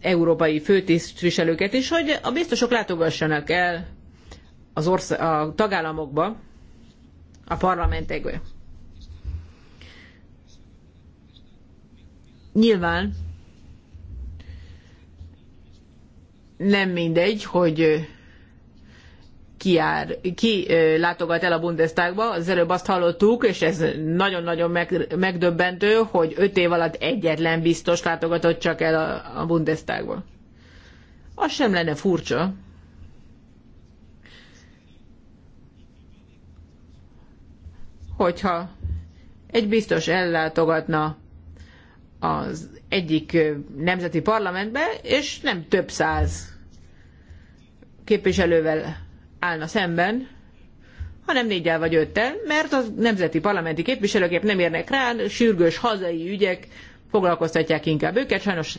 európai főtisztviselőket is, hogy a biztosok látogassanak el az orsz- a tagállamokba, a parlamentekbe. Nyilván nem mindegy, hogy ki, jár, ki látogat el a Bundestagba. Az előbb azt hallottuk, és ez nagyon-nagyon megdöbbentő, hogy öt év alatt egyetlen biztos látogatott csak el a, a Bundestagba. Az sem lenne furcsa. Hogyha egy biztos ellátogatna az egyik nemzeti parlamentbe, és nem több száz képviselővel állna szemben, hanem négyel vagy öttel, mert a nemzeti parlamenti képviselőkép nem érnek rá, sürgős hazai ügyek foglalkoztatják inkább őket, sajnos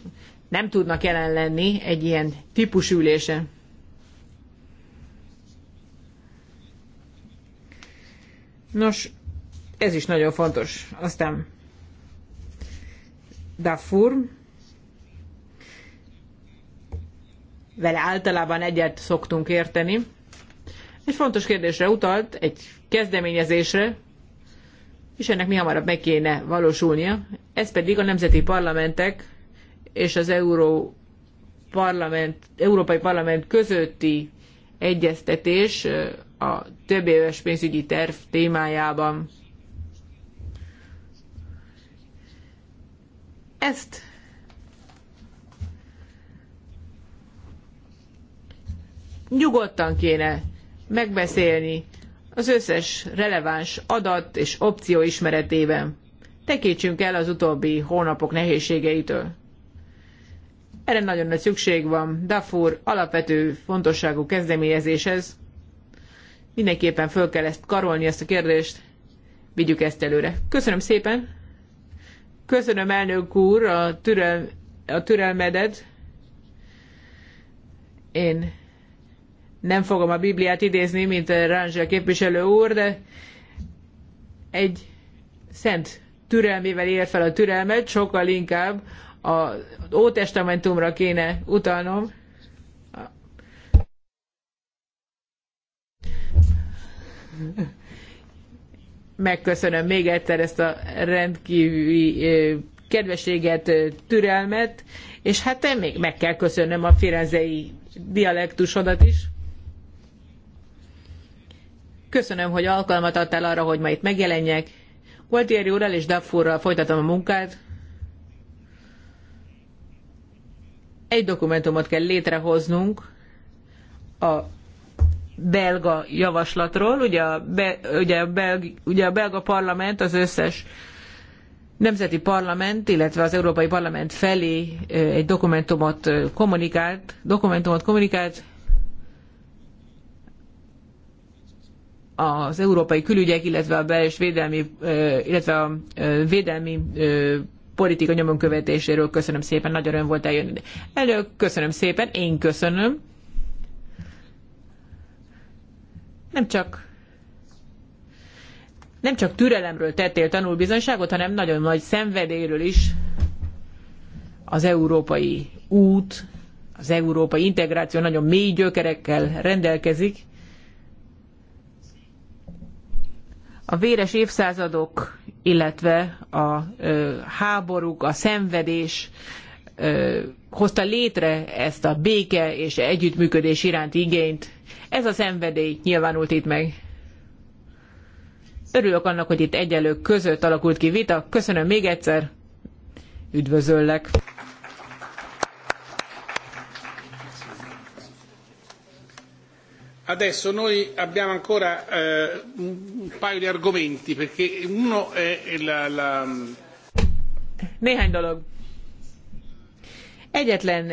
nem tudnak jelen lenni egy ilyen típus ülésen. Nos, ez is nagyon fontos. Aztán Darfur. Vele általában egyet szoktunk érteni. Egy fontos kérdésre utalt, egy kezdeményezésre, és ennek mi hamarabb meg kéne valósulnia. Ez pedig a nemzeti parlamentek és az Euró parlament, Európai Parlament közötti egyeztetés a több éves pénzügyi terv témájában. Ezt nyugodtan kéne megbeszélni az összes releváns adat és opció ismeretében. Tekítsünk el az utóbbi hónapok nehézségeitől. Erre nagyon nagy szükség van. Dafur alapvető fontosságú kezdeményezéshez. Mindenképpen föl kell ezt karolni, ezt a kérdést. Vigyük ezt előre. Köszönöm szépen! Köszönöm, elnök úr, a, türel, a türelmedet. Én nem fogom a Bibliát idézni, mint Rangel képviselő úr, de egy szent türelmével ér fel a türelmet, sokkal inkább az Ótestamentumra kéne utalnom megköszönöm még egyszer ezt a rendkívüli kedvességet, türelmet, és hát még meg kell köszönnöm a firenzei dialektusodat is. Köszönöm, hogy alkalmat adtál arra, hogy ma itt megjelenjek. Gualtieri úrral és Daffurral folytatom a munkát. Egy dokumentumot kell létrehoznunk a belga javaslatról. Ugye a, be, ugye, a belg, ugye a belga parlament az összes nemzeti parlament, illetve az Európai Parlament felé egy dokumentumot kommunikált, dokumentumot kommunikált az európai külügyek, illetve a belső védelmi, illetve a védelmi politika nyomon követéséről. Köszönöm szépen, nagy öröm volt eljönni. Elő, köszönöm szépen, én köszönöm. nem csak nem csak türelemről tettél tanulbizonyságot, hanem nagyon nagy szenvedélyről is az európai út, az európai integráció nagyon mély gyökerekkel rendelkezik. A véres évszázadok, illetve a háborúk, a szenvedés hozta létre ezt a béke és együttműködés iránti igényt. Ez a szenvedély nyilvánult itt meg. Örülök annak, hogy itt egyelők között alakult ki vita. Köszönöm még egyszer. Üdvözöllek. Adesso noi abbiamo ancora eh, un paio di argomenti perché uno è la, la... Néhány dolog. Egyetlen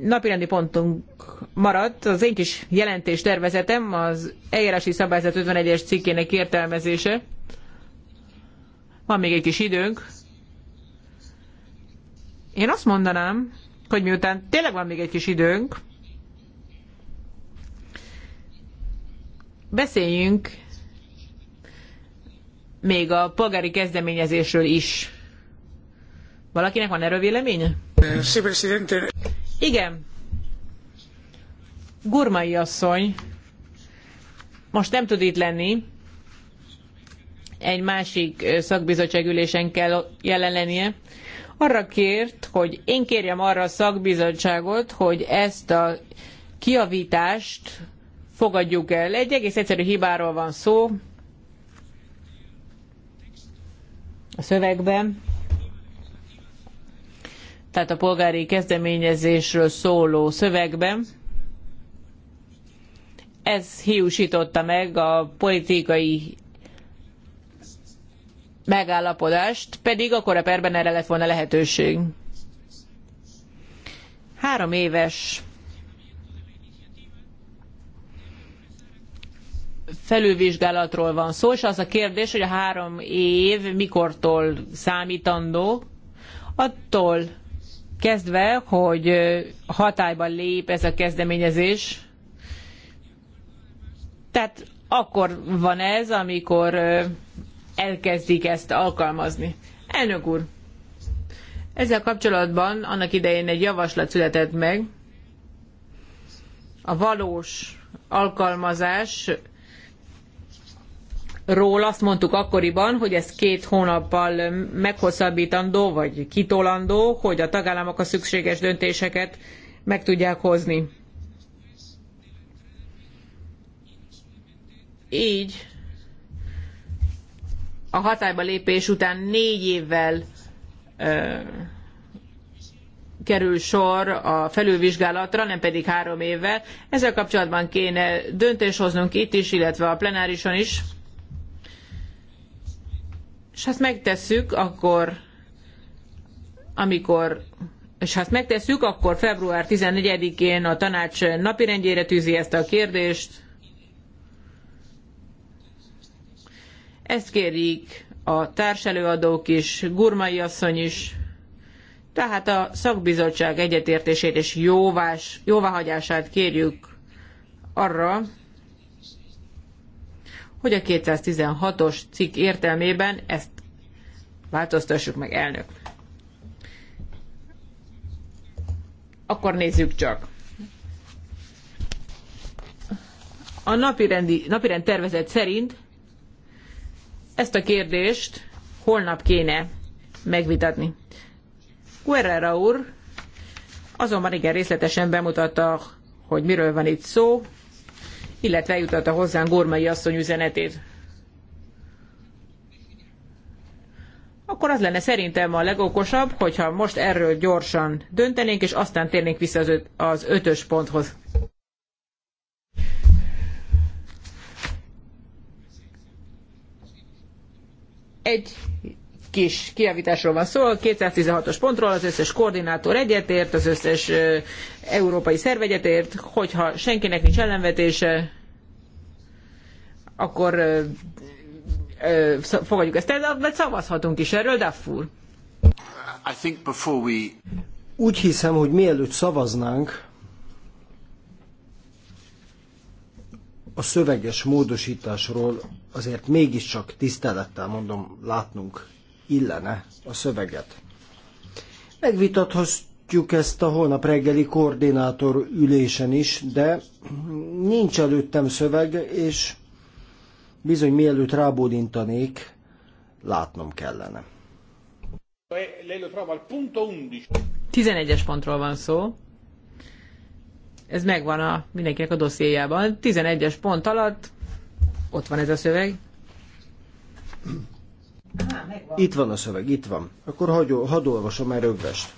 napirendi pontunk maradt, az én kis jelentés tervezetem, az eljárási szabályzat 51-es cikkének értelmezése. Van még egy kis időnk. Én azt mondanám, hogy miután tényleg van még egy kis időnk, beszéljünk még a polgári kezdeményezésről is. Valakinek van erről véleménye? Igen. Gurmai asszony most nem tud itt lenni, egy másik szakbizottság ülésen kell jelen lennie. Arra kért, hogy én kérjem arra a szakbizottságot, hogy ezt a kiavítást fogadjuk el. Egy egész egyszerű hibáról van szó a szövegben tehát a polgári kezdeményezésről szóló szövegben. Ez hiúsította meg a politikai megállapodást, pedig a perben erre lett volna lehetőség. Három éves felülvizsgálatról van szó, és az a kérdés, hogy a három év mikortól számítandó, attól kezdve, hogy hatályba lép ez a kezdeményezés. Tehát akkor van ez, amikor elkezdik ezt alkalmazni. Elnök úr, ezzel kapcsolatban annak idején egy javaslat született meg, a valós alkalmazás ról azt mondtuk akkoriban, hogy ez két hónappal meghosszabbítandó, vagy kitolandó, hogy a tagállamok a szükséges döntéseket meg tudják hozni. Így a hatályba lépés után négy évvel ö, kerül sor a felülvizsgálatra, nem pedig három évvel. Ezzel kapcsolatban kéne döntést hoznunk itt is, illetve a plenárison is és ha ezt megtesszük, akkor amikor és ha ezt megtesszük, akkor február 14-én a tanács napirendjére tűzi ezt a kérdést. Ezt kérik a társelőadók is, Gurmai asszony is, tehát a szakbizottság egyetértését és jóvás, jóváhagyását kérjük arra, hogy a 216-os cikk értelmében ezt változtassuk meg, elnök. Akkor nézzük csak. A napirendi, napirend tervezet szerint ezt a kérdést holnap kéne megvitatni. Guerrera úr azonban igen részletesen bemutatta, hogy miről van itt szó, illetve jutotta hozzánk Gormai asszony üzenetét. Akkor az lenne szerintem a legokosabb, hogyha most erről gyorsan döntenénk, és aztán térnénk vissza az, öt, az ötös ponthoz. Egy kis kiavításról van szó, 216-os pontról az összes koordinátor egyetért, az összes ö, európai szerv egyetért, hogyha senkinek nincs ellenvetése, akkor ö, ö, fogadjuk ezt el, de szavazhatunk is erről, Daffur. I think before we... Úgy hiszem, hogy mielőtt szavaznánk, a szöveges módosításról azért mégiscsak tisztelettel mondom, látnunk illene a szöveget. Megvitathatjuk ezt a holnap reggeli koordinátor ülésen is, de nincs előttem szöveg, és bizony mielőtt rábódintanék, látnom kellene. 11-es pontról van szó. Ez megvan a mindenkinek a dossziéjában. 11-es pont alatt ott van ez a szöveg itt van a szöveg, itt van. Akkor hagyó, hadd olvasom el rögvest.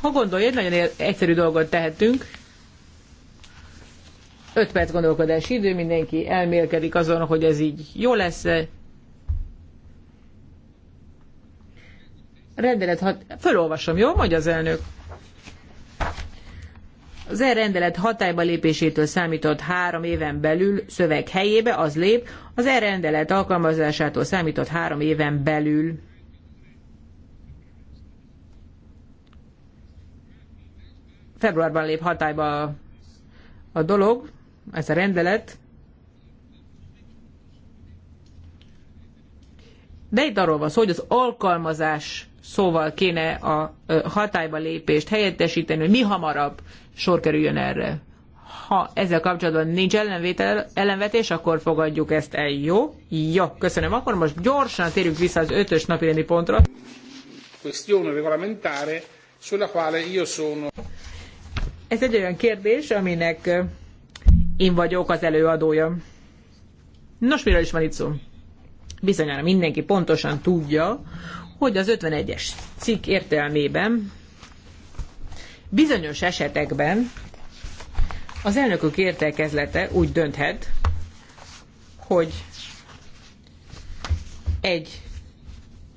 Ha gondolj, egy nagyon egyszerű dolgot tehetünk. Öt perc gondolkodási idő, mindenki elmélkedik azon, hogy ez így jó lesz -e. Rendelet, ha... Fölolvasom, jó? Mondja az elnök. Az e rendelet hatályba lépésétől számított három éven belül szöveg helyébe az lép, az e rendelet alkalmazásától számított három éven belül. Februárban lép hatályba a, a dolog, ez a rendelet. De itt arról van szó, hogy az alkalmazás szóval kéne a hatályba lépést helyettesíteni, hogy mi hamarabb sor kerüljön erre. Ha ezzel kapcsolatban nincs ellenvétel, ellenvetés, akkor fogadjuk ezt el. Jó? Jó, köszönöm. Akkor most gyorsan térjük vissza az ötös napirendi pontra. regolamentare sulla quale io sono. Ez egy olyan kérdés, aminek én vagyok az előadója. Nos, miről is van itt szó? Bizonyára mindenki pontosan tudja, hogy az 51-es cikk értelmében bizonyos esetekben az elnökök értekezlete úgy dönthet, hogy egy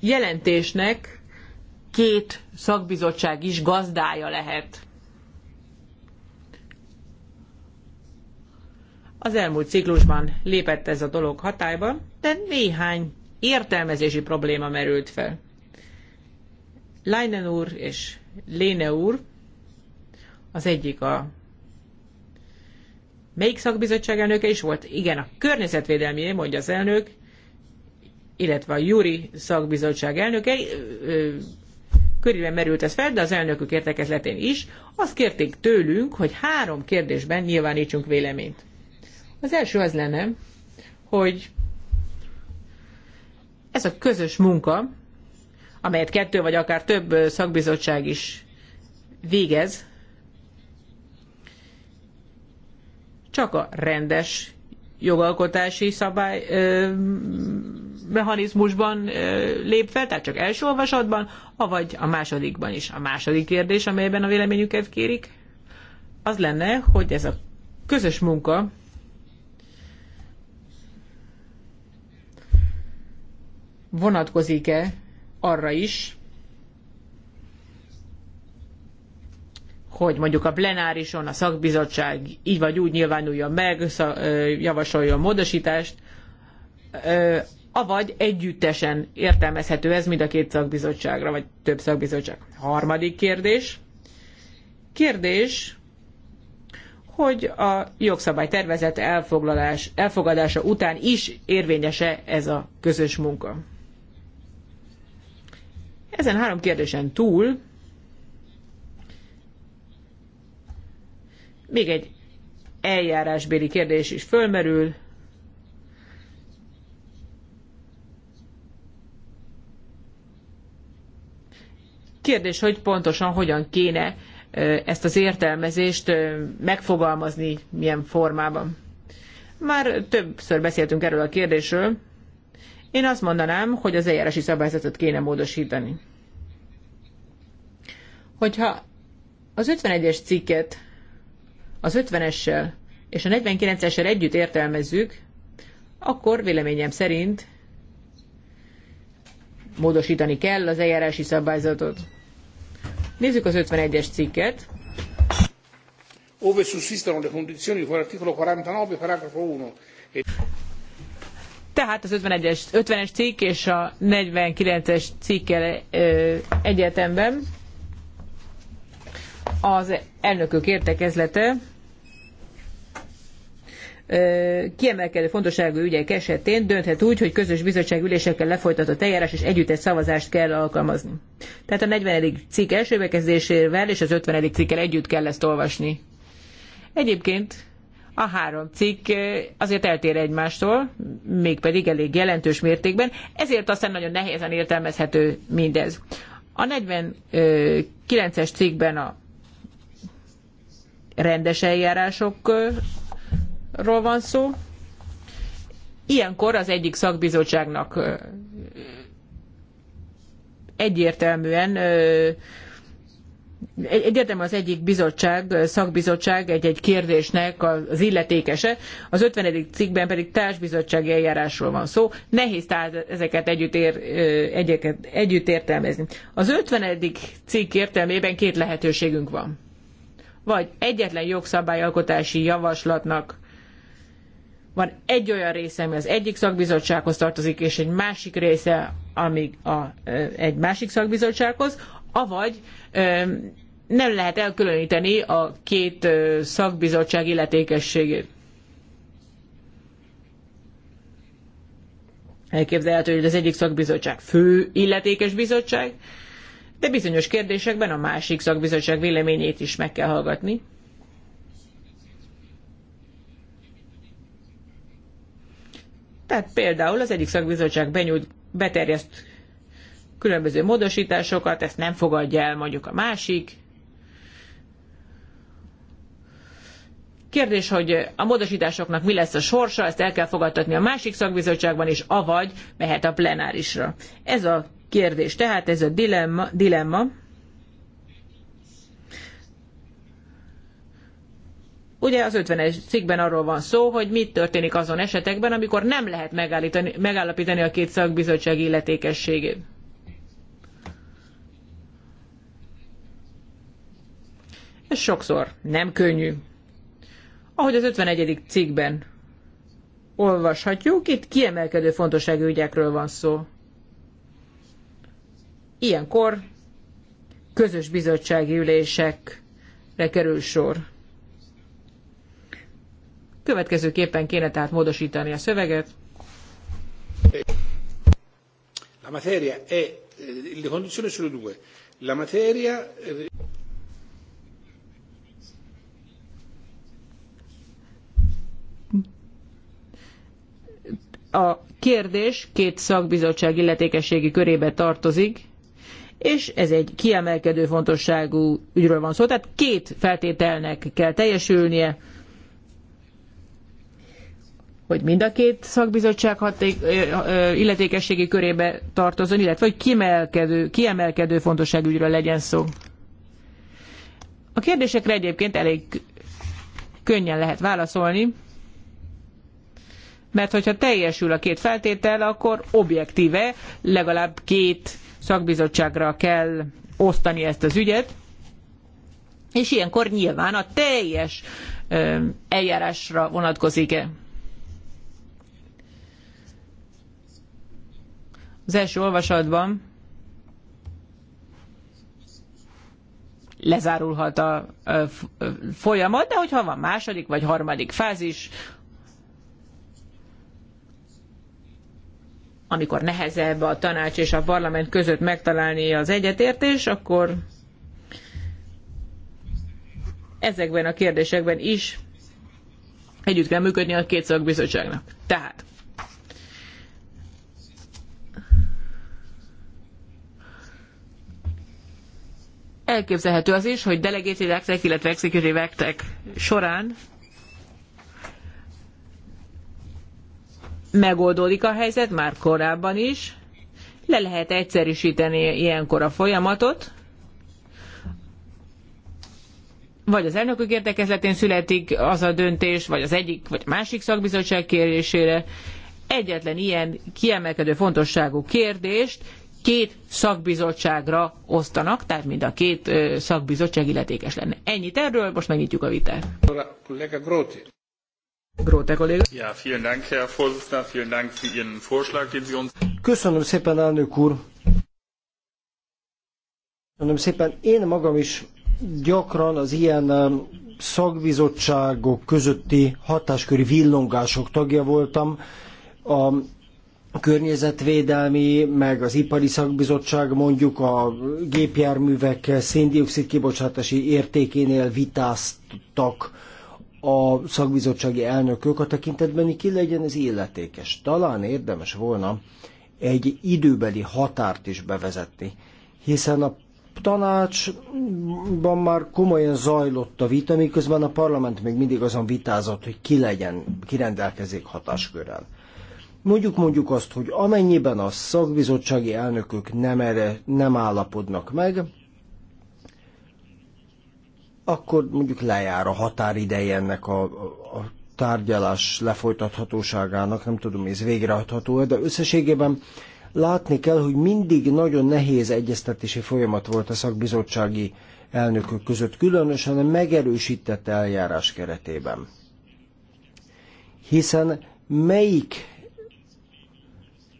jelentésnek két szakbizottság is gazdája lehet. Az elmúlt ciklusban lépett ez a dolog hatályba, de néhány értelmezési probléma merült fel. Leinen úr és Léne úr, az egyik a melyik szakbizottság elnöke is volt? Igen, a környezetvédelmi, mondja az elnök, illetve a Juri szakbizottság elnöke, körülben merült ez fel, de az elnökök értekezletén is, azt kérték tőlünk, hogy három kérdésben nyilvánítsunk véleményt. Az első az lenne, hogy ez a közös munka, amelyet kettő vagy akár több szakbizottság is végez, csak a rendes jogalkotási szabály mechanizmusban lép fel, tehát csak első olvasatban, avagy a másodikban is. A második kérdés, amelyben a véleményüket kérik, az lenne, hogy ez a közös munka vonatkozik-e arra is, hogy mondjuk a plenárison a szakbizottság így vagy úgy nyilvánulja meg, javasolja a módosítást, avagy együttesen értelmezhető ez mind a két szakbizottságra, vagy több szakbizottság. Harmadik kérdés. Kérdés, hogy a jogszabálytervezet elfoglalás, elfogadása után is érvényese ez a közös munka. Ezen három kérdésen túl még egy eljárásbéli kérdés is fölmerül. Kérdés, hogy pontosan hogyan kéne ezt az értelmezést megfogalmazni, milyen formában. Már többször beszéltünk erről a kérdésről, én azt mondanám, hogy az eljárási szabályzatot kéne módosítani. Hogyha az 51-es cikket az 50-essel és a 49-essel együtt értelmezzük, akkor véleményem szerint módosítani kell az eljárási szabályzatot. Nézzük az 51-es cikket. Ove sussistano le condizioni di cui all'articolo 49, paragrafo 1. Tehát az 51-es, 50-es cikk és a 49-es cikkel egyetemben az elnökök értekezlete kiemelkedő fontosságú ügyek esetén dönthet úgy, hogy közös bizottság ülésekkel lefolytatott eljárás és együttes szavazást kell alkalmazni. Tehát a 40. cikk első bekezdésével és az 50. cikkel együtt kell ezt olvasni. Egyébként a három cikk azért eltér egymástól, mégpedig elég jelentős mértékben, ezért aztán nagyon nehézen értelmezhető mindez. A 49-es cikkben a rendes eljárásokról van szó. Ilyenkor az egyik szakbizottságnak egyértelműen Egyetem az egyik bizottság, szakbizottság egy-egy kérdésnek az illetékese, az 50. cikkben pedig társbizottsági eljárásról van szó, nehéz tehát ezeket együtt, ér, egyeket, együtt értelmezni. Az 50. cikk értelmében két lehetőségünk van. Vagy egyetlen jogszabályalkotási javaslatnak van egy olyan része, ami az egyik szakbizottsághoz tartozik, és egy másik része, amíg a, egy másik szakbizottsághoz, avagy nem lehet elkülöníteni a két szakbizottság illetékességét. Elképzelhető, hogy az egyik szakbizottság fő illetékes bizottság, de bizonyos kérdésekben a másik szakbizottság véleményét is meg kell hallgatni. Tehát például az egyik szakbizottság benyújt, beterjeszt különböző módosításokat, ezt nem fogadja el mondjuk a másik, Kérdés, hogy a módosításoknak mi lesz a sorsa, ezt el kell fogadtatni a másik szakbizottságban is, avagy mehet a plenárisra. Ez a kérdés, tehát ez a dilemma. dilemma. Ugye az 50-es cikkben arról van szó, hogy mit történik azon esetekben, amikor nem lehet megállítani, megállapítani a két szakbizottság illetékességét. Ez sokszor nem könnyű. Ahogy az 51. cikkben olvashatjuk, itt kiemelkedő fontosságú ügyekről van szó. Ilyenkor közös bizottsági ülésekre kerül sor. Következőképpen kéne tehát módosítani a szöveget. La materia è le condizioni sono due. La materia eh, a kérdés két szakbizottság illetékességi körébe tartozik, és ez egy kiemelkedő fontosságú ügyről van szó, tehát két feltételnek kell teljesülnie, hogy mind a két szakbizottság haték, illetékességi körébe tartozon, illetve hogy kiemelkedő, kiemelkedő fontosságú ügyről legyen szó. A kérdésekre egyébként elég könnyen lehet válaszolni mert hogyha teljesül a két feltétel, akkor objektíve legalább két szakbizottságra kell osztani ezt az ügyet, és ilyenkor nyilván a teljes eljárásra vonatkozik-e. Az első olvasatban lezárulhat a folyamat, de hogyha van második vagy harmadik fázis, amikor nehezebb a tanács és a parlament között megtalálni az egyetértés, akkor ezekben a kérdésekben is együtt kell működni a két szakbizottságnak. Tehát elképzelhető az is, hogy delegated actek, illetve executive actek során megoldódik a helyzet, már korábban is. Le lehet egyszerűsíteni ilyenkor a folyamatot, vagy az elnökök értekezletén születik az a döntés, vagy az egyik, vagy a másik szakbizottság kérésére. Egyetlen ilyen kiemelkedő fontosságú kérdést két szakbizottságra osztanak, tehát mind a két szakbizottság illetékes lenne. Ennyit erről, most megnyitjuk a vitát. Ja, vielen Dank, Herr Vorsitzender, vielen Dank für Ihren Vorschlag, den Sie uns... Köszönöm szépen, elnök úr. Köszönöm szépen. Én magam is gyakran az ilyen um, szakbizottságok közötti hatásköri villongások tagja voltam. A környezetvédelmi, meg az ipari szakbizottság mondjuk a gépjárművek széndiokszid kibocsátási értékénél vitáztak a szakbizottsági elnökök a tekintetben ki legyen ez illetékes. Talán érdemes volna egy időbeli határt is bevezetni, hiszen a tanácsban már komolyan zajlott a vita, miközben a parlament még mindig azon vitázott, hogy ki legyen, ki rendelkezik hatáskörrel. Mondjuk mondjuk azt, hogy amennyiben a szakbizottsági elnökök nem, erre, nem állapodnak meg, akkor mondjuk lejár a határideje ennek a, a tárgyalás lefolytathatóságának, nem tudom, ez végrehajtható de összességében látni kell, hogy mindig nagyon nehéz egyeztetési folyamat volt a szakbizottsági elnökök között, különösen a megerősített eljárás keretében. Hiszen melyik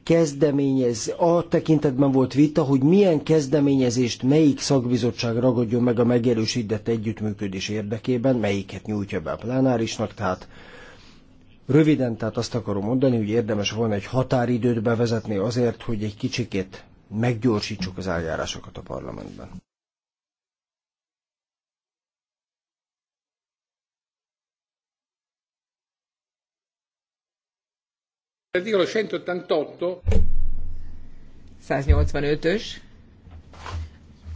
kezdeményez, a tekintetben volt vita, hogy milyen kezdeményezést melyik szakbizottság ragadjon meg a megerősített együttműködés érdekében, melyiket nyújtja be a plenárisnak, tehát röviden, tehát azt akarom mondani, hogy érdemes volna egy határidőt bevezetni azért, hogy egy kicsikét meggyorsítsuk az eljárásokat a parlamentben. L'articolo 188. 185-ös.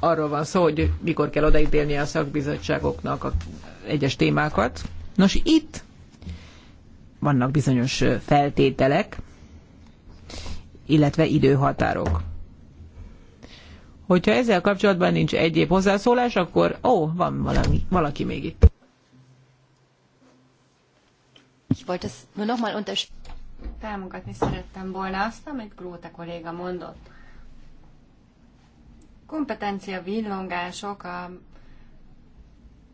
Arról van szó, hogy mikor kell odaítélni a szakbizottságoknak a egyes témákat. Nos, itt vannak bizonyos feltételek, illetve időhatárok. Hogyha ezzel kapcsolatban nincs egyéb hozzászólás, akkor ó, van valami, valaki még itt. Ich wollte es nur noch mal támogatni szerettem volna azt, amit Gróta kolléga mondott. Kompetencia villongások a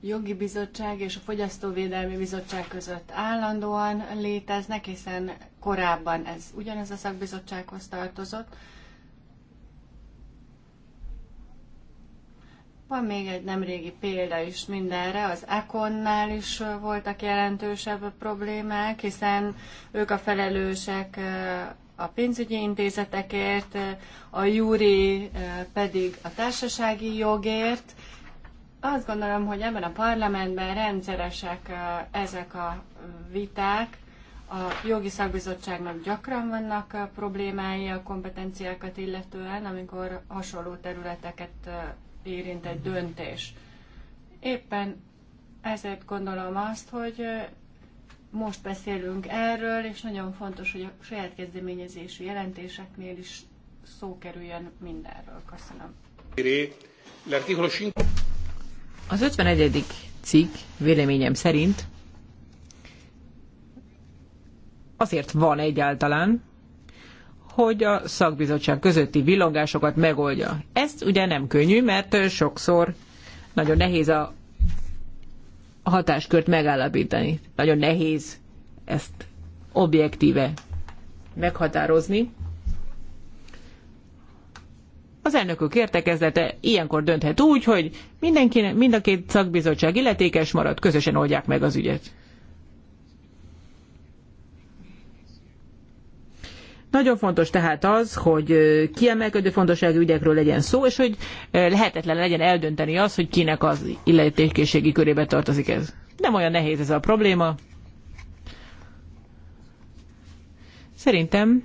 jogi bizottság és a fogyasztóvédelmi bizottság között állandóan léteznek, hiszen korábban ez ugyanez a szakbizottsághoz tartozott, Van még egy nem régi példa is mindenre, az Econnál is voltak jelentősebb problémák, hiszen ők a felelősek a pénzügyi intézetekért, a júri pedig a társasági jogért. Azt gondolom, hogy ebben a parlamentben rendszeresek ezek a viták. A jogi szakbizottságnak gyakran vannak problémái a kompetenciákat illetően, amikor hasonló területeket érint egy döntés. Éppen ezért gondolom azt, hogy most beszélünk erről, és nagyon fontos, hogy a saját kezdeményezésű jelentéseknél is szó kerüljön mindenről. Köszönöm. Az 51. cikk véleményem szerint azért van egyáltalán, hogy a szakbizottság közötti villongásokat megoldja. Ezt ugye nem könnyű, mert sokszor nagyon nehéz a hatáskört megállapítani. Nagyon nehéz ezt objektíve meghatározni. Az elnökök értekezlete ilyenkor dönthet úgy, hogy mindenki, mind a két szakbizottság illetékes marad, közösen oldják meg az ügyet. Nagyon fontos tehát az, hogy kiemelkedő fontosságú ügyekről legyen szó, és hogy lehetetlen legyen eldönteni az, hogy kinek az illetékességi körébe tartozik ez. Nem olyan nehéz ez a probléma. Szerintem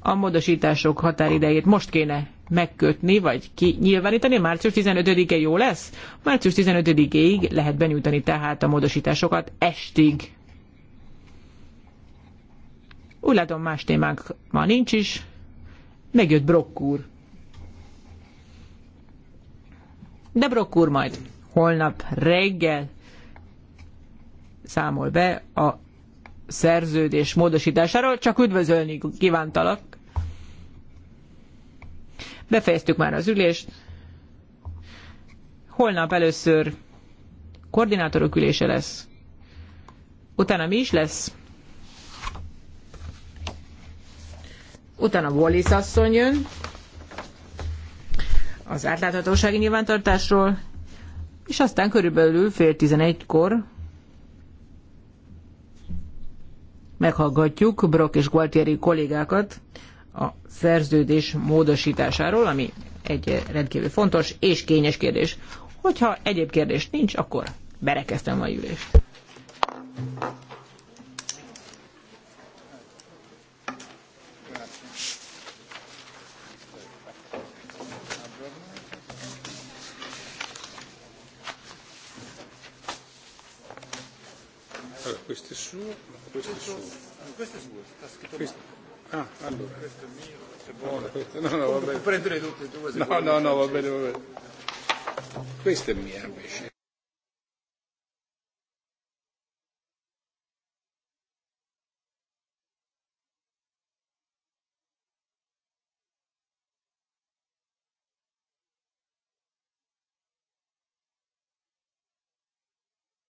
a módosítások határidejét most kéne megkötni, vagy kinyilvánítani. Március 15-e jó lesz? Március 15-ig lehet benyújtani tehát a módosításokat estig. Úgy látom, más témánk ma nincs is. Megjött Brock úr. De Brock úr majd holnap reggel számol be a szerződés módosításáról, csak üdvözölni kívántalak. Befejeztük már az ülést. Holnap először koordinátorok ülése lesz. Utána mi is lesz? utána Wallis asszony jön az átláthatósági nyilvántartásról, és aztán körülbelül fél tizenegykor meghallgatjuk Brock és Gualtieri kollégákat a szerződés módosításáról, ami egy rendkívül fontos és kényes kérdés. Hogyha egyéb kérdés nincs, akkor berekeztem a ülést. Questo è suo, questo è suo. Ah, questo è suo, sta scritto questo. Ah, allora. Questo è mio, se vuole. Questo, no, no, va bene. Prendere tutte e due No, no, no, va bene, va bene. Questa è mia invece.